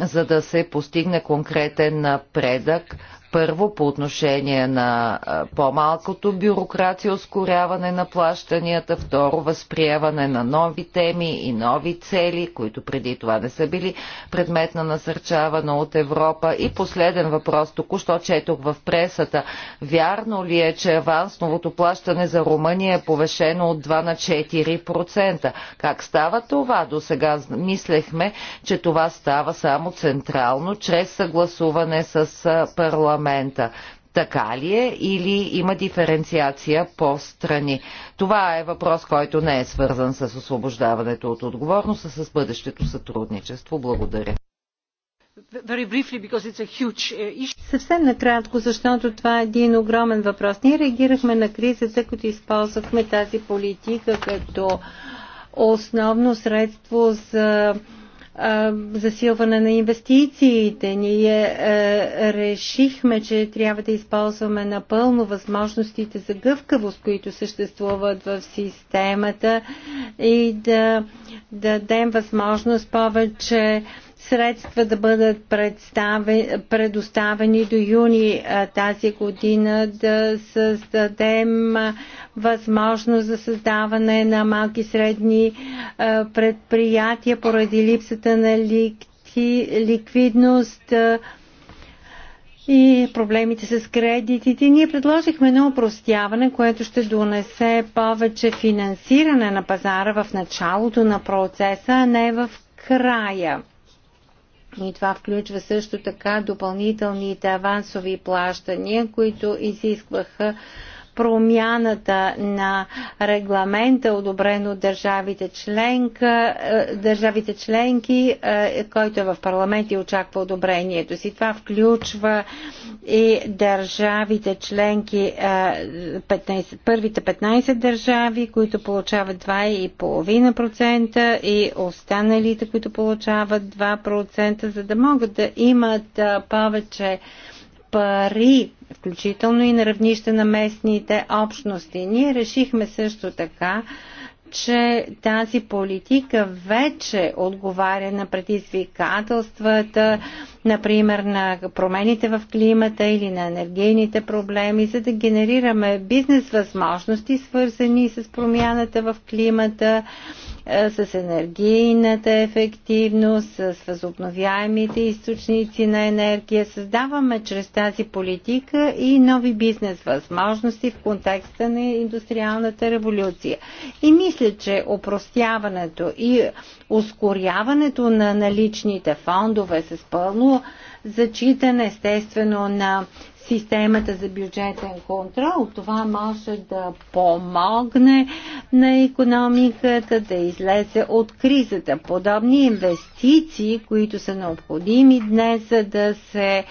за да се постигне конкретен напредък първо, по отношение на по-малкото бюрокрация, ускоряване на плащанията. Второ, възприемане на нови теми и нови цели, които преди това не са били предмет на насърчаване от Европа. И последен въпрос, току-що четох в пресата. Вярно ли е, че авансовото плащане за Румъния е повешено от 2 на 4%? Как става това? До сега мислехме, че това става само централно, чрез съгласуване с парламент момента. Така ли е или има диференциация по страни? Това е въпрос, който не е свързан с освобождаването от отговорност, а с бъдещето сътрудничество. Благодаря. Huge... Uh, Съвсем накратко, защото това е един огромен въпрос. Ние реагирахме на кризата, като използвахме тази политика като основно средство за засилване на инвестициите. Ние е, решихме, че трябва да използваме напълно възможностите за гъвкавост, които съществуват в системата и да дадем възможност повече средства да бъдат предоставени до юни тази година, да създадем възможност за създаване на малки и средни предприятия поради липсата на ликвидност и проблемите с кредитите. Ние предложихме едно упростяване, което ще донесе повече финансиране на пазара в началото на процеса, а не в края. И това включва също така допълнителните авансови плащания, които изискваха промяната на регламента, одобрен от държавите, членка, е, държавите членки, е, който е в парламент и очаква одобрението си. Това включва и държавите членки, 15, е, първите 15 държави, които получават 2,5% и останалите, които получават 2%, за да могат да имат повече пари, включително и на равнище на местните общности. Ние решихме също така, че тази политика вече отговаря на предизвикателствата, например на промените в климата или на енергийните проблеми, за да генерираме бизнес възможности, свързани с промяната в климата е, с енергийната ефективност, с възобновяемите източници на енергия. Създаваме чрез тази политика и нови бизнес възможности в контекста на индустриалната революция. И мисля, че опростяването и ускоряването на наличните фондове с пълно зачитане естествено на системата за бюджетен контрол. Това може да помогне на економиката да излезе от кризата. Подобни инвестиции, които са необходими днес, за да се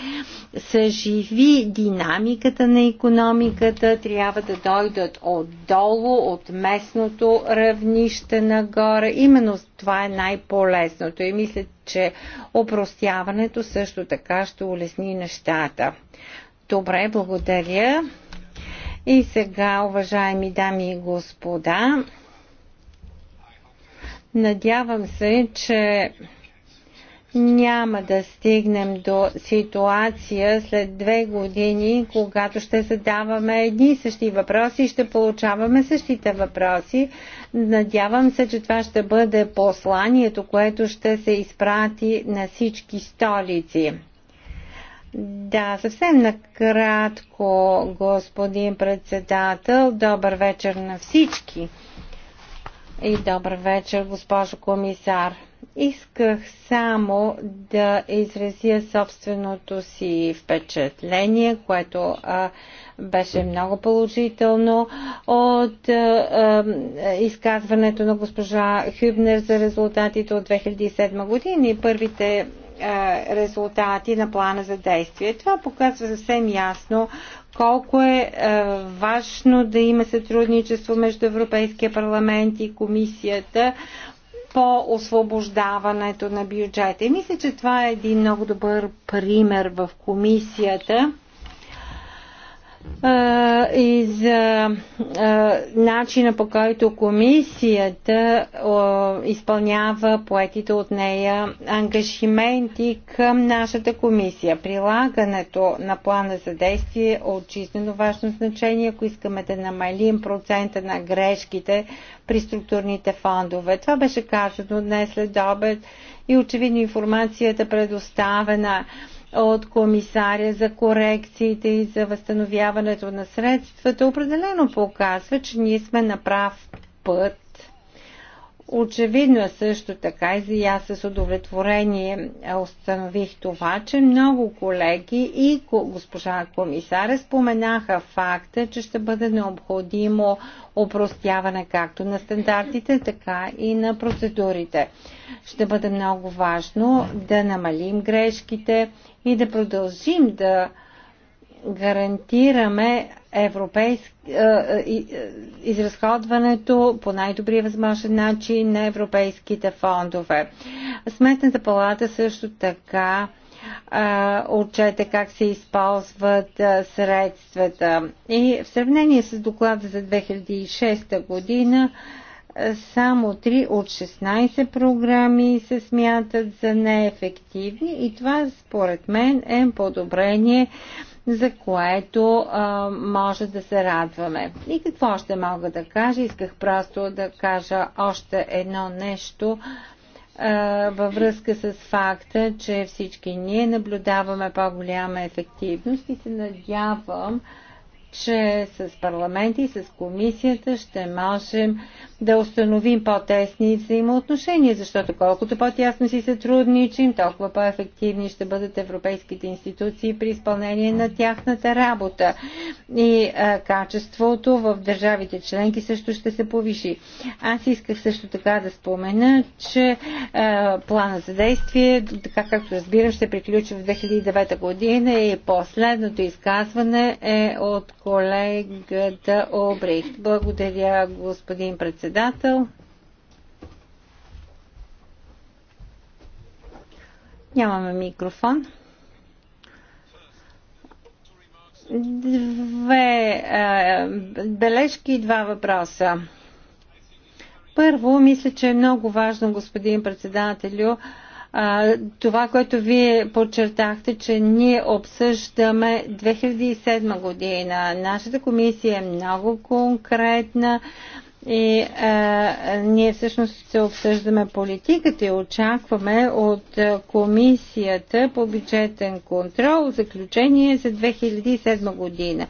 съживи динамиката на економиката, трябва да дойдат отдолу, от местното равнище нагоре. Именно това е най-полезното и мисля, че опростяването също така ще улесни нещата. Добре, благодаря. И сега, уважаеми дами и господа, надявам се, че няма да стигнем до ситуация след две години, когато ще задаваме едни и същи въпроси и ще получаваме същите въпроси. Надявам се, че това ще бъде посланието, което ще се изпрати на всички столици. Да, съвсем накратко, господин председател. Добър вечер на всички. И добър вечер, госпожо комисар. Исках само да изразя собственото си впечатление, което а, беше много положително от а, а, изказването на госпожа Хюбнер за резултатите от 2007 година и първите а, резултати на плана за действие. Това показва съвсем ясно колко е, е важно да има сътрудничество между Европейския парламент и комисията по освобождаването на бюджета. И мисля, че това е един много добър пример в комисията и за начина по който комисията изпълнява поетите от нея ангажименти към нашата комисия. Прилагането на плана за действие е от чистено важно значение, ако искаме да намалим процента на грешките при структурните фондове. Това беше казано днес след обед и очевидно информацията предоставена от комисаря за корекциите и за възстановяването на средствата определено показва, че ние сме на прав път Очевидно е също така и аз с удовлетворение установих това, че много колеги и госпожа комисаря споменаха факта, че ще бъде необходимо упростяване както на стандартите, така и на процедурите. Ще бъде много важно да намалим грешките и да продължим да гарантираме европейск, е, е, е, изразходването по най-добрия възможен начин на европейските фондове. Сметната палата също така отчете как се използват средствата. И в сравнение с доклада за 2006 година, само 3 от 16 програми се смятат за неефективни и това според мен е подобрение за което а, може да се радваме. И какво още мога да кажа? Исках просто да кажа още едно нещо а, във връзка с факта, че всички ние наблюдаваме по-голяма ефективност и се надявам, че с парламент и с комисията ще можем да установим по-тесни взаимоотношения, защото колкото по-тясно си сътрудничим, толкова по-ефективни ще бъдат европейските институции при изпълнение на тяхната работа. И а, качеството в държавите членки също ще се повиши. Аз исках също така да спомена, че а, плана за действие, така както разбирам, ще приключи в 2009 година и последното изказване е от колегата Обрих. Благодаря, господин председател. Нямаме микрофон. Две а, бележки и два въпроса. Първо, мисля, че е много важно, господин председателю, а, това, което вие подчертахте, че ние обсъждаме 2007 година. Нашата комисия е много конкретна и а, ние всъщност се обсъждаме политиката и очакваме от комисията по бюджетен контрол заключение за 2007 година.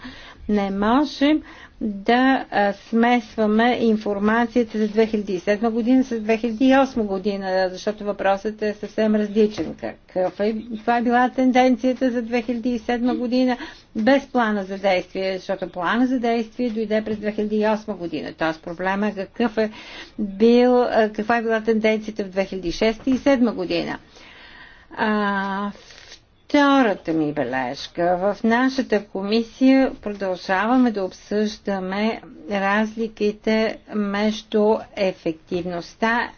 Не можем да смесваме информацията за 2007 година с 2008 година, защото въпросът е съвсем различен. Какъв е, това е била тенденцията за 2007 година без плана за действие, защото плана за действие дойде през 2008 година. Тоест проблема е какъв е бил, каква е била тенденцията в 2006 и 2007 година. А, Втората ми бележка. В нашата комисия продължаваме да обсъждаме разликите между ефективността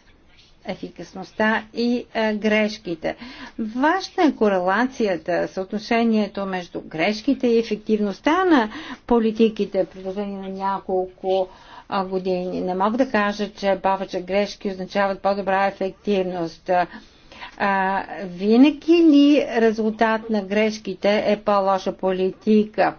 ефикасността и а, грешките. Важна е корелацията, съотношението между грешките и ефективността на политиките в продължение на няколко а, години. Не мога да кажа, че повече грешки означават по-добра ефективност. А, винаги ли резултат на грешките е по-лоша политика?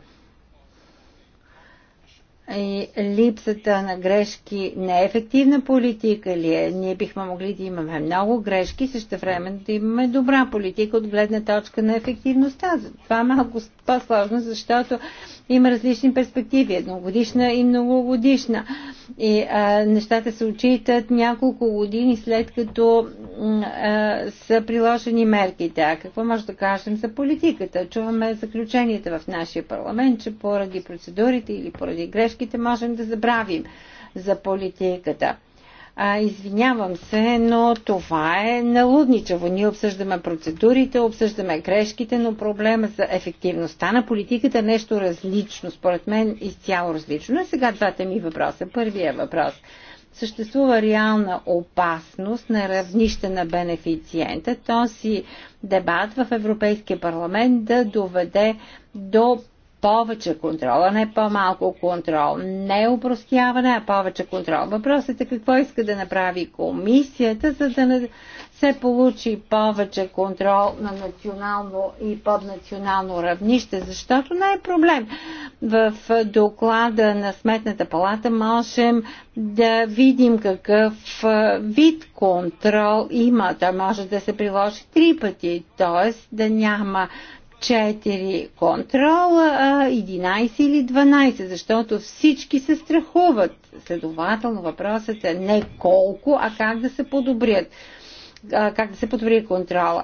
И липсата на грешки не е ефективна политика ли е? Ние бихме могли да имаме много грешки, също време да имаме добра политика от гледна точка на ефективността. Това малко по-сложно, защото има различни перспективи, едногодишна и многогодишна. И а, нещата се отчитат няколко години след като а, са приложени мерките. А какво може да кажем за политиката? Чуваме заключенията в нашия парламент, че поради процедурите или поради грешките можем да забравим за политиката. А, извинявам се, но това е налудничаво. Ние обсъждаме процедурите, обсъждаме грешките, но проблема за ефективността на политиката е нещо различно. Според мен изцяло различно. А сега двата ми въпроса. Първия въпрос съществува реална опасност на равнище на бенефициента, този дебат в Европейския парламент да доведе до повече контрол, а не по-малко контрол. Не упростяване, а повече контрол. Въпросът е какво иска да направи комисията, за да се получи повече контрол на национално и поднационално равнище, защото не е проблем. В доклада на Сметната палата можем да видим какъв вид контрол има. Той може да се приложи три пъти, т.е. да няма 4 контрола, 11 или 12, защото всички се страхуват. Следователно въпросът е не колко, а как да се подобрят. как да се подобри контрола.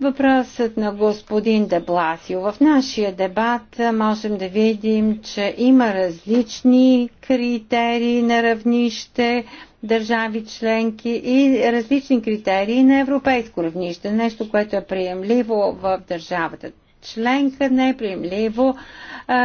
Въпросът на господин Дебласио. В нашия дебат можем да видим, че има различни критерии на равнище държави членки и различни критерии на европейско равнище. Нещо, което е приемливо в държавата членка не е приемливо а,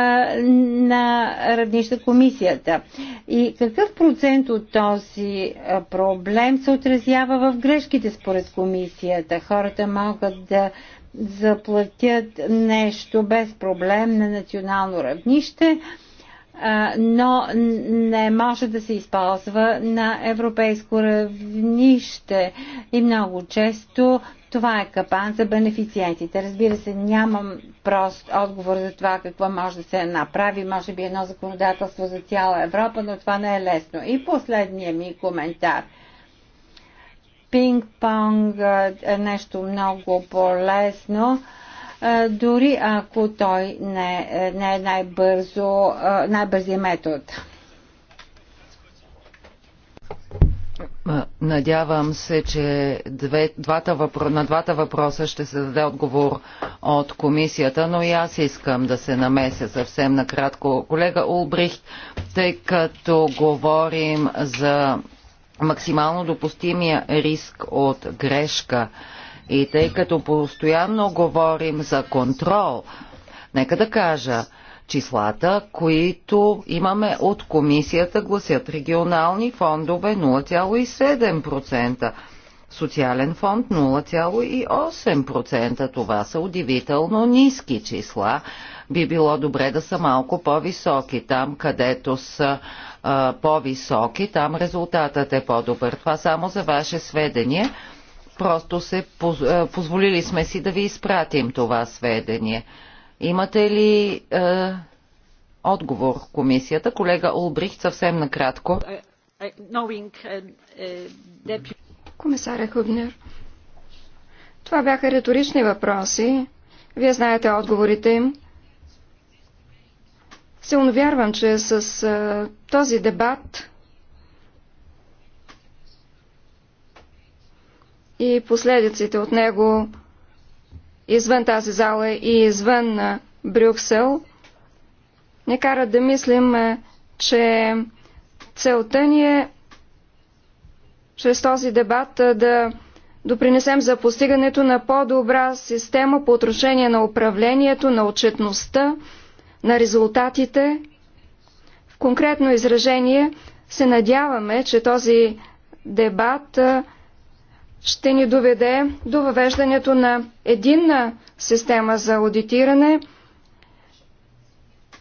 на равнища комисията. И какъв процент от този проблем се отразява в грешките според комисията? Хората могат да заплатят нещо без проблем на национално равнище, но не може да се използва на европейско равнище и много често това е капан за бенефициентите. Разбира се, нямам прост отговор за това какво може да се направи. Може би едно законодателство за цяла Европа, но това не е лесно. И последния ми коментар. Пинг-понг е нещо много по-лесно дори ако той не, не е най-бързо, най метод. Надявам се, че две, двата въпро... на двата въпроса ще се даде отговор от комисията, но и аз искам да се намеся съвсем накратко. Колега Улбрих, тъй като говорим за максимално допустимия риск от грешка, и тъй като постоянно говорим за контрол, нека да кажа, числата, които имаме от комисията, гласят регионални фондове 0,7%. Социален фонд 0,8%. Това са удивително ниски числа. Би било добре да са малко по-високи. Там, където са по-високи, там резултатът е по-добър. Това само за ваше сведение. Просто се е, позволили сме си да ви изпратим това сведение. Имате ли е, отговор комисията? Колега Улбрих, съвсем накратко. Е, е, Комисаря Хубнер, това бяха риторични въпроси. Вие знаете отговорите им. Силно вярвам, че с а, този дебат и последиците от него извън тази зала и извън Брюксел ни карат да мислим, че целта ни е чрез този дебат да допринесем за постигането на по-добра система по отношение на управлението, на отчетността, на резултатите. В конкретно изражение се надяваме, че този дебат ще ни доведе до въвеждането на единна система за аудитиране,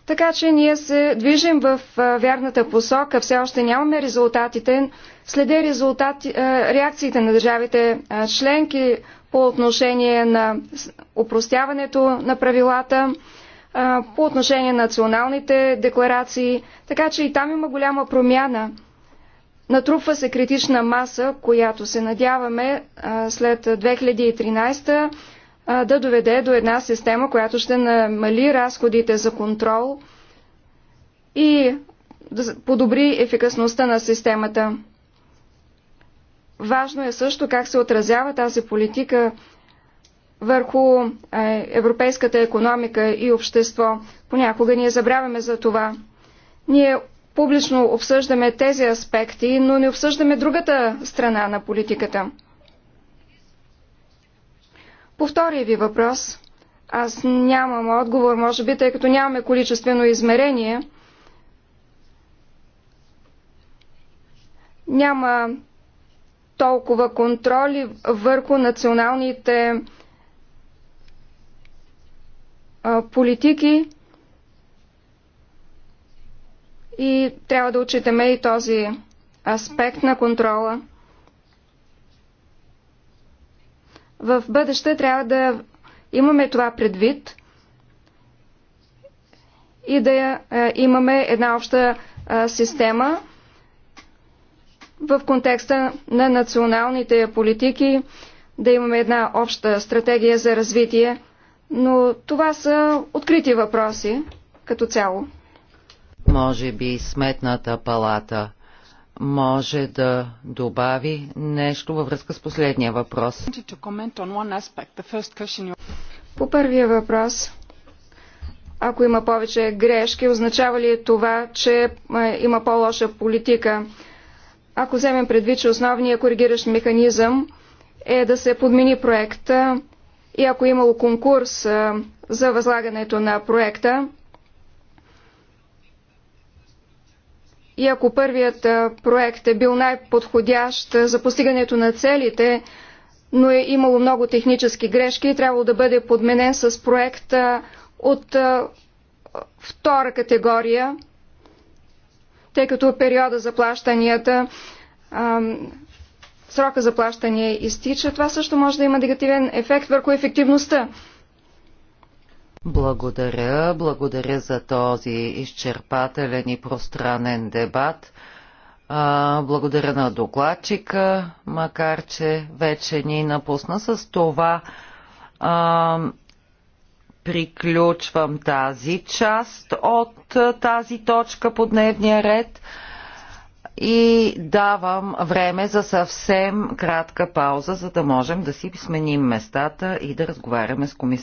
така че ние се движим в вярната посока. Все още нямаме резултатите. Следя резултати, реакциите на държавите членки по отношение на упростяването на правилата, по отношение на националните декларации. Така че и там има голяма промяна. Натрупва се критична маса, която се надяваме след 2013 да доведе до една система, която ще намали разходите за контрол и да подобри ефикасността на системата. Важно е също как се отразява тази политика върху европейската економика и общество. Понякога ние забравяме за това. Ние публично обсъждаме тези аспекти, но не обсъждаме другата страна на политиката. По втория ви въпрос, аз нямам отговор, може би, тъй като нямаме количествено измерение. Няма толкова контроли върху националните политики, и трябва да отчитаме и този аспект на контрола. В бъдеще трябва да имаме това предвид и да е, имаме една обща е, система в контекста на националните политики, да имаме една обща стратегия за развитие, но това са открити въпроси като цяло. Може би сметната палата може да добави нещо във връзка с последния въпрос. По първия въпрос, ако има повече грешки, означава ли това, че е, има по-лоша политика? Ако вземем предвид, че основният коригиращ механизъм е да се подмени проекта и ако е имало конкурс е, за възлагането на проекта, И ако първият проект е бил най-подходящ за постигането на целите, но е имало много технически грешки и трябвало да бъде подменен с проект от втора категория, тъй като периода за плащанията, срока за плащане изтича, това също може да има негативен ефект върху ефективността благодаря. Благодаря за този изчерпателен и пространен дебат. А, благодаря на докладчика, макар че вече ни напусна с това. А, приключвам тази част от тази точка по дневния ред и давам време за съвсем кратка пауза, за да можем да си сменим местата и да разговаряме с комисията.